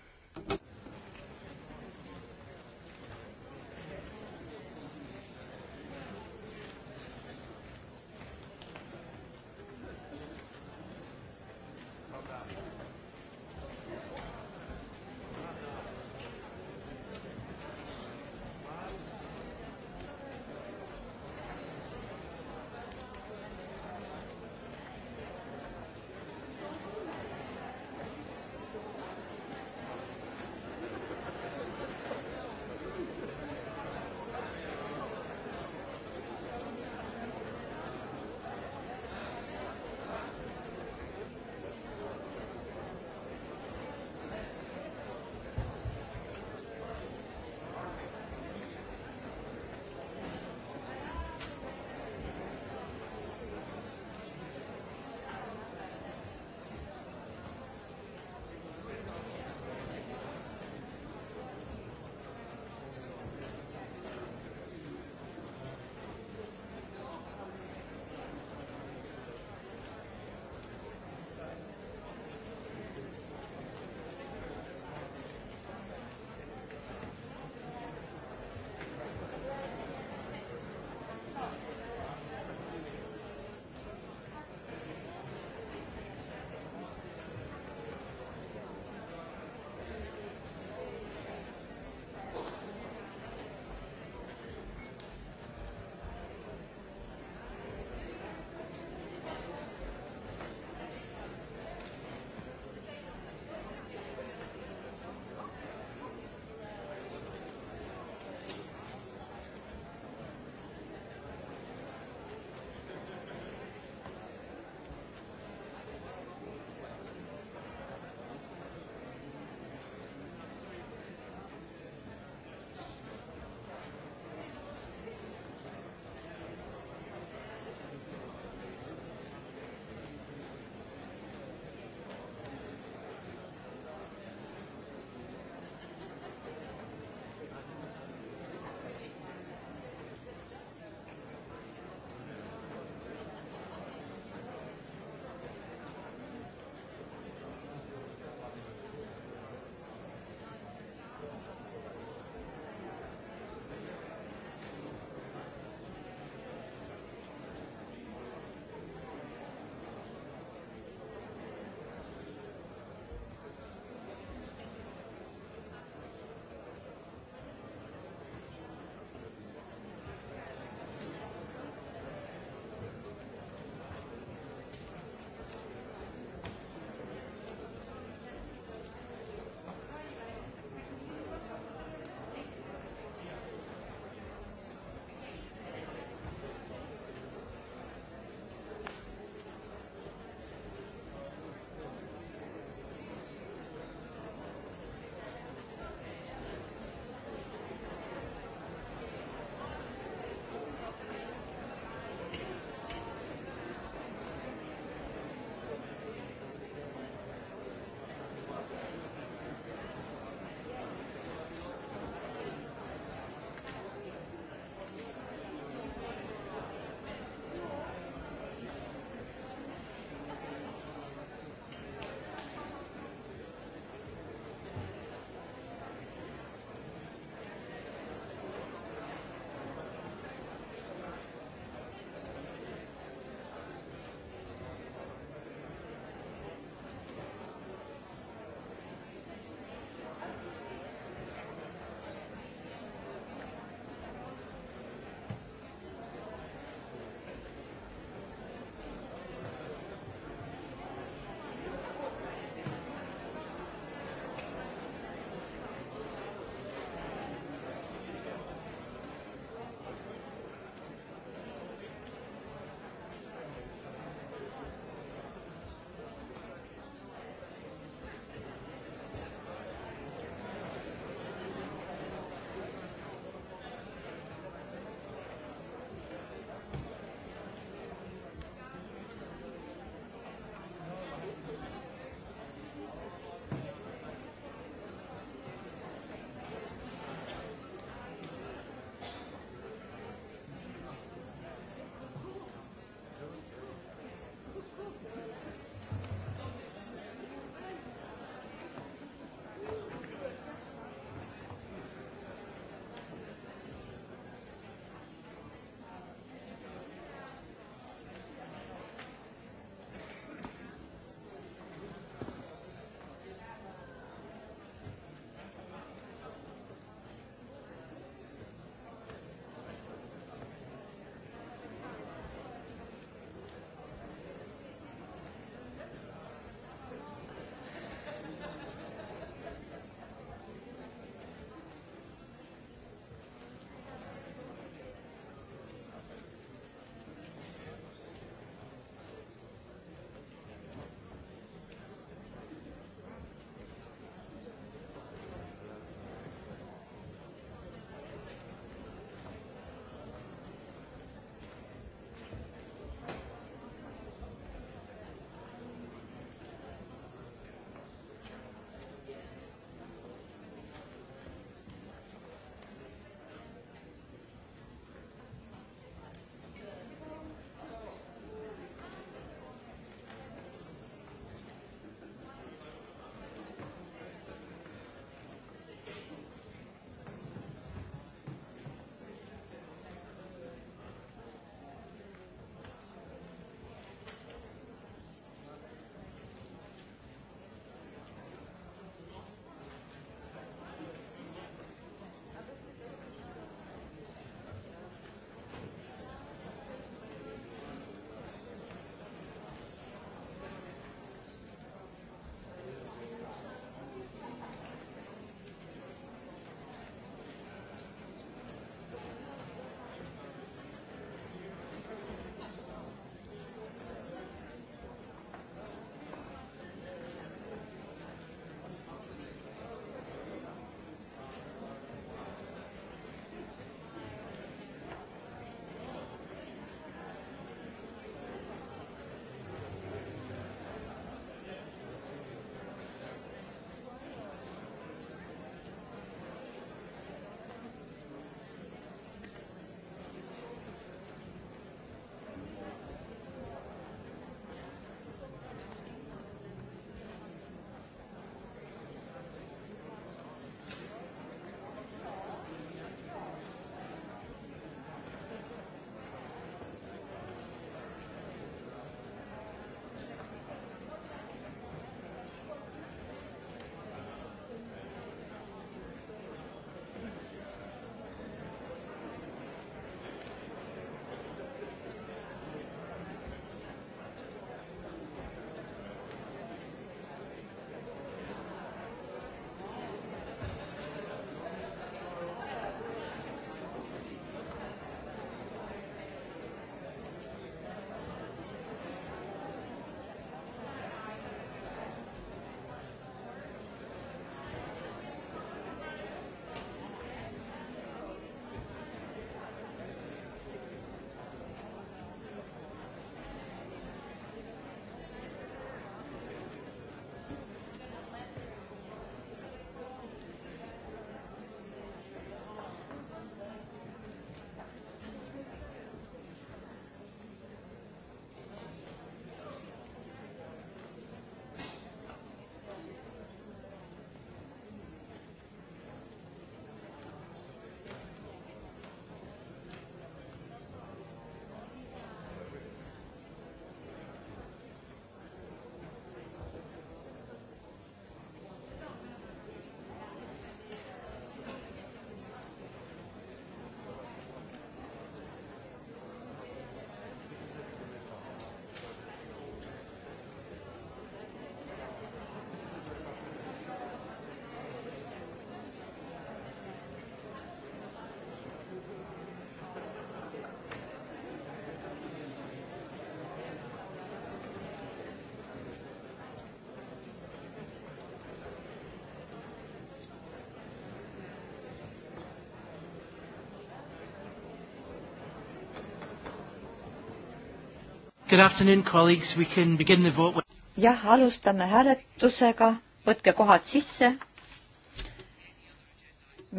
Good afternoon, colleagues. We can begin the vote.
jah, alustame hääletusega, võtke kohad sisse.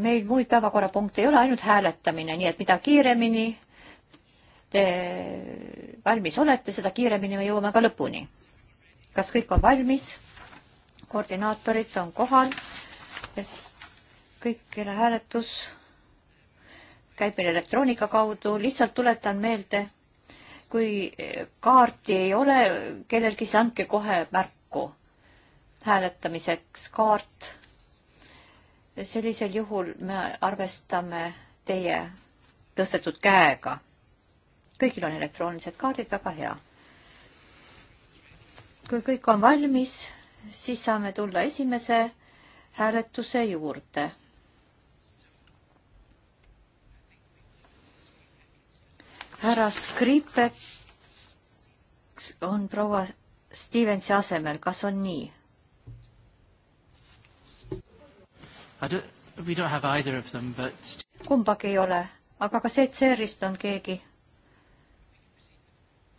meil muid päevakorrapunkte ei ole, ainult hääletamine, nii et mida kiiremini te valmis olete, seda kiiremini me jõuame ka lõpuni. kas kõik on valmis? koordinaatorid on kohal. kõikidele hääletus käib meil elektroonika kaudu, lihtsalt tuletan meelde kui kaarti ei ole kellelgi, siis andke kohe märku hääletamiseks kaart. sellisel juhul me arvestame teie tõstetud käega. kõigil on elektroonilised kaardid, väga hea. kui kõik on valmis, siis saame tulla esimese hääletuse juurde härra Skripek on proua Stevensi asemel, kas on nii? But... kumbagi ei ole, aga kas ECR-ist on keegi?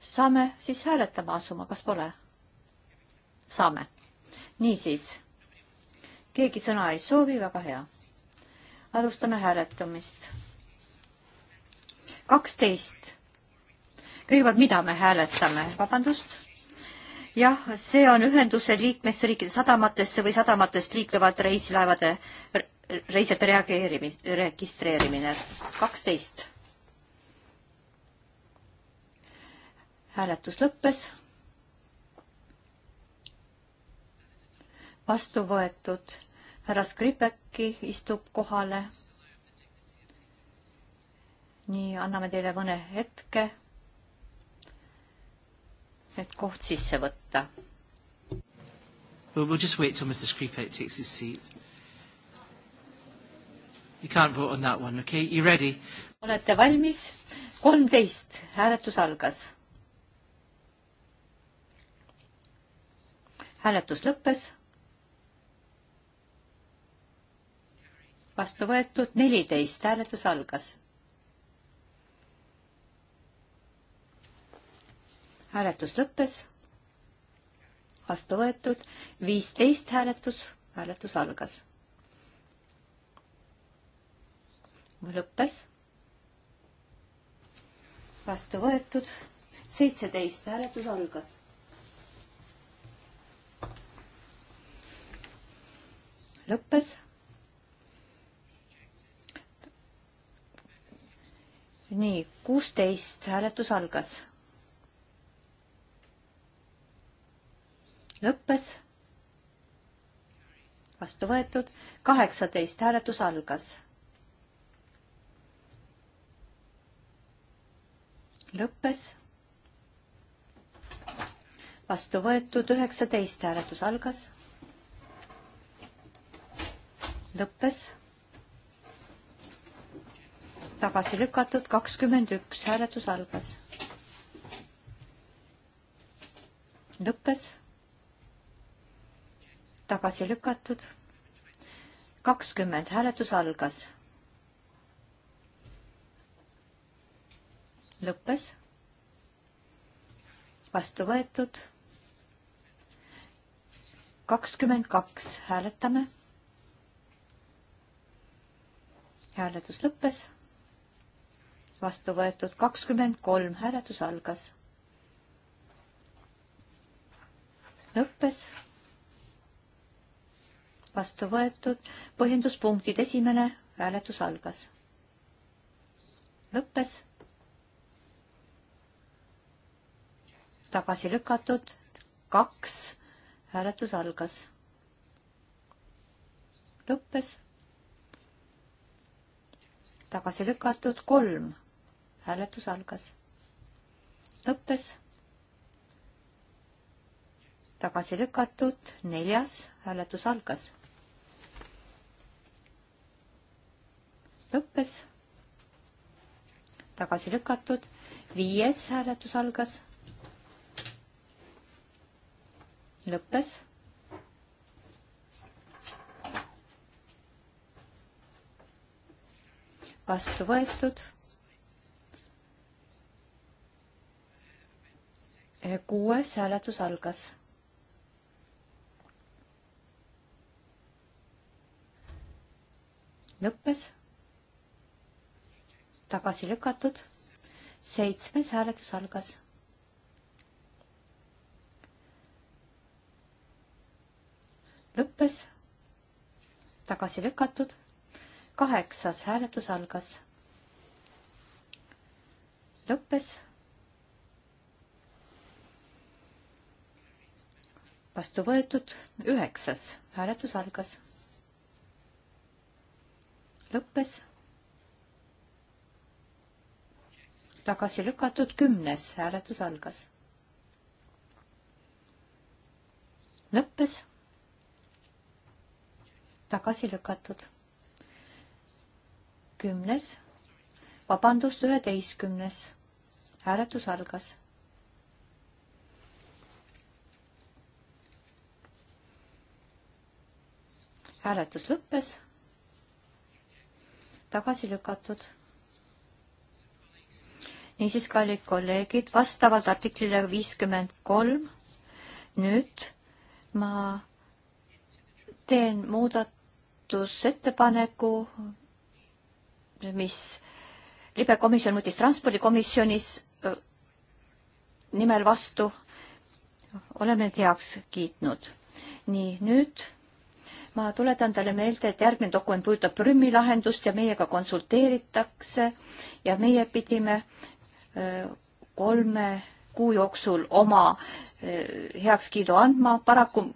saame siis hääletama asuma, kas pole? saame. niisiis, keegi sõna ei soovi, väga hea. alustame hääletamist kaksteist. kõigepealt, mida me hääletame, vabandust? jah, see on ühenduse liikmesriikide sadamatesse või sadamatest liiklevad reisilaevade reisijate reageerimis-, registreerimine. kaksteist. hääletus lõppes. vastu võetud härra Skripeki istub kohale nii, anname teile mõne hetke, et koht sisse võtta.
Well, we'll just wait till Mr. Skripek takes his seat. You can't vote on that one, okay? You ready?
olete valmis? kolmteist, hääletus algas. hääletus lõppes. vastu võetud neliteist, hääletus algas hääletus lõppes, vastu võetud, viisteist hääletus, hääletus algas. lõppes, vastu võetud, seitseteist hääletus algas. lõppes. nii, kuusteist hääletus algas lõppes. vastu võetud. kaheksateist hääletus algas. lõppes. vastu võetud. üheksateist hääletus algas. lõppes tagasi lükatud, kakskümmend üks, hääletus algas. lõppes tagasi lükatud. kakskümmend, hääletus algas. lõppes. vastu võetud. kakskümmend kaks, hääletame. hääletus lõppes vastu võetud kakskümmend kolm, hääletus algas. lõppes vastu võetud, põhjenduspunktid esimene, hääletus algas. lõppes. tagasi lükatud, kaks, hääletus algas. lõppes. tagasi lükatud, kolm, hääletus algas. lõppes tagasi lükatud, neljas hääletus algas. lõppes, tagasi lükatud, viies hääletus algas, lõppes vastu võetud. kuues hääletus algas. lõppes tagasi lükatud. seitsmes hääletus algas. lõppes, tagasi lükatud. kaheksas hääletus algas. lõppes. vastu võetud üheksas hääletus algas. lõppes tagasi lükatud, kümnes hääletus algas. lõppes. tagasi lükatud. kümnes, vabandust, üheteistkümnes hääletus algas. hääletus lõppes. tagasi lükatud niisiis, kallid kolleegid, vastavalt artiklile viiskümmend kolm nüüd ma teen muudatusettepaneku, mis libekomisjon võttis transpordikomisjonis nimel vastu, oleme need heaks kiitnud. nii, nüüd ma tuletan teile meelde, et järgmine dokument puudutab Prümi lahendust ja meiega konsulteeritakse ja meie pidime kolme kuu jooksul oma eh, heakskiidu andma. paraku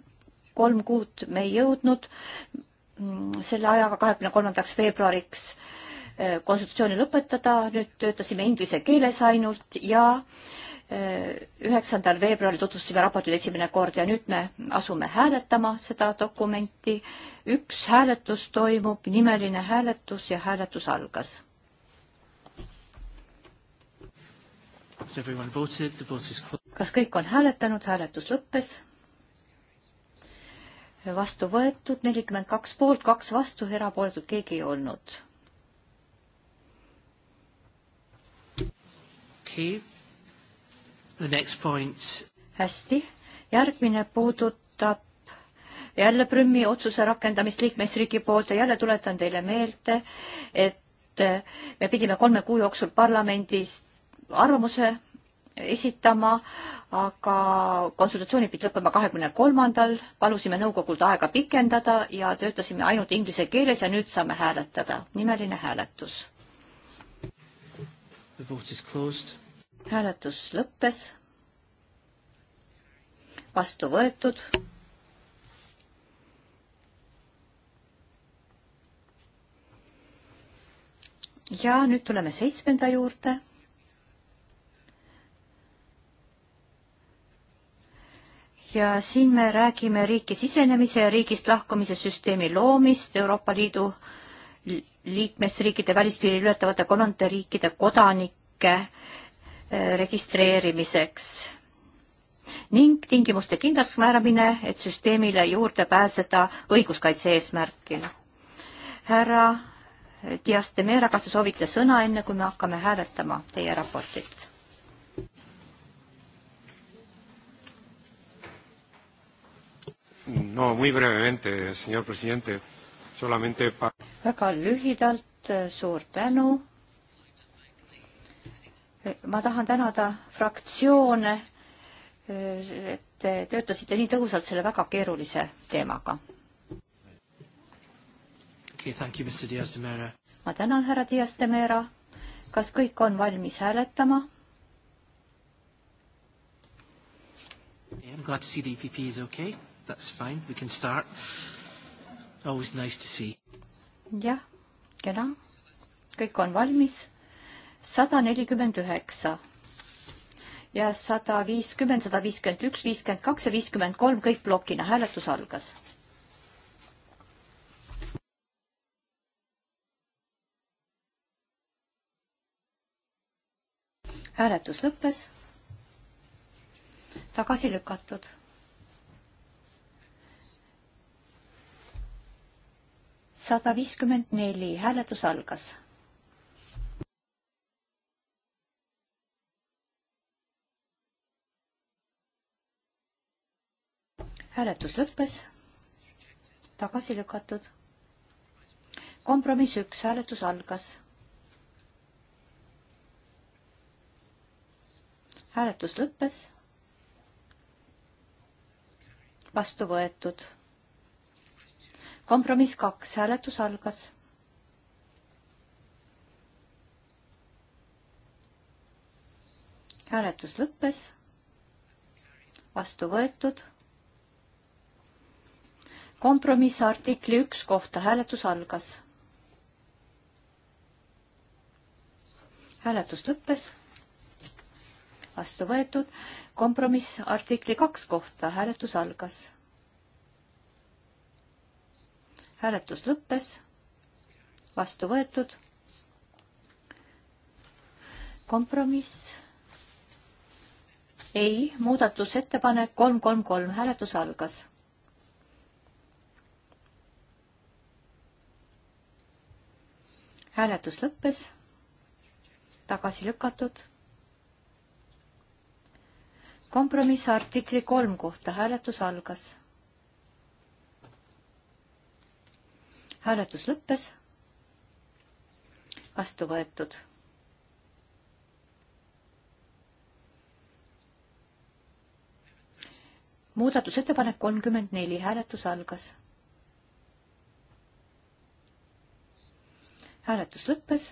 kolm kuud me ei jõudnud mm, selle ajaga kahekümne kolmandaks veebruariks eh, konsultatsiooni lõpetada, nüüd töötasime inglise keeles ainult ja eh, üheksandal veebruaril tutvustasime raportit esimene kord ja nüüd me asume hääletama seda dokumenti. üks hääletus toimub, nimeline hääletus ja hääletus algas kas kõik on hääletanud, hääletus lõppes? vastu võetud, nelikümmend kaks poolt, kaks vastu, erapooletud keegi ei olnud.
okei okay., the next point.
hästi, järgmine puudutab jälle Prümi otsuse rakendamist liikmesriigi poolt ja jälle tuletan teile meelde, et me pidime kolme kuu jooksul parlamendist arvamuse esitama, aga konsultatsioonid pidid lõppema kahekümne kolmandal, palusime nõukogult aega pikendada ja töötasime ainult inglise keeles ja nüüd saame hääletada. nimeline hääletus. hääletus lõppes. vastu võetud. ja nüüd tuleme seitsmenda juurde ja siin me räägime riiki sisenemise ja riigist lahkumise süsteemi loomist Euroopa Liidu liikmesriikide välispiiri ületavate kolmandate riikide kodanike äh, registreerimiseks ning tingimuste kindlaks määramine, et süsteemile juurde pääseda õiguskaitse eesmärkil. härra Dias de Mera, kas te soovite sõna, enne kui me hakkame hääletama teie raportit?
no muy brevemente, señor presidente, solamente pa-.
väga lühidalt, suur tänu. ma tahan tänada fraktsioone, et te töötasite nii tõhusalt selle väga keerulise teemaga. Okay, ma tänan, härra Dias de Mera. kas kõik on valmis hääletama?
E okay. That's fine, we can start. Always nice to see.
jah, kena. kõik on valmis. sada nelikümmend üheksa ja sada viiskümmend, sada viiskümmend üks, viiskümmend kaks ja viiskümmend kolm, kõik plokina. hääletus algas hääletus lõppes, tagasi lükatud sada viiskümmend neli, hääletus algas. hääletus lõppes, tagasi lükatud. kompromiss üks, hääletus algas. hääletus lõppes, vastu võetud kompromiss kaks, hääletus algas. hääletus lõppes. vastu võetud. kompromiss artikli üks kohta, hääletus algas. hääletus lõppes. vastu võetud. kompromiss artikli kaks kohta, hääletus algas hääletus lõppes, vastu võetud. kompromiss. ei, muudatusettepanek kolm, kolm, kolm, hääletus algas. hääletus lõppes, tagasi lükatud kompromiss artikli kolm kohta hääletus algas. hääletus lõppes. vastu võetud. muudatusettepanek kolmkümmend neli, hääletus algas. hääletus lõppes.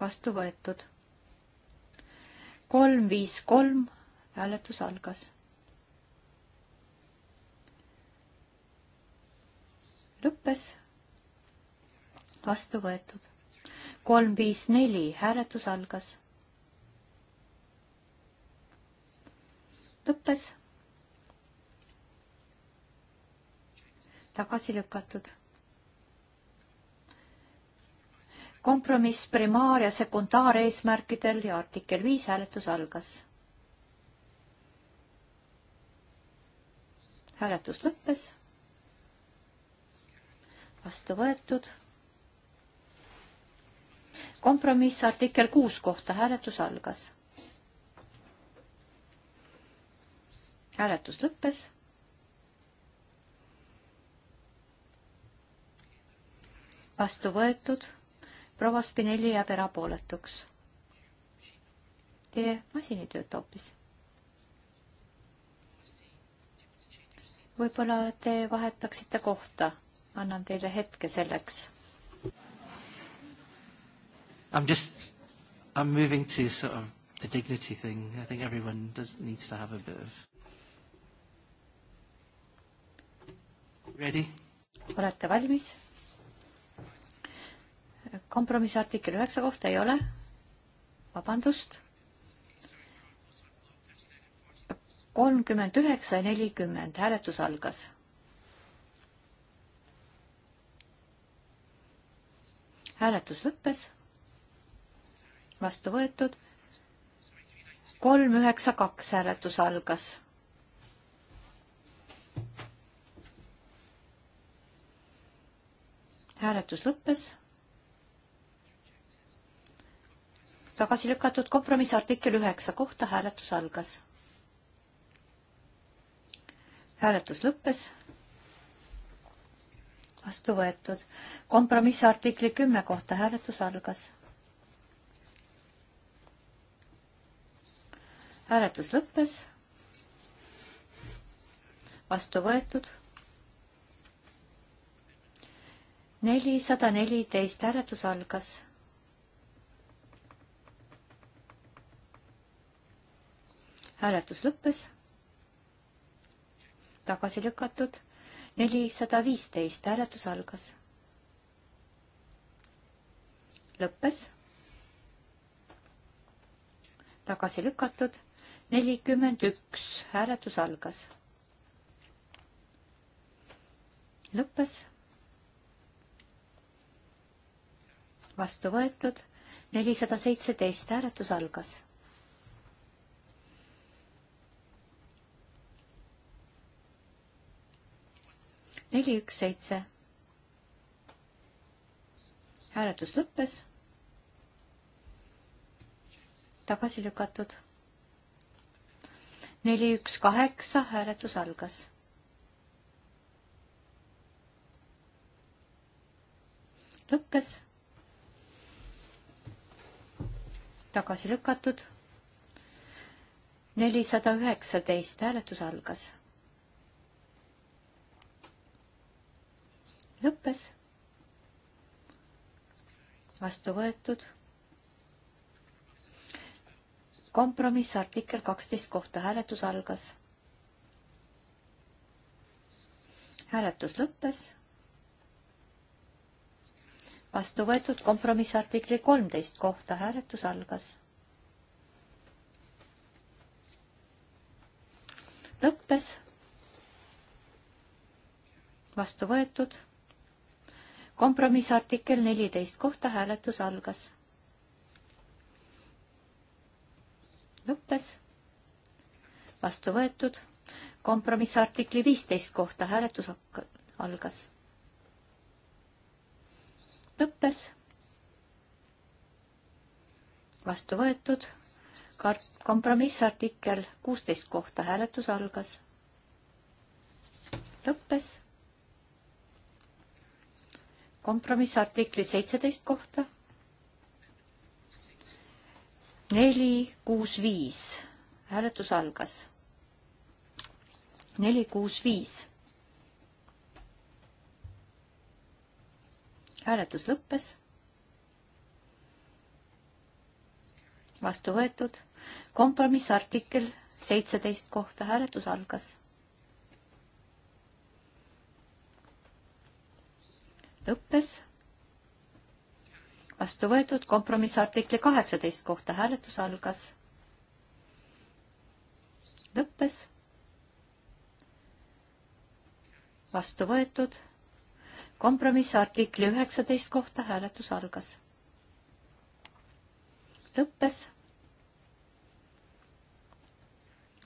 vastu võetud. kolm, viis, kolm, hääletus algas lõppes. vastu võetud. kolm, viis, neli, hääletus algas. lõppes. tagasi lükatud. kompromiss primaar- ja sekundaareesmärkidel ja artikkel viis hääletus algas. hääletus lõppes vastu võetud. kompromiss artikkel kuus kohta hääletus algas. hääletus lõppes. vastu võetud, proua Spinelli jääb erapooletuks. Teie masin ei tööta hoopis võib-olla te vahetaksite kohta annan teile hetke selleks. I
am just, I am moving to sort of the dignity thing. I think everyone does, needs to have a bit of.
Ready? olete valmis? kompromissi artikkel üheksa kohta ei ole. vabandust. kolmkümmend üheksa ja nelikümmend, hääletus algas hääletus lõppes. vastu võetud. kolm üheksa kaks hääletus algas. hääletus lõppes. tagasi lükatud kompromiss artikkel üheksa kohta hääletus algas. hääletus lõppes vastu võetud. kompromiss artikli kümme kohta hääletus algas. hääletus lõppes. vastu võetud. nelisada neliteist hääletus algas. hääletus lõppes. tagasi lükatud nelisada viisteist, hääletus algas. lõppes. tagasi lükatud, nelikümmend üks, hääletus algas. lõppes. vastu võetud, nelisada seitseteist, hääletus algas neli, üks, seitse. hääletus lõppes. tagasi lükatud. neli, üks, kaheksa, hääletus algas. lõppes. tagasi lükatud. nelisada üheksateist, hääletus algas lõppes. vastu võetud. kompromiss artikkel kaksteist kohta hääletus algas. hääletus lõppes. vastu võetud kompromiss artikli kolmteist kohta hääletus algas. lõppes vastu võetud kompromissartikkel neliteist kohta hääletus algas. lõppes. vastu võetud. kompromissartikli viisteist kohta hääletus algas. lõppes. vastu võetud. kompromissartikkel kuusteist kohta hääletus algas. lõppes kompromiss artikli seitseteist kohta. neli, kuus, viis, hääletus algas. neli, kuus, viis. hääletus lõppes. vastu võetud kompromiss artikkel seitseteist kohta hääletus algas lõppes. vastu võetud kompromiss artikli kaheksateist kohta hääletus algas. lõppes. vastu võetud kompromiss artikli üheksateist kohta hääletus algas. lõppes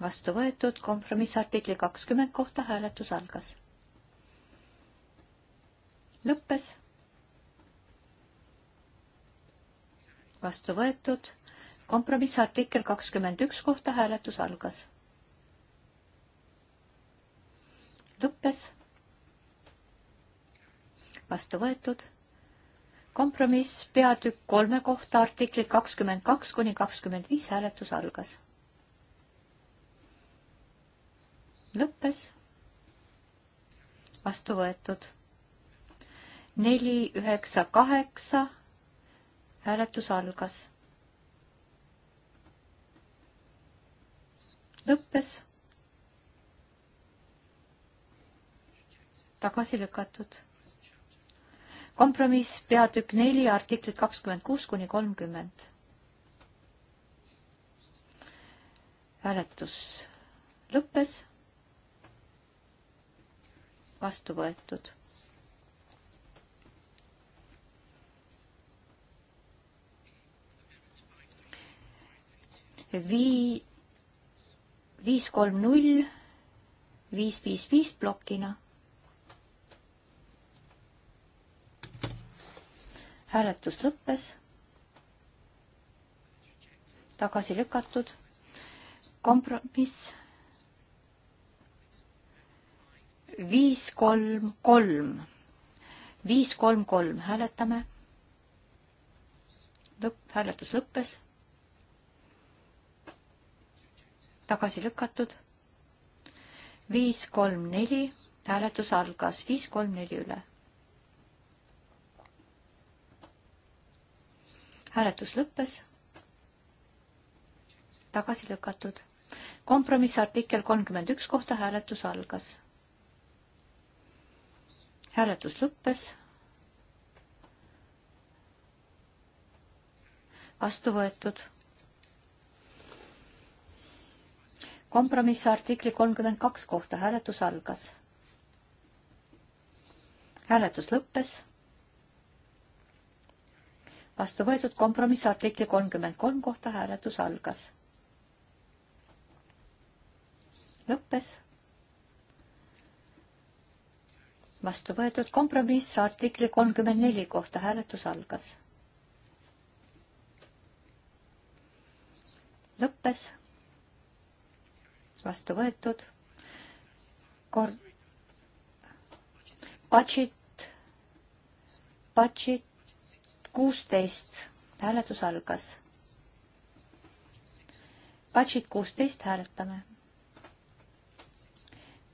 vastu võetud kompromissartikli kakskümmend kohta hääletus algas lõppes. vastu võetud. kompromissartikkel kakskümmend üks kohta hääletus algas. lõppes. vastu võetud. kompromiss peatükk kolme kohta artiklid kakskümmend kaks kuni kakskümmend viis hääletus algas. lõppes. vastu võetud neli, üheksa, kaheksa. hääletus algas. lõppes. tagasi lükatud. kompromiss peatükk neli, artiklid kakskümmend kuus kuni kolmkümmend. hääletus lõppes. vastu võetud vii-, viis kolm null, viis viis viis plokina. hääletus lõppes. tagasi lükatud. kompromiss. viis kolm kolm, viis kolm kolm, hääletame lõpp, hääletus lõppes tagasi lükatud. viis, kolm, neli, hääletus algas viis, kolm, neli üle. hääletus lõppes. tagasi lükatud. kompromiss artikkel kolmkümmend üks kohta hääletus algas. hääletus lõppes. vastu võetud kompromiss artikli kolmkümmend kaks kohta hääletus algas. hääletus lõppes. vastu võetud kompromiss artikli kolmkümmend kolm kohta hääletus algas. lõppes. vastu võetud kompromiss artikli kolmkümmend neli kohta hääletus algas. lõppes vastu võetud. Kord-, budget, budget kuusteist, hääletus algas. Budget kuusteist, hääletame.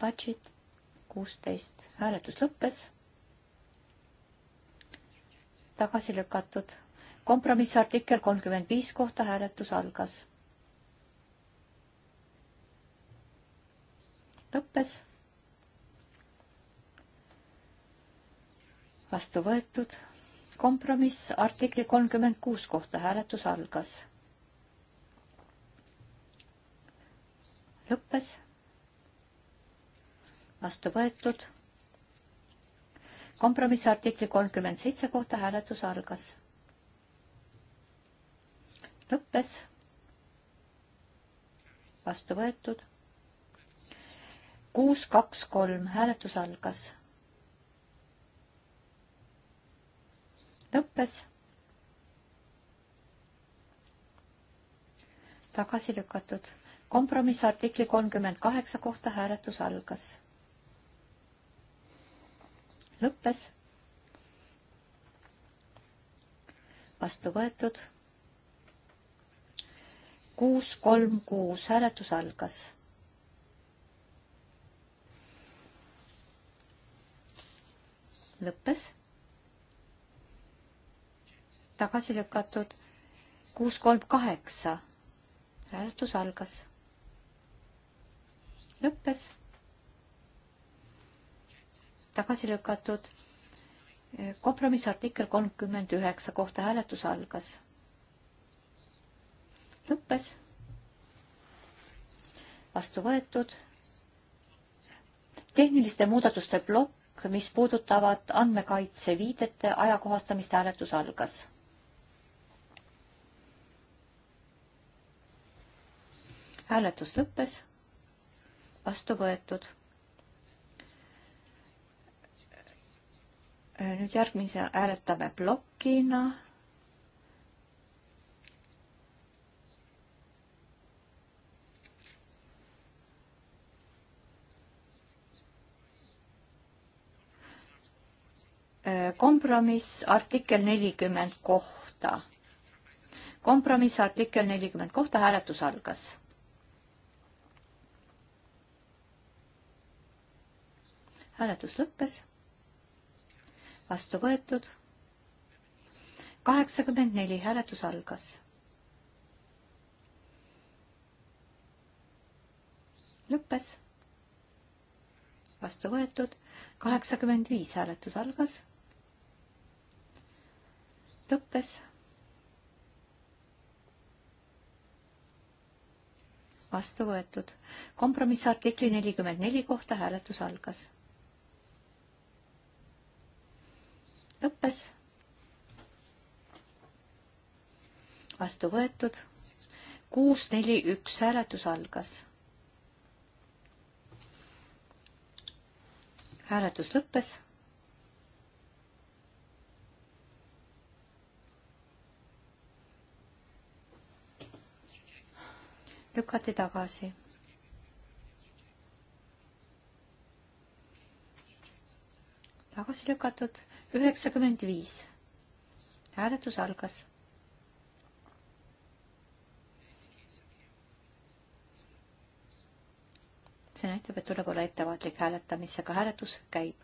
Budget kuusteist, hääletus lõppes. tagasi lükatud. kompromissartikkel kolmkümmend viis kohta hääletus algas lõppes. vastu võetud. kompromiss artikli kolmkümmend kuus kohta hääletus algas. lõppes. vastu võetud. kompromiss artikli kolmkümmend seitse kohta hääletus algas. lõppes. vastu võetud kuus, kaks, kolm, hääletus algas. lõppes. tagasi lükatud. kompromiss artikli kolmkümmend kaheksa kohta hääletus algas. lõppes. vastu võetud. kuus, kolm, kuus, hääletus algas lõppes. tagasi lükatud kuus, kolm, kaheksa. hääletus algas. lõppes. tagasi lükatud kompromissartikkel kolmkümmend üheksa kohta hääletus algas. lõppes. vastu võetud. tehniliste muudatuste plokk mis puudutavad andmekaitse viidete ajakohastamist hääletus algas. hääletus lõppes, vastu võetud. nüüd järgmise hääletame plokina kompromiss artikkel nelikümmend kohta. kompromiss artikkel nelikümmend kohta hääletus algas. hääletus lõppes. vastu võetud. kaheksakümmend neli hääletus algas lõppes. vastu võetud kaheksakümmend viis hääletus algas lõppes. vastu võetud. kompromiss artikli nelikümmend neli kohta hääletus algas. lõppes. vastu võetud. kuus, neli, üks hääletus algas. hääletus lõppes lükati tagasi. tagasi lükatud üheksakümmend viis. hääletus algas. see näitab, et tuleb olla ettevaatlik hääletamisega, hääletus käib.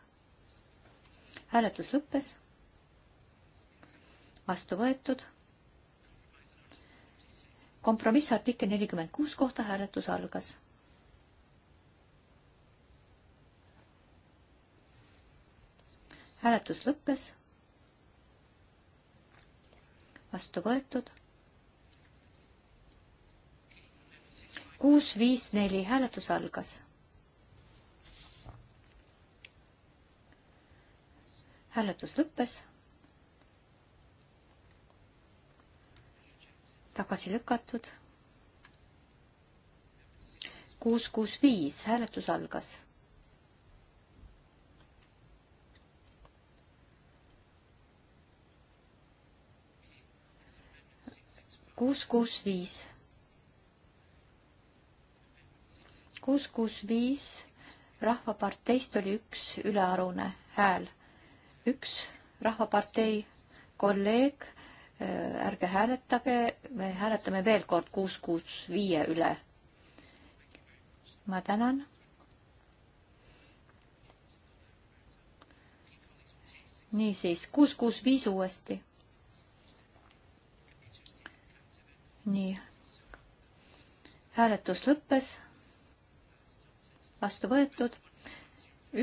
hääletus lõppes. vastu võetud kompromissartikkel nelikümmend kuus kohta hääletus algas. hääletus lõppes. vastu võetud. kuus, viis, neli, hääletus algas. hääletus lõppes tagasi lükatud. kuus, kuus, viis, hääletus algas. kuus, kuus, viis. kuus, kuus, viis, rahvaparteist oli üks ülearune hääl, üks rahvapartei kolleeg Äh, ärge hääletage, me hääletame veel kord kuus, kuus, viie üle. ma tänan. niisiis, kuus, kuus, viis uuesti. nii. hääletus lõppes. vastu võetud.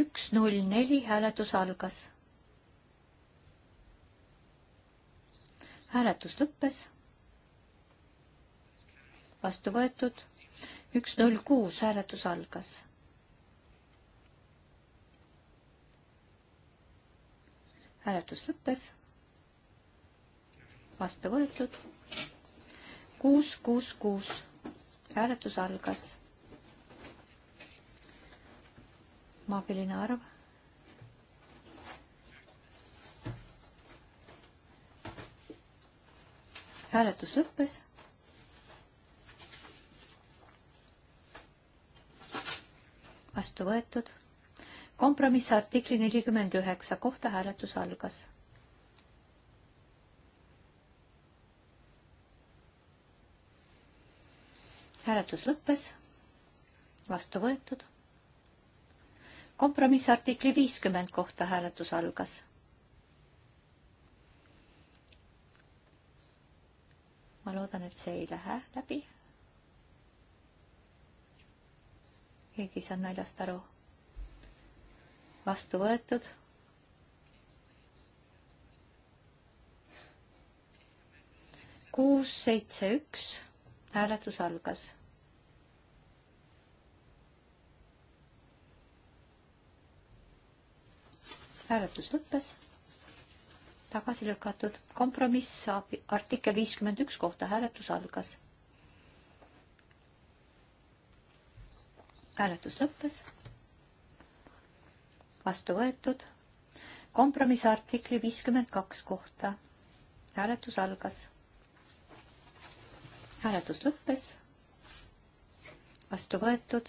üks, null, neli, hääletus algas hääletus lõppes. vastu võetud. üks null kuus hääletus algas. hääletus lõppes. vastu võetud. kuus, kuus, kuus hääletus algas. maapiline arv hääletus lõppes. vastu võetud. kompromiss artikli nelikümmend üheksa kohta hääletus algas. hääletus lõppes. vastu võetud. kompromiss artikli viiskümmend kohta hääletus algas ma loodan, et see ei lähe läbi. keegi ei saanud naljast aru. vastu võetud. kuus, seitse, üks, hääletus algas hääletus lõppes tagasi lükatud. kompromiss saab artikkel viiskümmend üks kohta, hääletus algas. hääletus lõppes. vastu võetud. kompromiss artikli viiskümmend kaks kohta, hääletus algas. hääletus lõppes. vastu võetud.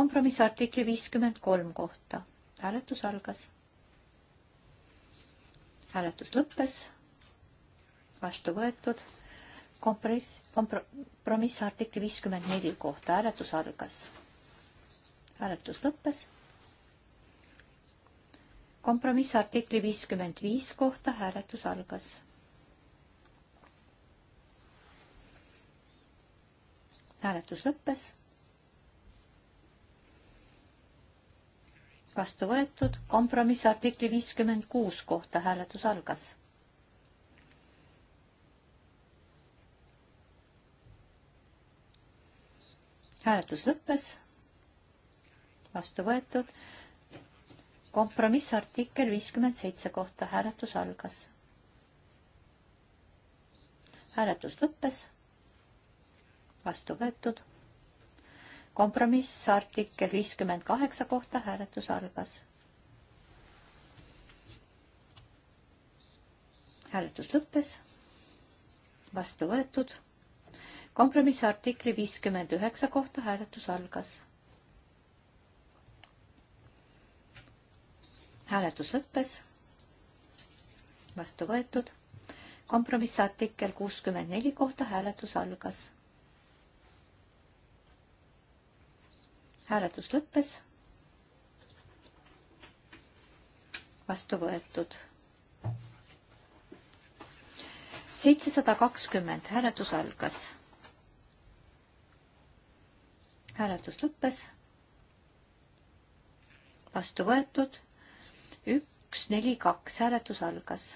kompromiss artikli viiskümmend kolm kohta, hääletus algas hääletus lõppes, vastu võetud, kompromiss, kompromiss artikli viiskümmend neli kohta, hääletus algas. hääletus lõppes. kompromiss artikli viiskümmend viis kohta, hääletus algas. hääletus lõppes vastu võetud, kompromiss artikli viiskümmend kuus kohta hääletus algas. hääletus lõppes, vastu võetud, kompromiss artikkel viiskümmend seitse kohta hääletus algas. hääletus lõppes, vastu võetud kompromiss artikkel viiskümmend kaheksa kohta hääletus algas. hääletus lõppes, vastu võetud. kompromiss artikli viiskümmend üheksa kohta hääletus algas. hääletus lõppes, vastu võetud. kompromiss artikkel kuuskümmend neli kohta hääletus algas hääletus lõppes. vastu võetud. seitsesada kakskümmend, hääletus algas. hääletus lõppes. vastu võetud. üks, neli, kaks, hääletus algas.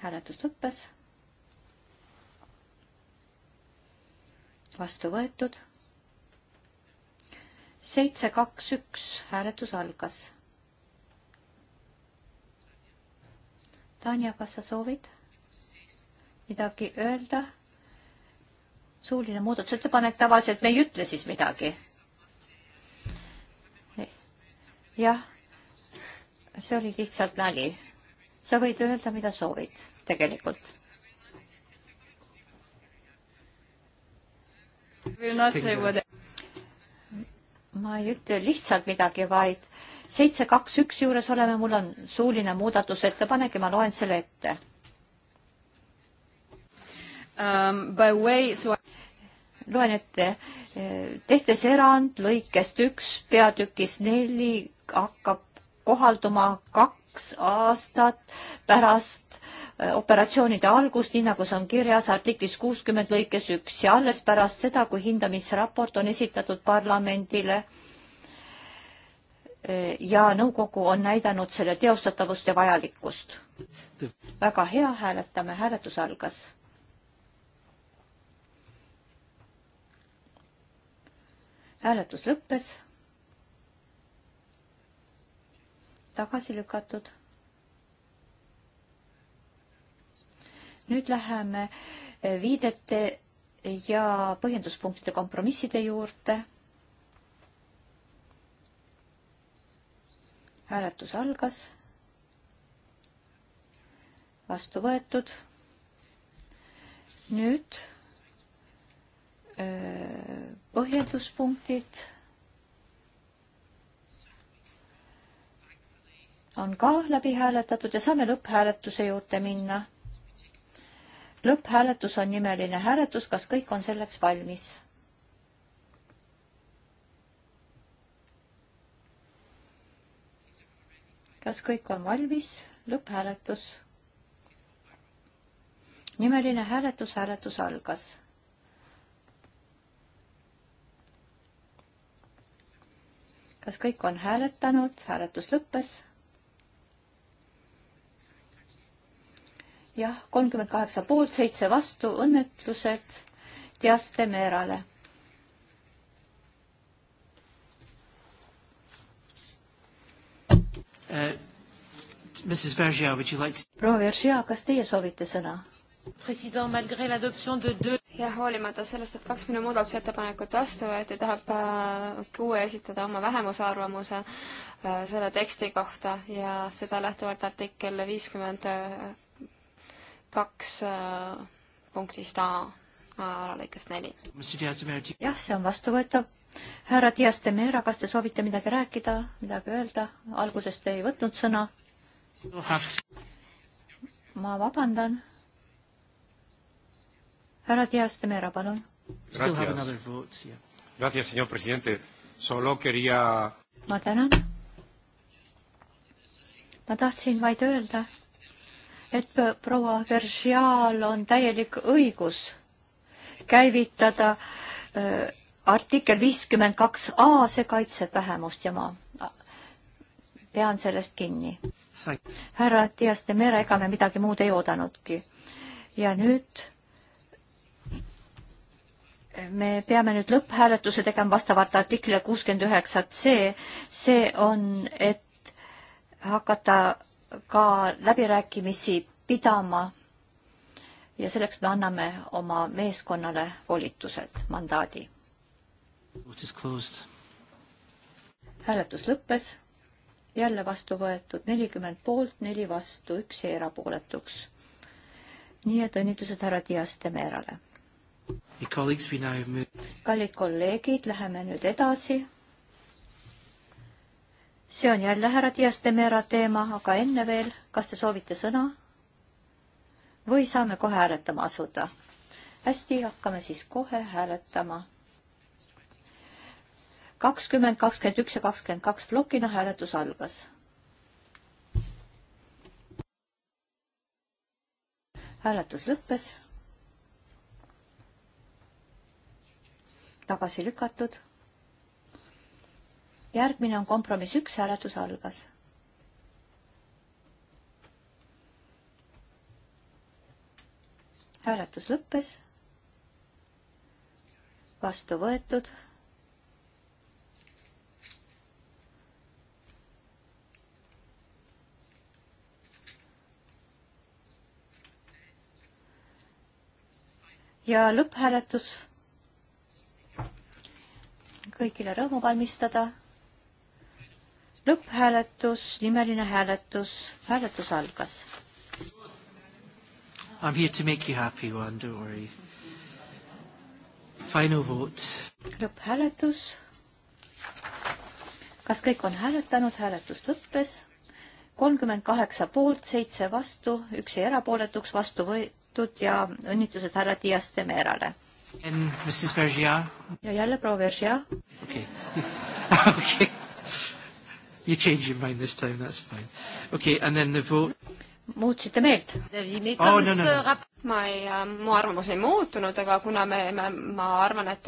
hääletus lõppes vastu võetud. seitse, kaks, üks, hääletus algas. Tanja, kas sa soovid midagi öelda? suuline muudatusettepanek, tavaliselt me ei ütle siis midagi. jah, see oli lihtsalt nali. sa võid öelda, mida soovid tegelikult ma ei ütle lihtsalt midagi, vaid seitse, kaks, üks juures oleme, mul on suuline muudatusettepanek ja ma loen selle ette um,. Way... So... loen ette, tehtes erand lõikest üks peatükis neli hakkab kohalduma kaks kaks aastat pärast äh, operatsioonide algust, nii nagu see on kirjas artiklis kuuskümmend lõikes üks ja alles pärast seda, kui hindamisraport on esitatud parlamendile äh, ja nõukogu on näidanud selle teostatavust ja vajalikkust. väga hea, hääletame, hääletus algas. hääletus lõppes tagasi lükatud. nüüd läheme eh, viidete ja põhjenduspunktide kompromisside juurde. hääletus algas. vastu võetud. nüüd eh, põhjenduspunktid on ka läbi hääletatud ja saame lõpphääletuse juurde minna. lõpphääletus on nimeline hääletus, kas kõik on selleks valmis? kas kõik on valmis? lõpphääletus. nimeline hääletus, hääletus algas kas kõik on hääletanud, hääletus lõppes jah, kolmkümmend kaheksa poolt, seitse vastu, õnnetused Diaste Merale. Uh, proua Veržia, kas teie soovite sõna? president,
malgré l'adoption de deux jah, hoolimata sellest, et kaks minu muudatusettepanekut vastu võeti, tahab QE äh, esitada oma vähemusarvamuse äh, selle teksti kohta ja seda lähtuvalt artikkel viiskümmend 50 äh, kaks äh,
punktist A äh, alalõikest neli. jah, see on vastuvõetav. härra Dias de Mera, kas te soovite midagi rääkida, midagi öelda? alguses te ei võtnud sõna. ma vabandan. härra Dias de Mera, palun. ma tänan. ma tahtsin vaid öelda et proua Veržial on täielik õigus käivitada äh, artikkel viiskümmend kaks A, see kaitseb vähemust ja ma äh, pean sellest kinni. härra Dias de Mere, ega me midagi muud ei oodanudki. ja nüüd me peame nüüd lõpphääletuse tegema vastavalt artiklile kuuskümmend üheksa C. see on, et hakata ka läbirääkimisi pidama ja selleks me anname oma meeskonnale volitused, mandaadi. hääletus lõppes, jälle vastu võetud nelikümmend poolt, neli vastu, üks jäi erapooletuks. nii et õnnitlused härra Dias Demerale. kallid kolleegid, läheme nüüd edasi see on jälle härra Dias de Mera teema, aga enne veel, kas te soovite sõna? või saame kohe hääletama asuda? hästi, hakkame siis kohe hääletama. kakskümmend, kakskümmend üks ja kakskümmend kaks plokina hääletus algas. hääletus lõppes. tagasi lükatud järgmine on kompromiss üks, hääletus algas. hääletus lõppes. vastu võetud. ja lõpphääletus kõigile rõõmu valmistada lõpphääletus, nimeline hääletus, hääletus algas.
I am here to make you happy one, don't worry. Final vote.
lõpphääletus. kas kõik on hääletanud, hääletus lõppes. kolmkümmend kaheksa poolt, seitse vastu, üks jäi erapooletuks, vastu võetud ja õnnitlused härra Dias de Merale. ja jälle proua Veržia.
okei, okei. You change your mind this time, that's fine. Okay, and then the vote. muutsite
meelt?
Oh, no, no, no. ma ei, äh, mu arvamus ei muutunud, aga kuna me, me, ma arvan, et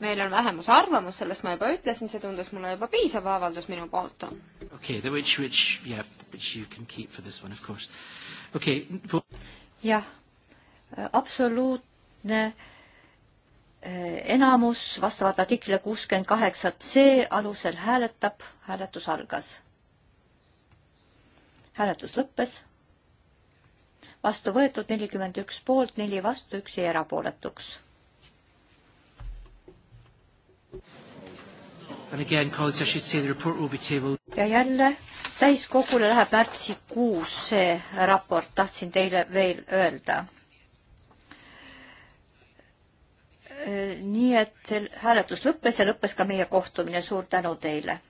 meil on vähemuse arvamus, sellest ma juba ütlesin, see tundus mulle juba piisav avaldus minu poolt.
okei okay,, which, which, yeah, which you can keep for this one, of course. okei okay..
jah, absoluutne äh, enamus vastavalt artiklile kuuskümmend kaheksa C alusel hääletab, hääletus algas. hääletus lõppes. vastu võetud nelikümmend üks poolt, neli vastu, üks jäi erapooletuks. ja jälle täiskogule läheb märtsikuus see raport, tahtsin teile veel öelda Äh, nii et hääletus lõppes ja lõppes ka meie kohtumine. suur tänu teile!